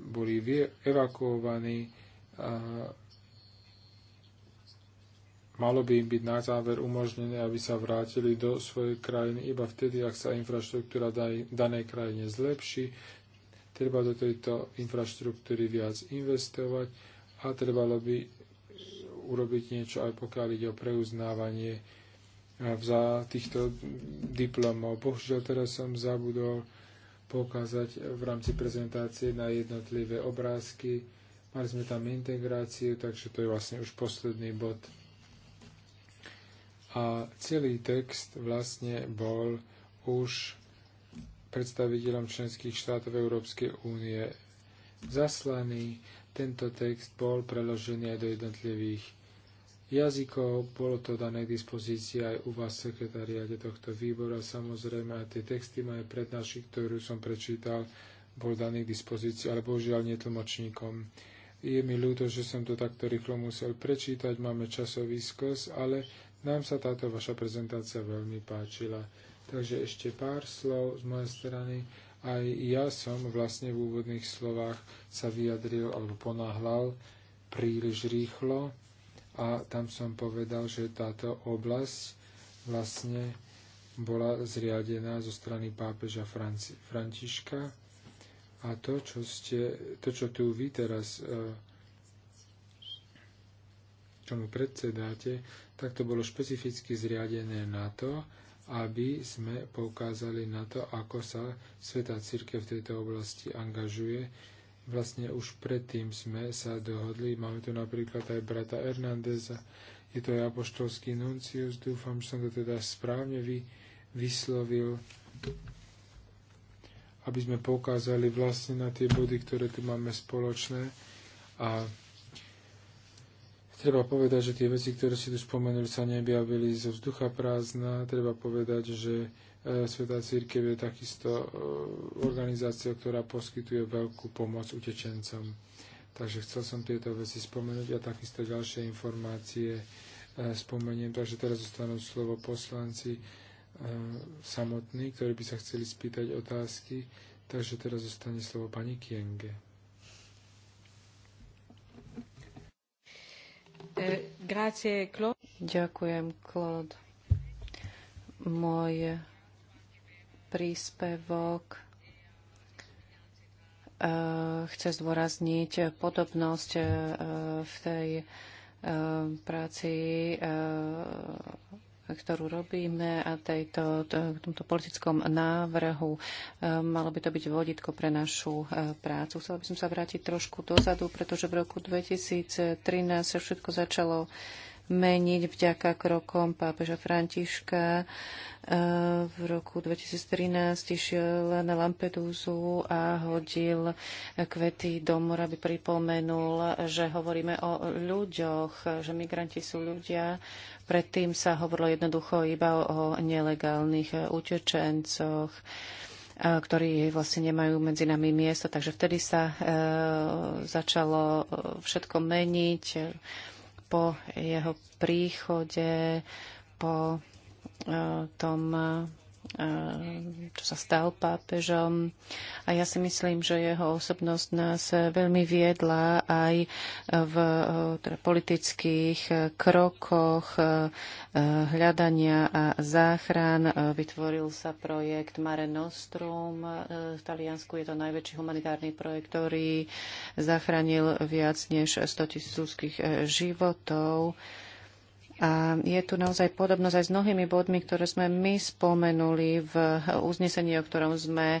boli evakuovaní a Malo by im byť na záver umožnené, aby sa vrátili do svojej krajiny iba vtedy, ak sa infraštruktúra danej krajine zlepší. Treba do tejto infraštruktúry viac investovať a trebalo by urobiť niečo aj pokiaľ ide o preuznávanie e, za týchto diplomov. Bohužiaľ teraz som zabudol pokázať v rámci prezentácie na jednotlivé obrázky. Mali sme tam integráciu, takže to je vlastne už posledný bod. A celý text vlastne bol už predstaviteľom členských štátov Európskej únie zaslaný. Tento text bol preložený aj do jednotlivých jazykov, bolo to dané k dispozícii aj u vás v sekretariáte tohto výboru samozrejme aj tie texty moje prednášky, ktorú som prečítal, bol daný k dispozícii, ale bohužiaľ netlmočníkom. Je mi ľúto, že som to takto rýchlo musel prečítať, máme časový skos, ale nám sa táto vaša prezentácia veľmi páčila. Takže ešte pár slov z mojej strany. Aj ja som vlastne v úvodných slovách sa vyjadril alebo ponáhľal príliš rýchlo a tam som povedal, že táto oblasť vlastne bola zriadená zo strany pápeža Franci- Františka a to čo, ste, to, čo tu vy teraz e, čomu predsedáte, tak to bolo špecificky zriadené na to, aby sme poukázali na to, ako sa sveta Církev v tejto oblasti angažuje. Vlastne už predtým sme sa dohodli, máme tu napríklad aj brata Hernándeza, je to aj apoštolský nuncius, dúfam, že som to teda správne vy, vyslovil, aby sme poukázali vlastne na tie body, ktoré tu máme spoločné a Treba povedať, že tie veci, ktoré si tu spomenuli, sa neobjavili zo vzducha prázdna. Treba povedať, že e, Svetá církev je takisto e, organizácia, ktorá poskytuje veľkú pomoc utečencom. Takže chcel som tieto veci spomenúť a takisto ďalšie informácie e, spomeniem. Takže teraz zostanú slovo poslanci samotní, ktorí by sa chceli spýtať otázky. Takže teraz zostane slovo pani Kienge. Ďakujem, Claude. Môj príspevok eh, chce zdôrazniť podobnosť eh, v tej eh, práci ktorú robíme a tejto, tomto politickom návrhu. E, malo by to byť vodítko pre našu e, prácu. Chcela by som sa vrátiť trošku dozadu, pretože v roku 2013 sa všetko začalo meniť vďaka krokom pápeža Františka. E, v roku 2013 išiel na Lampedúzu a hodil kvety do mora, aby pripomenul, že hovoríme o ľuďoch, že migranti sú ľudia. Predtým sa hovorilo jednoducho iba o nelegálnych utečencoch e, ktorí vlastne nemajú medzi nami miesto. Takže vtedy sa e, začalo všetko meniť po jeho príchode, po e, tom čo sa stal pápežom. A ja si myslím, že jeho osobnosť nás veľmi viedla aj v teda, politických krokoch eh, hľadania a záchran. Vytvoril sa projekt Mare Nostrum. Eh, v Taliansku je to najväčší humanitárny projekt, ktorý zachránil viac než 100 tisúckých eh, životov. A je tu naozaj podobnosť aj s mnohými bodmi, ktoré sme my spomenuli v uznesení, o ktorom sme e,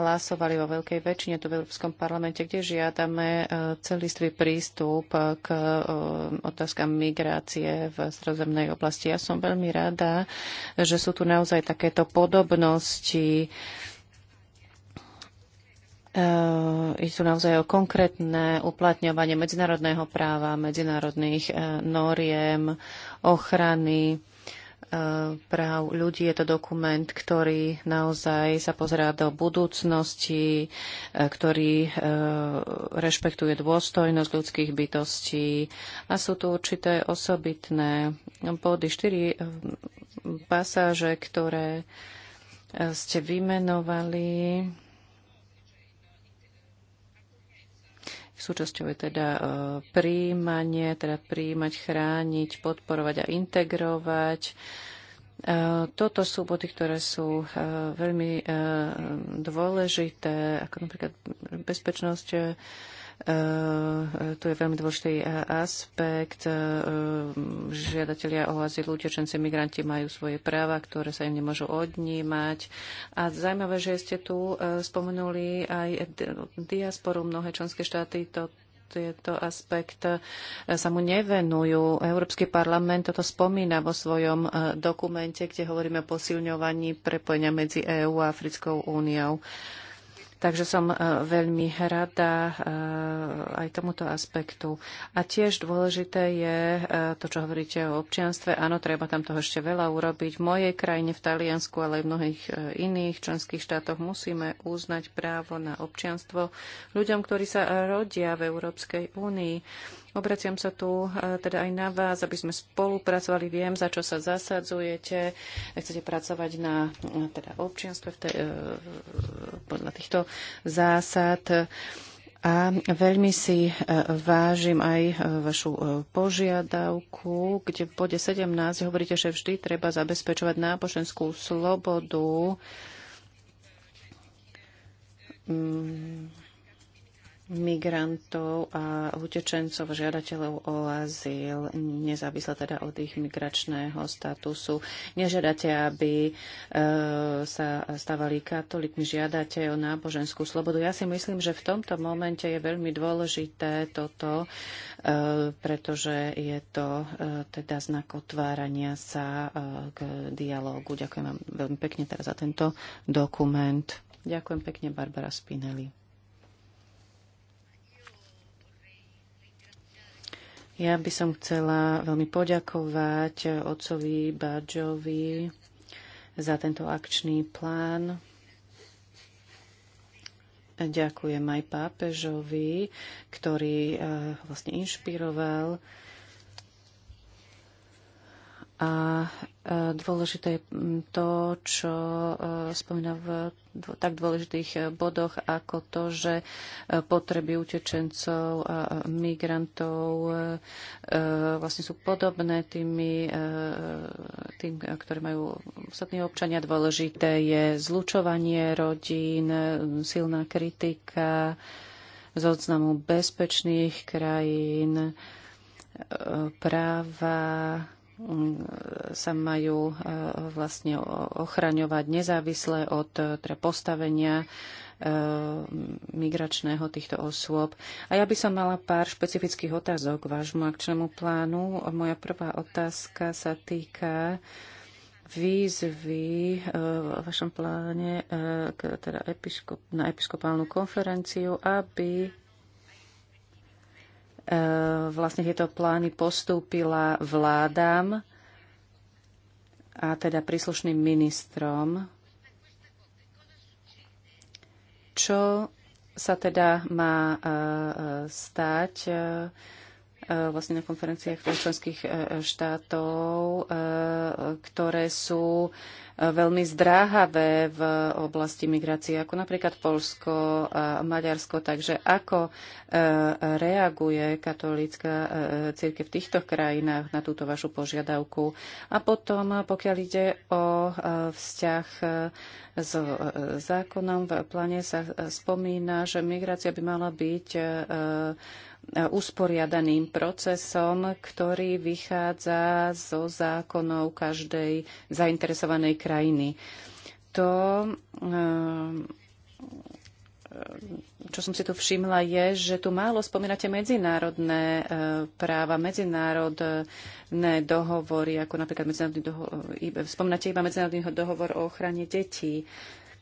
hlasovali vo veľkej väčšine tu v Európskom parlamente, kde žiadame e, celistvý prístup k e, otázkam migrácie v strozemnej oblasti. Ja som veľmi rada, že sú tu naozaj takéto podobnosti je eh, tu naozaj o konkrétne uplatňovanie medzinárodného práva, medzinárodných eh, noriem, ochrany eh, práv ľudí. Je to dokument, ktorý naozaj sa pozerá do budúcnosti, ktorý rešpektuje dôstojnosť ľudských bytostí a sú tu určité osobitné body, štyri pasáže, ktoré ste vymenovali Súčasťou je teda e, príjmanie, teda príjmať, chrániť, podporovať a integrovať. E, toto sú body, ktoré sú e, veľmi dôležité, ako napríklad bezpečnosť Eh, eh, tu je veľmi dôležitý eh, aspekt. Žiadatelia o azyl, utečenci, migranti majú svoje práva, ktoré sa im nemôžu odnímať. A zaujímavé, že ste tu spomenuli aj diasporu. Mnohé členské štáty to tieto aspekt sa mu nevenujú. Európsky parlament toto spomína vo svojom dokumente, kde hovoríme o posilňovaní prepojenia medzi EÚ a Africkou úniou. Takže som e, veľmi rada e, aj tomuto aspektu. A tiež dôležité je e, to, čo hovoríte o občianstve. Áno, treba tam toho ešte veľa urobiť. V mojej krajine, v Taliansku, ale aj v mnohých iných členských štátoch musíme uznať právo na občianstvo ľuďom, ktorí sa rodia v Európskej únii Obraciam sa tu e, teda aj na vás, aby sme spolupracovali. Viem, za čo sa zasadzujete. Chcete pracovať na teda občianstve v te, e, podľa týchto zásad. A veľmi si e, vážim aj vašu požiadavku, kde v bode 17 hovoríte, že vždy treba zabezpečovať náboženskú slobodu. Mm migrantov a utečencov, žiadateľov o azyl, nezávisle teda od ich migračného statusu. Nežiadate, aby e, sa stávali katolíkmi, žiadate o náboženskú slobodu. Ja si myslím, že v tomto momente je veľmi dôležité toto, e, pretože je to e, teda znak otvárania sa e, k dialógu. Ďakujem vám veľmi pekne teraz za tento dokument. Ďakujem pekne, Barbara Spinelli. Ja by som chcela veľmi poďakovať otcovi Badžovi za tento akčný plán. Ďakujem aj pápežovi, ktorý eh, vlastne inšpiroval. A eh, dôležité je to, čo eh, spomína v tak dôležitých e, bodoch ako to, že e, potreby utečencov a migrantov e, vlastne sú podobné tými, tým, ktoré majú ostatní občania. Dôležité je zlučovanie rodín, silná kritika zoznamu bezpečných krajín, práva sa majú e, vlastne ochraňovať nezávisle od e, teda postavenia e, migračného týchto osôb. A ja by som mala pár špecifických otázok k vášmu akčnému plánu. Moja prvá otázka sa týka výzvy v vašom pláne teda na episkopálnu konferenciu, aby E, vlastne tieto plány postúpila vládám a teda príslušným ministrom. Čo sa teda má e, e, stať? Eh, vlastne na konferenciách členských eh, štátov, eh, ktoré sú veľmi zdráhavé v oblasti migrácie, ako napríklad Polsko a Maďarsko. Takže ako reaguje katolícka círke v týchto krajinách na túto vašu požiadavku? A potom, pokiaľ ide o vzťah s zákonom, v pláne sa spomína, že migrácia by mala byť usporiadaným procesom, ktorý vychádza zo zákonov každej zainteresovanej krajiny. To, eh, čo som si tu všimla, je, že tu málo spomínate medzinárodné eh, práva, medzinárodné dohovory, ako napríklad medzinárodný dohovor, spomínate iba medzinárodný dohovor o ochrane detí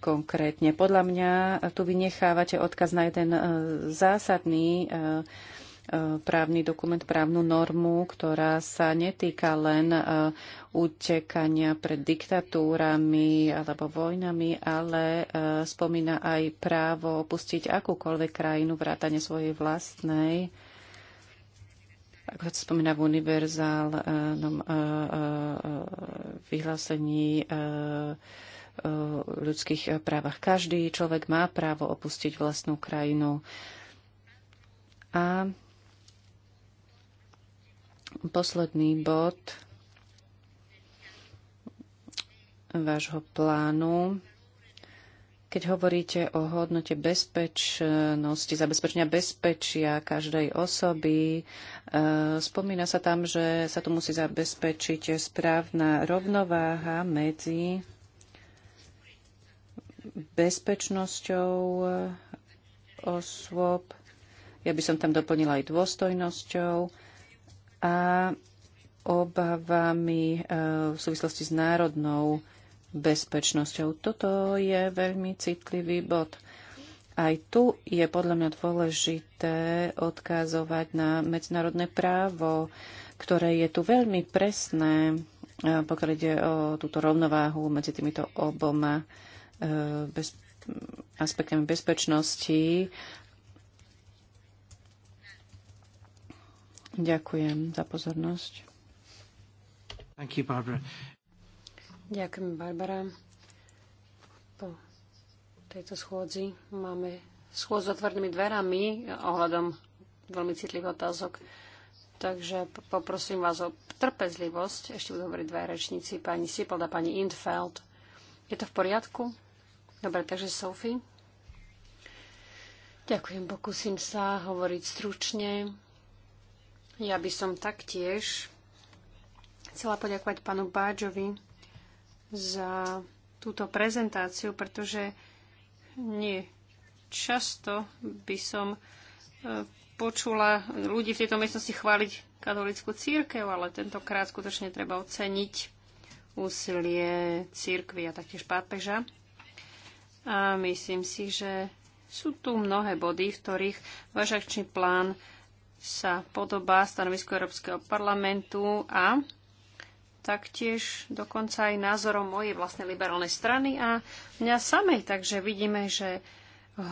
konkrétne. Podľa mňa tu vynechávate odkaz na jeden e, zásadný e, e, právny dokument, právnu normu, ktorá sa netýka len utekania pred diktatúrami alebo vojnami, ale spomína aj právo opustiť akúkoľvek krajinu, vrátane svojej vlastnej ako sa spomína v univerzálnom vyhlásení Eh, ľudských eh, právach. Každý človek má právo opustiť vlastnú krajinu. A posledný bod vášho plánu. Keď hovoríte o hodnote bezpečnosti, zabezpečenia bezpečia každej osoby, eh, spomína sa tam, že sa tu musí zabezpečiť správna rovnováha medzi bezpečnosťou eh, osôb. Ja by som tam doplnila aj dôstojnosťou a obavami eh, v súvislosti s národnou bezpečnosťou. Toto je veľmi citlivý bod. Aj tu je podľa mňa dôležité odkázovať na medzinárodné právo, ktoré je tu veľmi presné, eh, pokiaľ ide o túto rovnováhu medzi týmito oboma Eh, bez, aspektami bezpečnosti. Ďakujem za pozornosť. Thank you, Barbara. Ďakujem, Barbara. Po tejto schôdzi máme schôd s otvorenými dverami ohľadom veľmi citlivých otázok. Takže poprosím vás o trpezlivosť. Ešte budú hovoriť dvaja rečníci, pani Sipold a pani Intfeld. Je to v poriadku? Dobre, takže Sophie. Ďakujem, pokúsim sa hovoriť stručne. Ja by som taktiež chcela poďakovať panu Báčovi za túto prezentáciu, pretože nie často by som e, počula ľudí v tejto miestnosti chváliť katolickú církev, ale tentokrát skutočne treba oceniť úsilie církvy a taktiež pápeža a myslím si, že sú tu mnohé body, v ktorých váš akčný plán sa podobá stanovisku Európskeho parlamentu a taktiež dokonca aj názorom mojej vlastnej liberálnej strany a mňa samej. Takže vidíme, že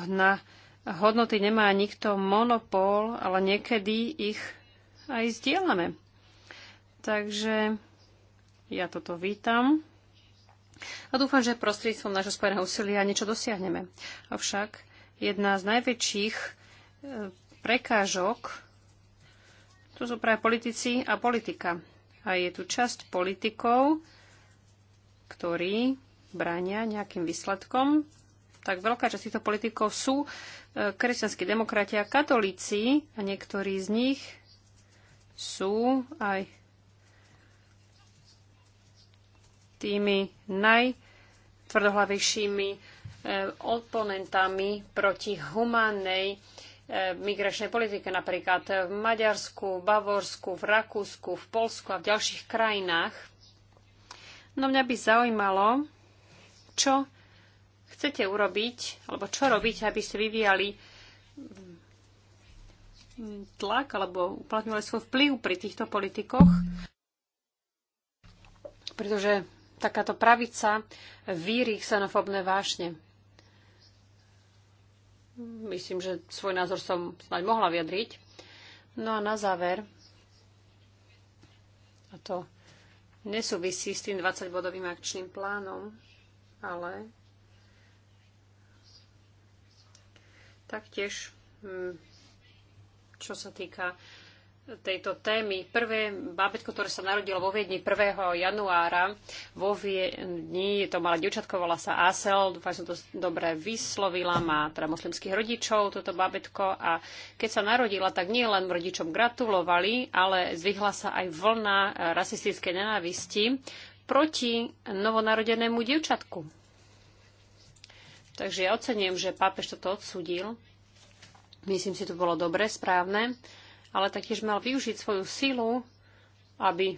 na hodnoty nemá nikto monopol, ale niekedy ich aj zdieľame. Takže ja toto vítam. A dúfam, že prostredstvom nášho spojeného úsilia niečo dosiahneme. Avšak jedna z najväčších e, prekážok, to sú práve politici a politika. A je tu časť politikov, ktorí bránia nejakým výsledkom, tak veľká časť týchto politikov sú e, kresťanskí demokrati a katolíci a niektorí z nich sú aj tými najtvrdohlavejšími eh, oponentami proti humánnej eh, migračnej politike, napríklad v Maďarsku, v Bavorsku, v Rakúsku, v Polsku a v ďalších krajinách. No mňa by zaujímalo, čo chcete urobiť, alebo čo robiť, aby ste vyvíjali tlak alebo uplatňovali svoj vplyv pri týchto politikoch, pretože takáto pravica víri xenofobné vášne. Myslím, že svoj názor som snáď mohla vyjadriť. No a na záver, a to nesúvisí s tým 20-bodovým akčným plánom, ale taktiež, mm, čo sa týka tejto témy. Prvé bábetko, ktoré sa narodilo vo Viedni 1. januára, vo Viedni, to mala dievčatko, volá sa Asel, dúfam, som to dobre vyslovila, má teda moslimských rodičov toto bábätko. a keď sa narodila, tak nie len rodičom gratulovali, ale zvyhla sa aj vlna rasistickej nenávisti proti novonarodenému dievčatku. Takže ja ocenujem, že pápež toto odsudil. Myslím si, to bolo dobre, správne ale taktiež mal využiť svoju silu, aby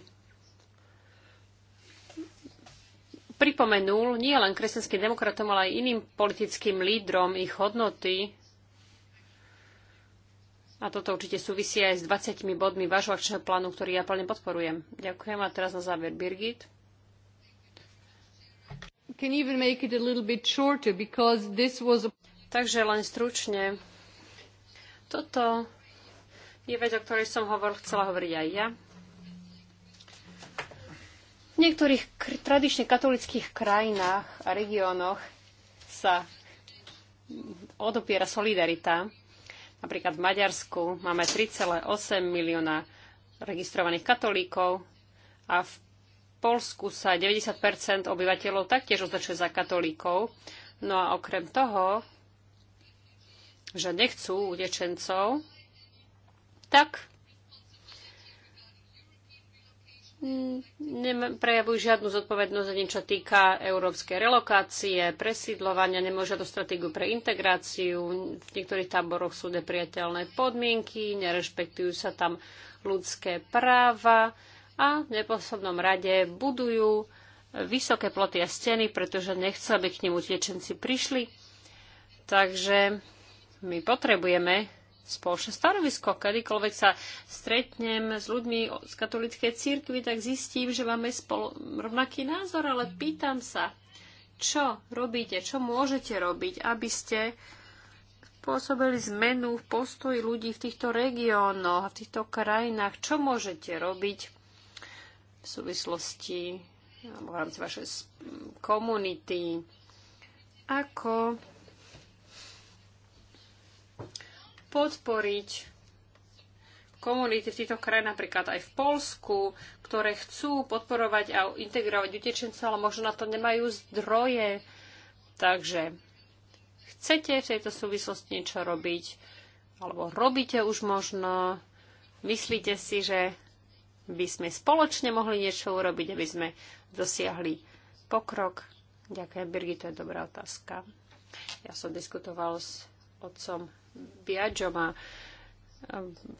pripomenul nie len kresenským demokratom, ale aj iným politickým lídrom ich hodnoty. A toto určite súvisí aj s 20 bodmi vášho akčného plánu, ktorý ja plne podporujem. Ďakujem a teraz na záver Birgit. Shorter, was... Takže len stručne. Toto je vec, o ktorej som hovor, chcela hovoriť aj ja. V niektorých tradične katolických krajinách a regiónoch sa odopiera solidarita. Napríklad v Maďarsku máme 3,8 milióna registrovaných katolíkov a v Polsku sa 90 obyvateľov taktiež označuje za katolíkov. No a okrem toho, že nechcú utečencov, tak prejavujú žiadnu zodpovednosť za niečo týka európskej relokácie, presídlovania, nemajú žiadnu stratégiu pre integráciu, v niektorých táboroch sú nepriateľné podmienky, nerešpektujú sa tam ľudské práva a v neposlednom rade budujú vysoké ploty a steny, pretože nechcú, aby k nim utečenci prišli. Takže my potrebujeme spoločné stanovisko. Kedykoľvek sa stretnem s ľuďmi z katolíckej církvy, tak zistím, že máme spolo- rovnaký názor, ale pýtam sa, čo robíte, čo môžete robiť, aby ste spôsobili zmenu v postoji ľudí v týchto regiónoch a v týchto krajinách. Čo môžete robiť v súvislosti alebo v rámci vašej komunity? Ako podporiť komunity v týchto krajinách, napríklad aj v Polsku, ktoré chcú podporovať a integrovať utečencov, ale možno na to nemajú zdroje. Takže chcete v tejto súvislosti niečo robiť, alebo robíte už možno, myslíte si, že by sme spoločne mohli niečo urobiť, aby sme dosiahli pokrok. Ďakujem, Birgit, to je dobrá otázka. Ja som diskutoval s otcom Biaďoma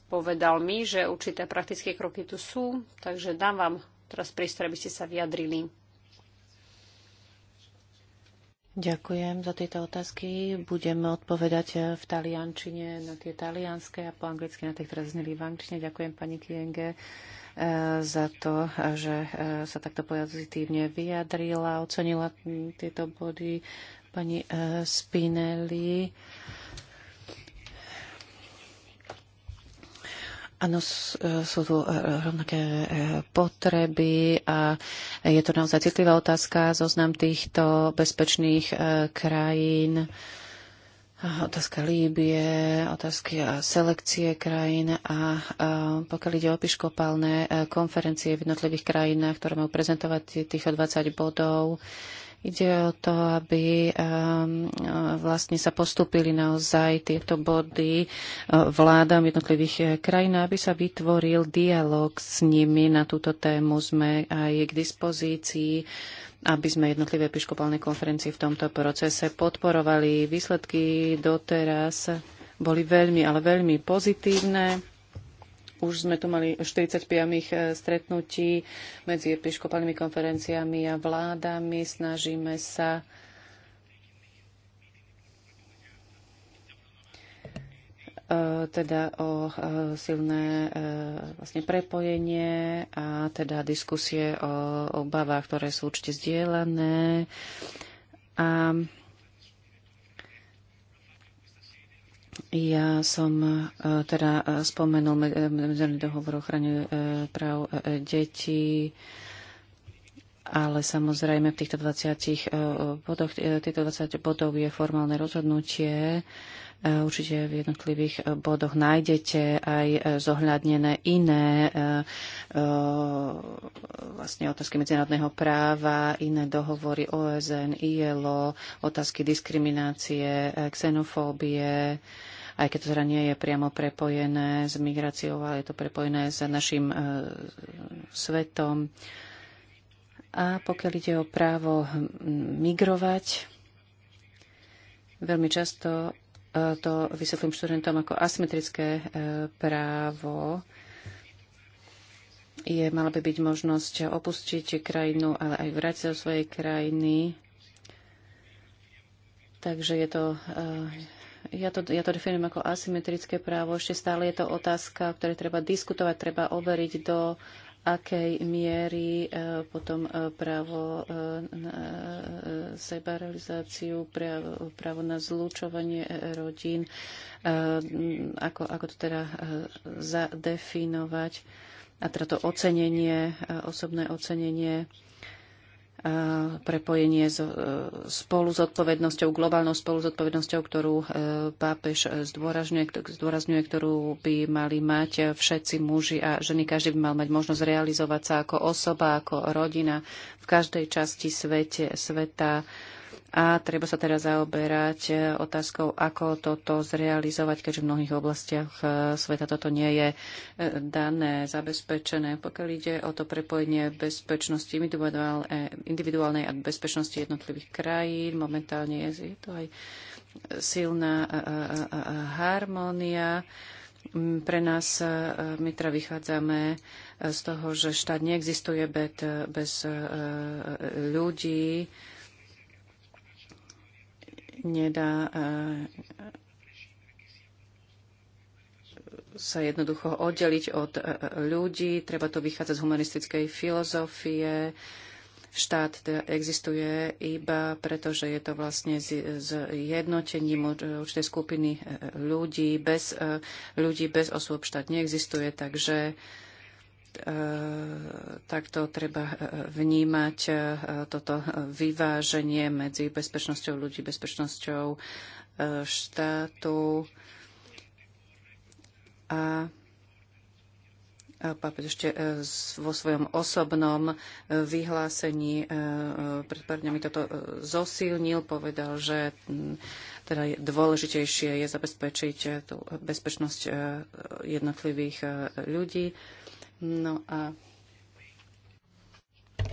povedal mi, že určité praktické kroky tu sú, takže dám vám teraz priestor, aby ste sa vyjadrili. Ďakujem za tieto otázky. Budem odpovedať v taliančine na tie talianské a po anglicky na tie, ktoré zneli v angličtine. Ďakujem pani Kienge eh, za to, že eh, sa takto pozitívne vyjadrila, ocenila tieto body pani eh, Spinelli. Áno, e, sú tu e, rovnaké e, potreby a je to naozaj citlivá otázka, zoznam týchto bezpečných krajín, otázka Líbie, otázky selekcie krajín a pokiaľ ide o piškopálne konferencie v jednotlivých krajinách, ktoré majú prezentovať týchto 20 bodov, Ide o to, aby ehm, e, vlastne sa postupili naozaj tieto body e, vládam jednotlivých e, krajín, aby sa vytvoril dialog s nimi na túto tému. Sme aj k dispozícii aby sme jednotlivé piškopálne konferencie v tomto procese podporovali. Výsledky doteraz boli veľmi, ale veľmi pozitívne. Už sme tu mali 45 e, stretnutí medzi episkopálnymi konferenciami a vládami. Snažíme sa e, teda o e, silné vlastne prepojenie a teda diskusie o obavách, ktoré sú určite zdieľané. A Ja som e, teda e, spomenul e, medzinárodný dohovor o ochrane práv detí, ale samozrejme v týchto 20 bodoch, týchto 20 bodov je formálne rozhodnutie E, určite v jednotlivých e, bodoch nájdete aj e, zohľadnené iné vlastne otázky medzinárodného práva, iné dohovory OSN, ILO, otázky diskriminácie, xenofóbie, aj keď to teda nie je priamo prepojené s migráciou, ale je to prepojené s našim svetom. A pokiaľ ide o právo migrovať, veľmi často to vysvetlím študentom ako asymetrické e, právo. Je, mala by byť možnosť opustiť krajinu, ale aj vrátiť sa do svojej krajiny. Takže je to, e, ja to, ja to definujem ako asymetrické právo. Ešte stále je to otázka, o ktorej treba diskutovať, treba overiť, do akej miery e, potom e, e, právo na sebarealizáciu, právo, na zlúčovanie rodín, ako, ako to teda zadefinovať a teda to ocenenie, osobné ocenenie E, prepojenie s e, spolu s odpovednosťou, globálnou spolu s odpovednosťou, ktorú e, pápež zdôrazňuje, zdôrazňuje, ktorú by mali mať všetci muži a ženy. Každý by mal mať možnosť realizovať sa ako osoba, ako rodina v každej časti svete, sveta a treba sa teraz zaoberať e, otázkou, ako toto zrealizovať, keďže v mnohých oblastiach e, sveta toto nie je e, dané, zabezpečené. Pokiaľ ide o to prepojenie bezpečnosti individuálnej a bezpečnosti jednotlivých krajín, momentálne je to aj silná harmónia pre nás, my teda vychádzame z toho, že štát neexistuje bez ľudí nedá eh, sa jednoducho oddeliť od eh, ľudí, treba to vychádzať z humanistickej filozofie. Štát existuje iba preto, že je to vlastne jednotením určitej skupiny eh, ľudí. Bez ľudí, bez osôb štát neexistuje, takže E, takto treba e, vnímať e, toto vyváženie medzi bezpečnosťou ľudí, bezpečnosťou štátu. A pápež ešte vo svojom osobnom vyhlásení pred pár dňami toto zosilnil, povedal, že teda dôležitejšie je zabezpečiť tú bezpečnosť jednotlivých ľudí. No a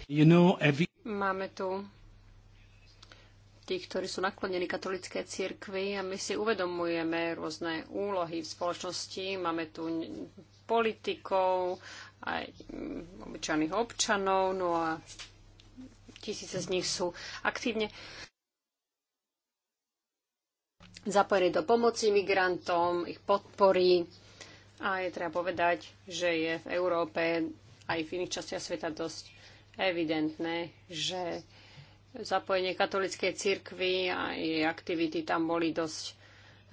you know, every... Máme tu tých, ktorí sú naklonení katolické cirkvi a my si uvedomujeme rôzne úlohy v spoločnosti. Máme tu politikov, aj mm, obyčajných občanov, no a tisíce z nich sú aktívne zapojení do pomoci migrantom, ich podpory a je treba povedať, že je v Európe aj v iných častiach sveta dosť evidentné, že zapojenie katolíckej cirkvi a jej aktivity tam boli dosť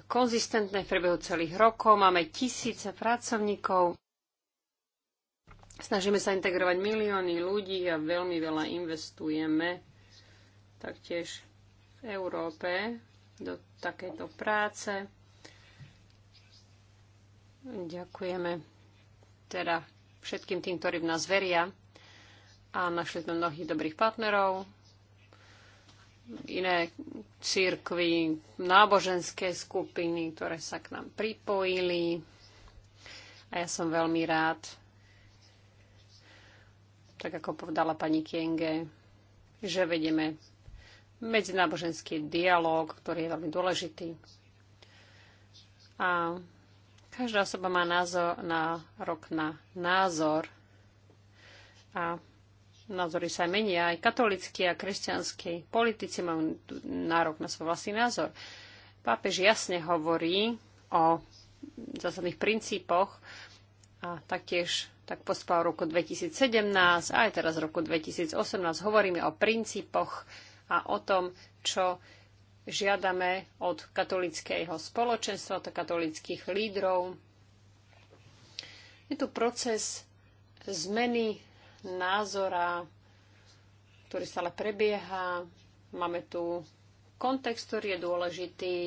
konzistentné v priebehu celých rokov. Máme tisíce pracovníkov. Snažíme sa integrovať milióny ľudí a veľmi veľa investujeme taktiež v Európe do takéto práce. Ďakujeme teda všetkým tým, ktorí v nás veria a našli sme mnohých dobrých partnerov, iné církvy, náboženské skupiny, ktoré sa k nám pripojili. A ja som veľmi rád, tak ako povedala pani Kienge, že vedeme medzináboženský dialog, ktorý je veľmi dôležitý. A Každá osoba má názor na rok na názor a názory sa menia. Aj katolícky a kresťanskí politici majú nárok na svoj vlastný názor. Pápež jasne hovorí o zásadných princípoch a taktiež tak pospal v roku 2017 a aj teraz v roku 2018 hovoríme o princípoch a o tom, čo žiadame od katolického spoločenstva, od katolických lídrov. Je tu proces zmeny názora, ktorý stále prebieha. Máme tu kontext, ktorý je dôležitý.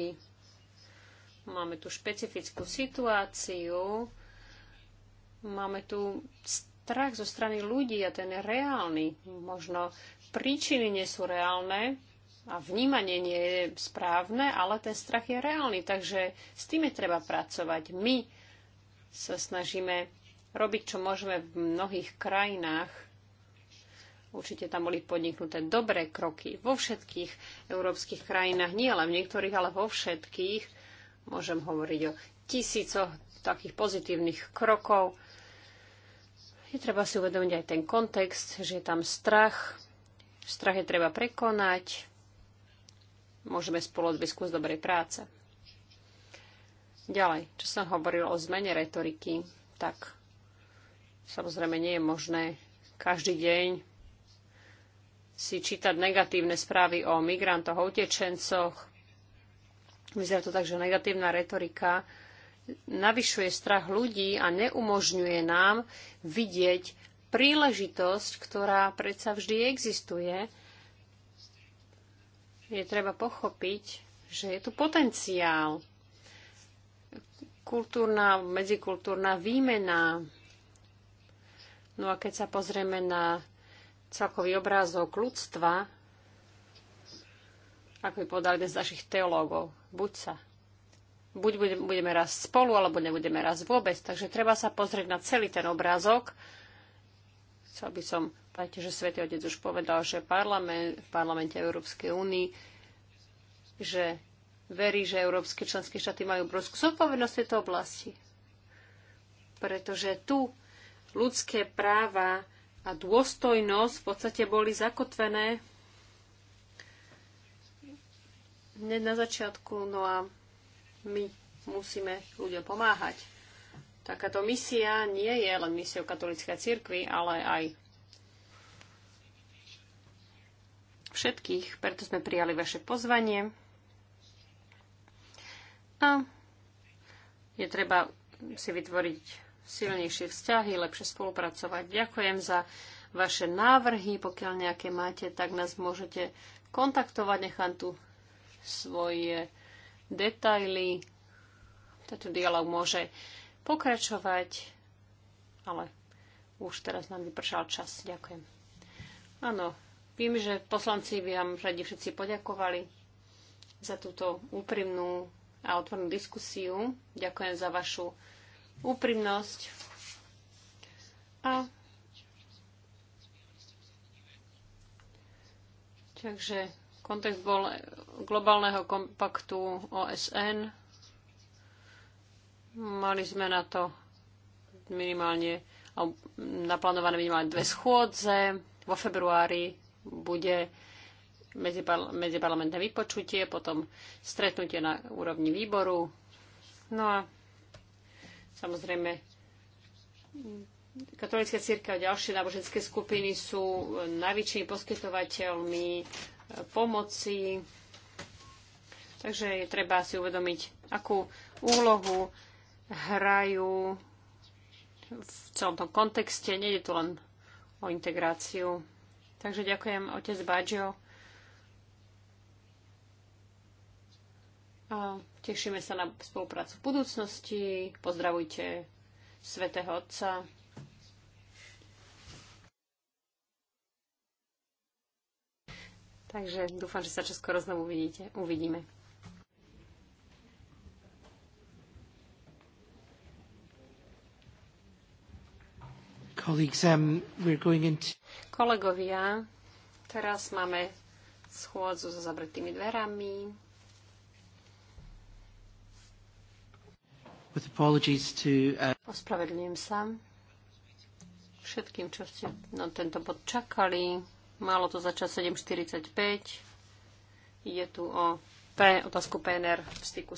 Máme tu špecifickú situáciu. Máme tu strach zo strany ľudí a ten je reálny. Možno príčiny nie sú reálne, a vnímanie nie je správne, ale ten strach je reálny, takže s tým je treba pracovať. My sa snažíme robiť, čo môžeme v mnohých krajinách. Určite tam boli podniknuté dobré kroky vo všetkých európskych krajinách, nie len v niektorých, ale vo všetkých. Môžem hovoriť o tisícoch takých pozitívnych krokov. Je treba si uvedomiť aj ten kontext, že je tam strach. Strach je treba prekonať, môžeme spolu odviesť kus dobrej práce. Ďalej, čo som hovoril o zmene retoriky, tak samozrejme nie je možné každý deň si čítať negatívne správy o migrantoch, o utečencoch. Vyzerá to tak, že negatívna retorika navyšuje strach ľudí a neumožňuje nám vidieť príležitosť, ktorá predsa vždy existuje je treba pochopiť, že je tu potenciál. Kultúrna, medzikultúrna výmena. No a keď sa pozrieme na celkový obrázok ľudstva, ako by povedal jeden z našich teológov, buď sa. Buď budeme raz spolu, alebo nebudeme raz vôbec. Takže treba sa pozrieť na celý ten obrázok Chcel by som povedať, že Svetý Otec už povedal, že parlament, v parlamente Európskej únii, že verí, že európske členské štáty majú obrovskú zodpovednosť v tejto oblasti. Pretože tu ľudské práva a dôstojnosť v podstate boli zakotvené hneď na začiatku, no a my musíme ľuďom pomáhať. Takáto misia nie je len misiou katolíckej cirkvi, ale aj všetkých, preto sme prijali vaše pozvanie. A je treba si vytvoriť silnejšie vzťahy, lepšie spolupracovať. Ďakujem za vaše návrhy. Pokiaľ nejaké máte, tak nás môžete kontaktovať. Nechám tu svoje detaily. Tento dialog môže pokračovať, ale už teraz nám vypršal čas. Ďakujem. Áno, vím, že poslanci by vám radi všetci poďakovali za túto úprimnú a otvornú diskusiu. Ďakujem za vašu úprimnosť. A Takže kontext bol globálneho kompaktu OSN Mali sme na to minimálne naplánované minimálne dve schôdze. Vo februári bude medziparlamentné vypočutie, potom stretnutie na úrovni výboru. No a samozrejme katolické církev a ďalšie náboženské skupiny sú najväčšími poskytovateľmi pomoci. Takže je treba si uvedomiť, akú úlohu hrajú v celom tom kontexte. je tu len o integráciu. Takže ďakujem, otec Baggio. A tešíme sa na spoluprácu v budúcnosti. Pozdravujte svätého Otca. Takže dúfam, že sa čoskoro znovu uvidíte. uvidíme. Um, Kolegovia, teraz máme schôdzu so zabretými dverami. With uh, Ospravedlňujem sa všetkým, čo ste na tento bod čakali. Malo to začať 7.45. Ide tu o otázku PNR v styku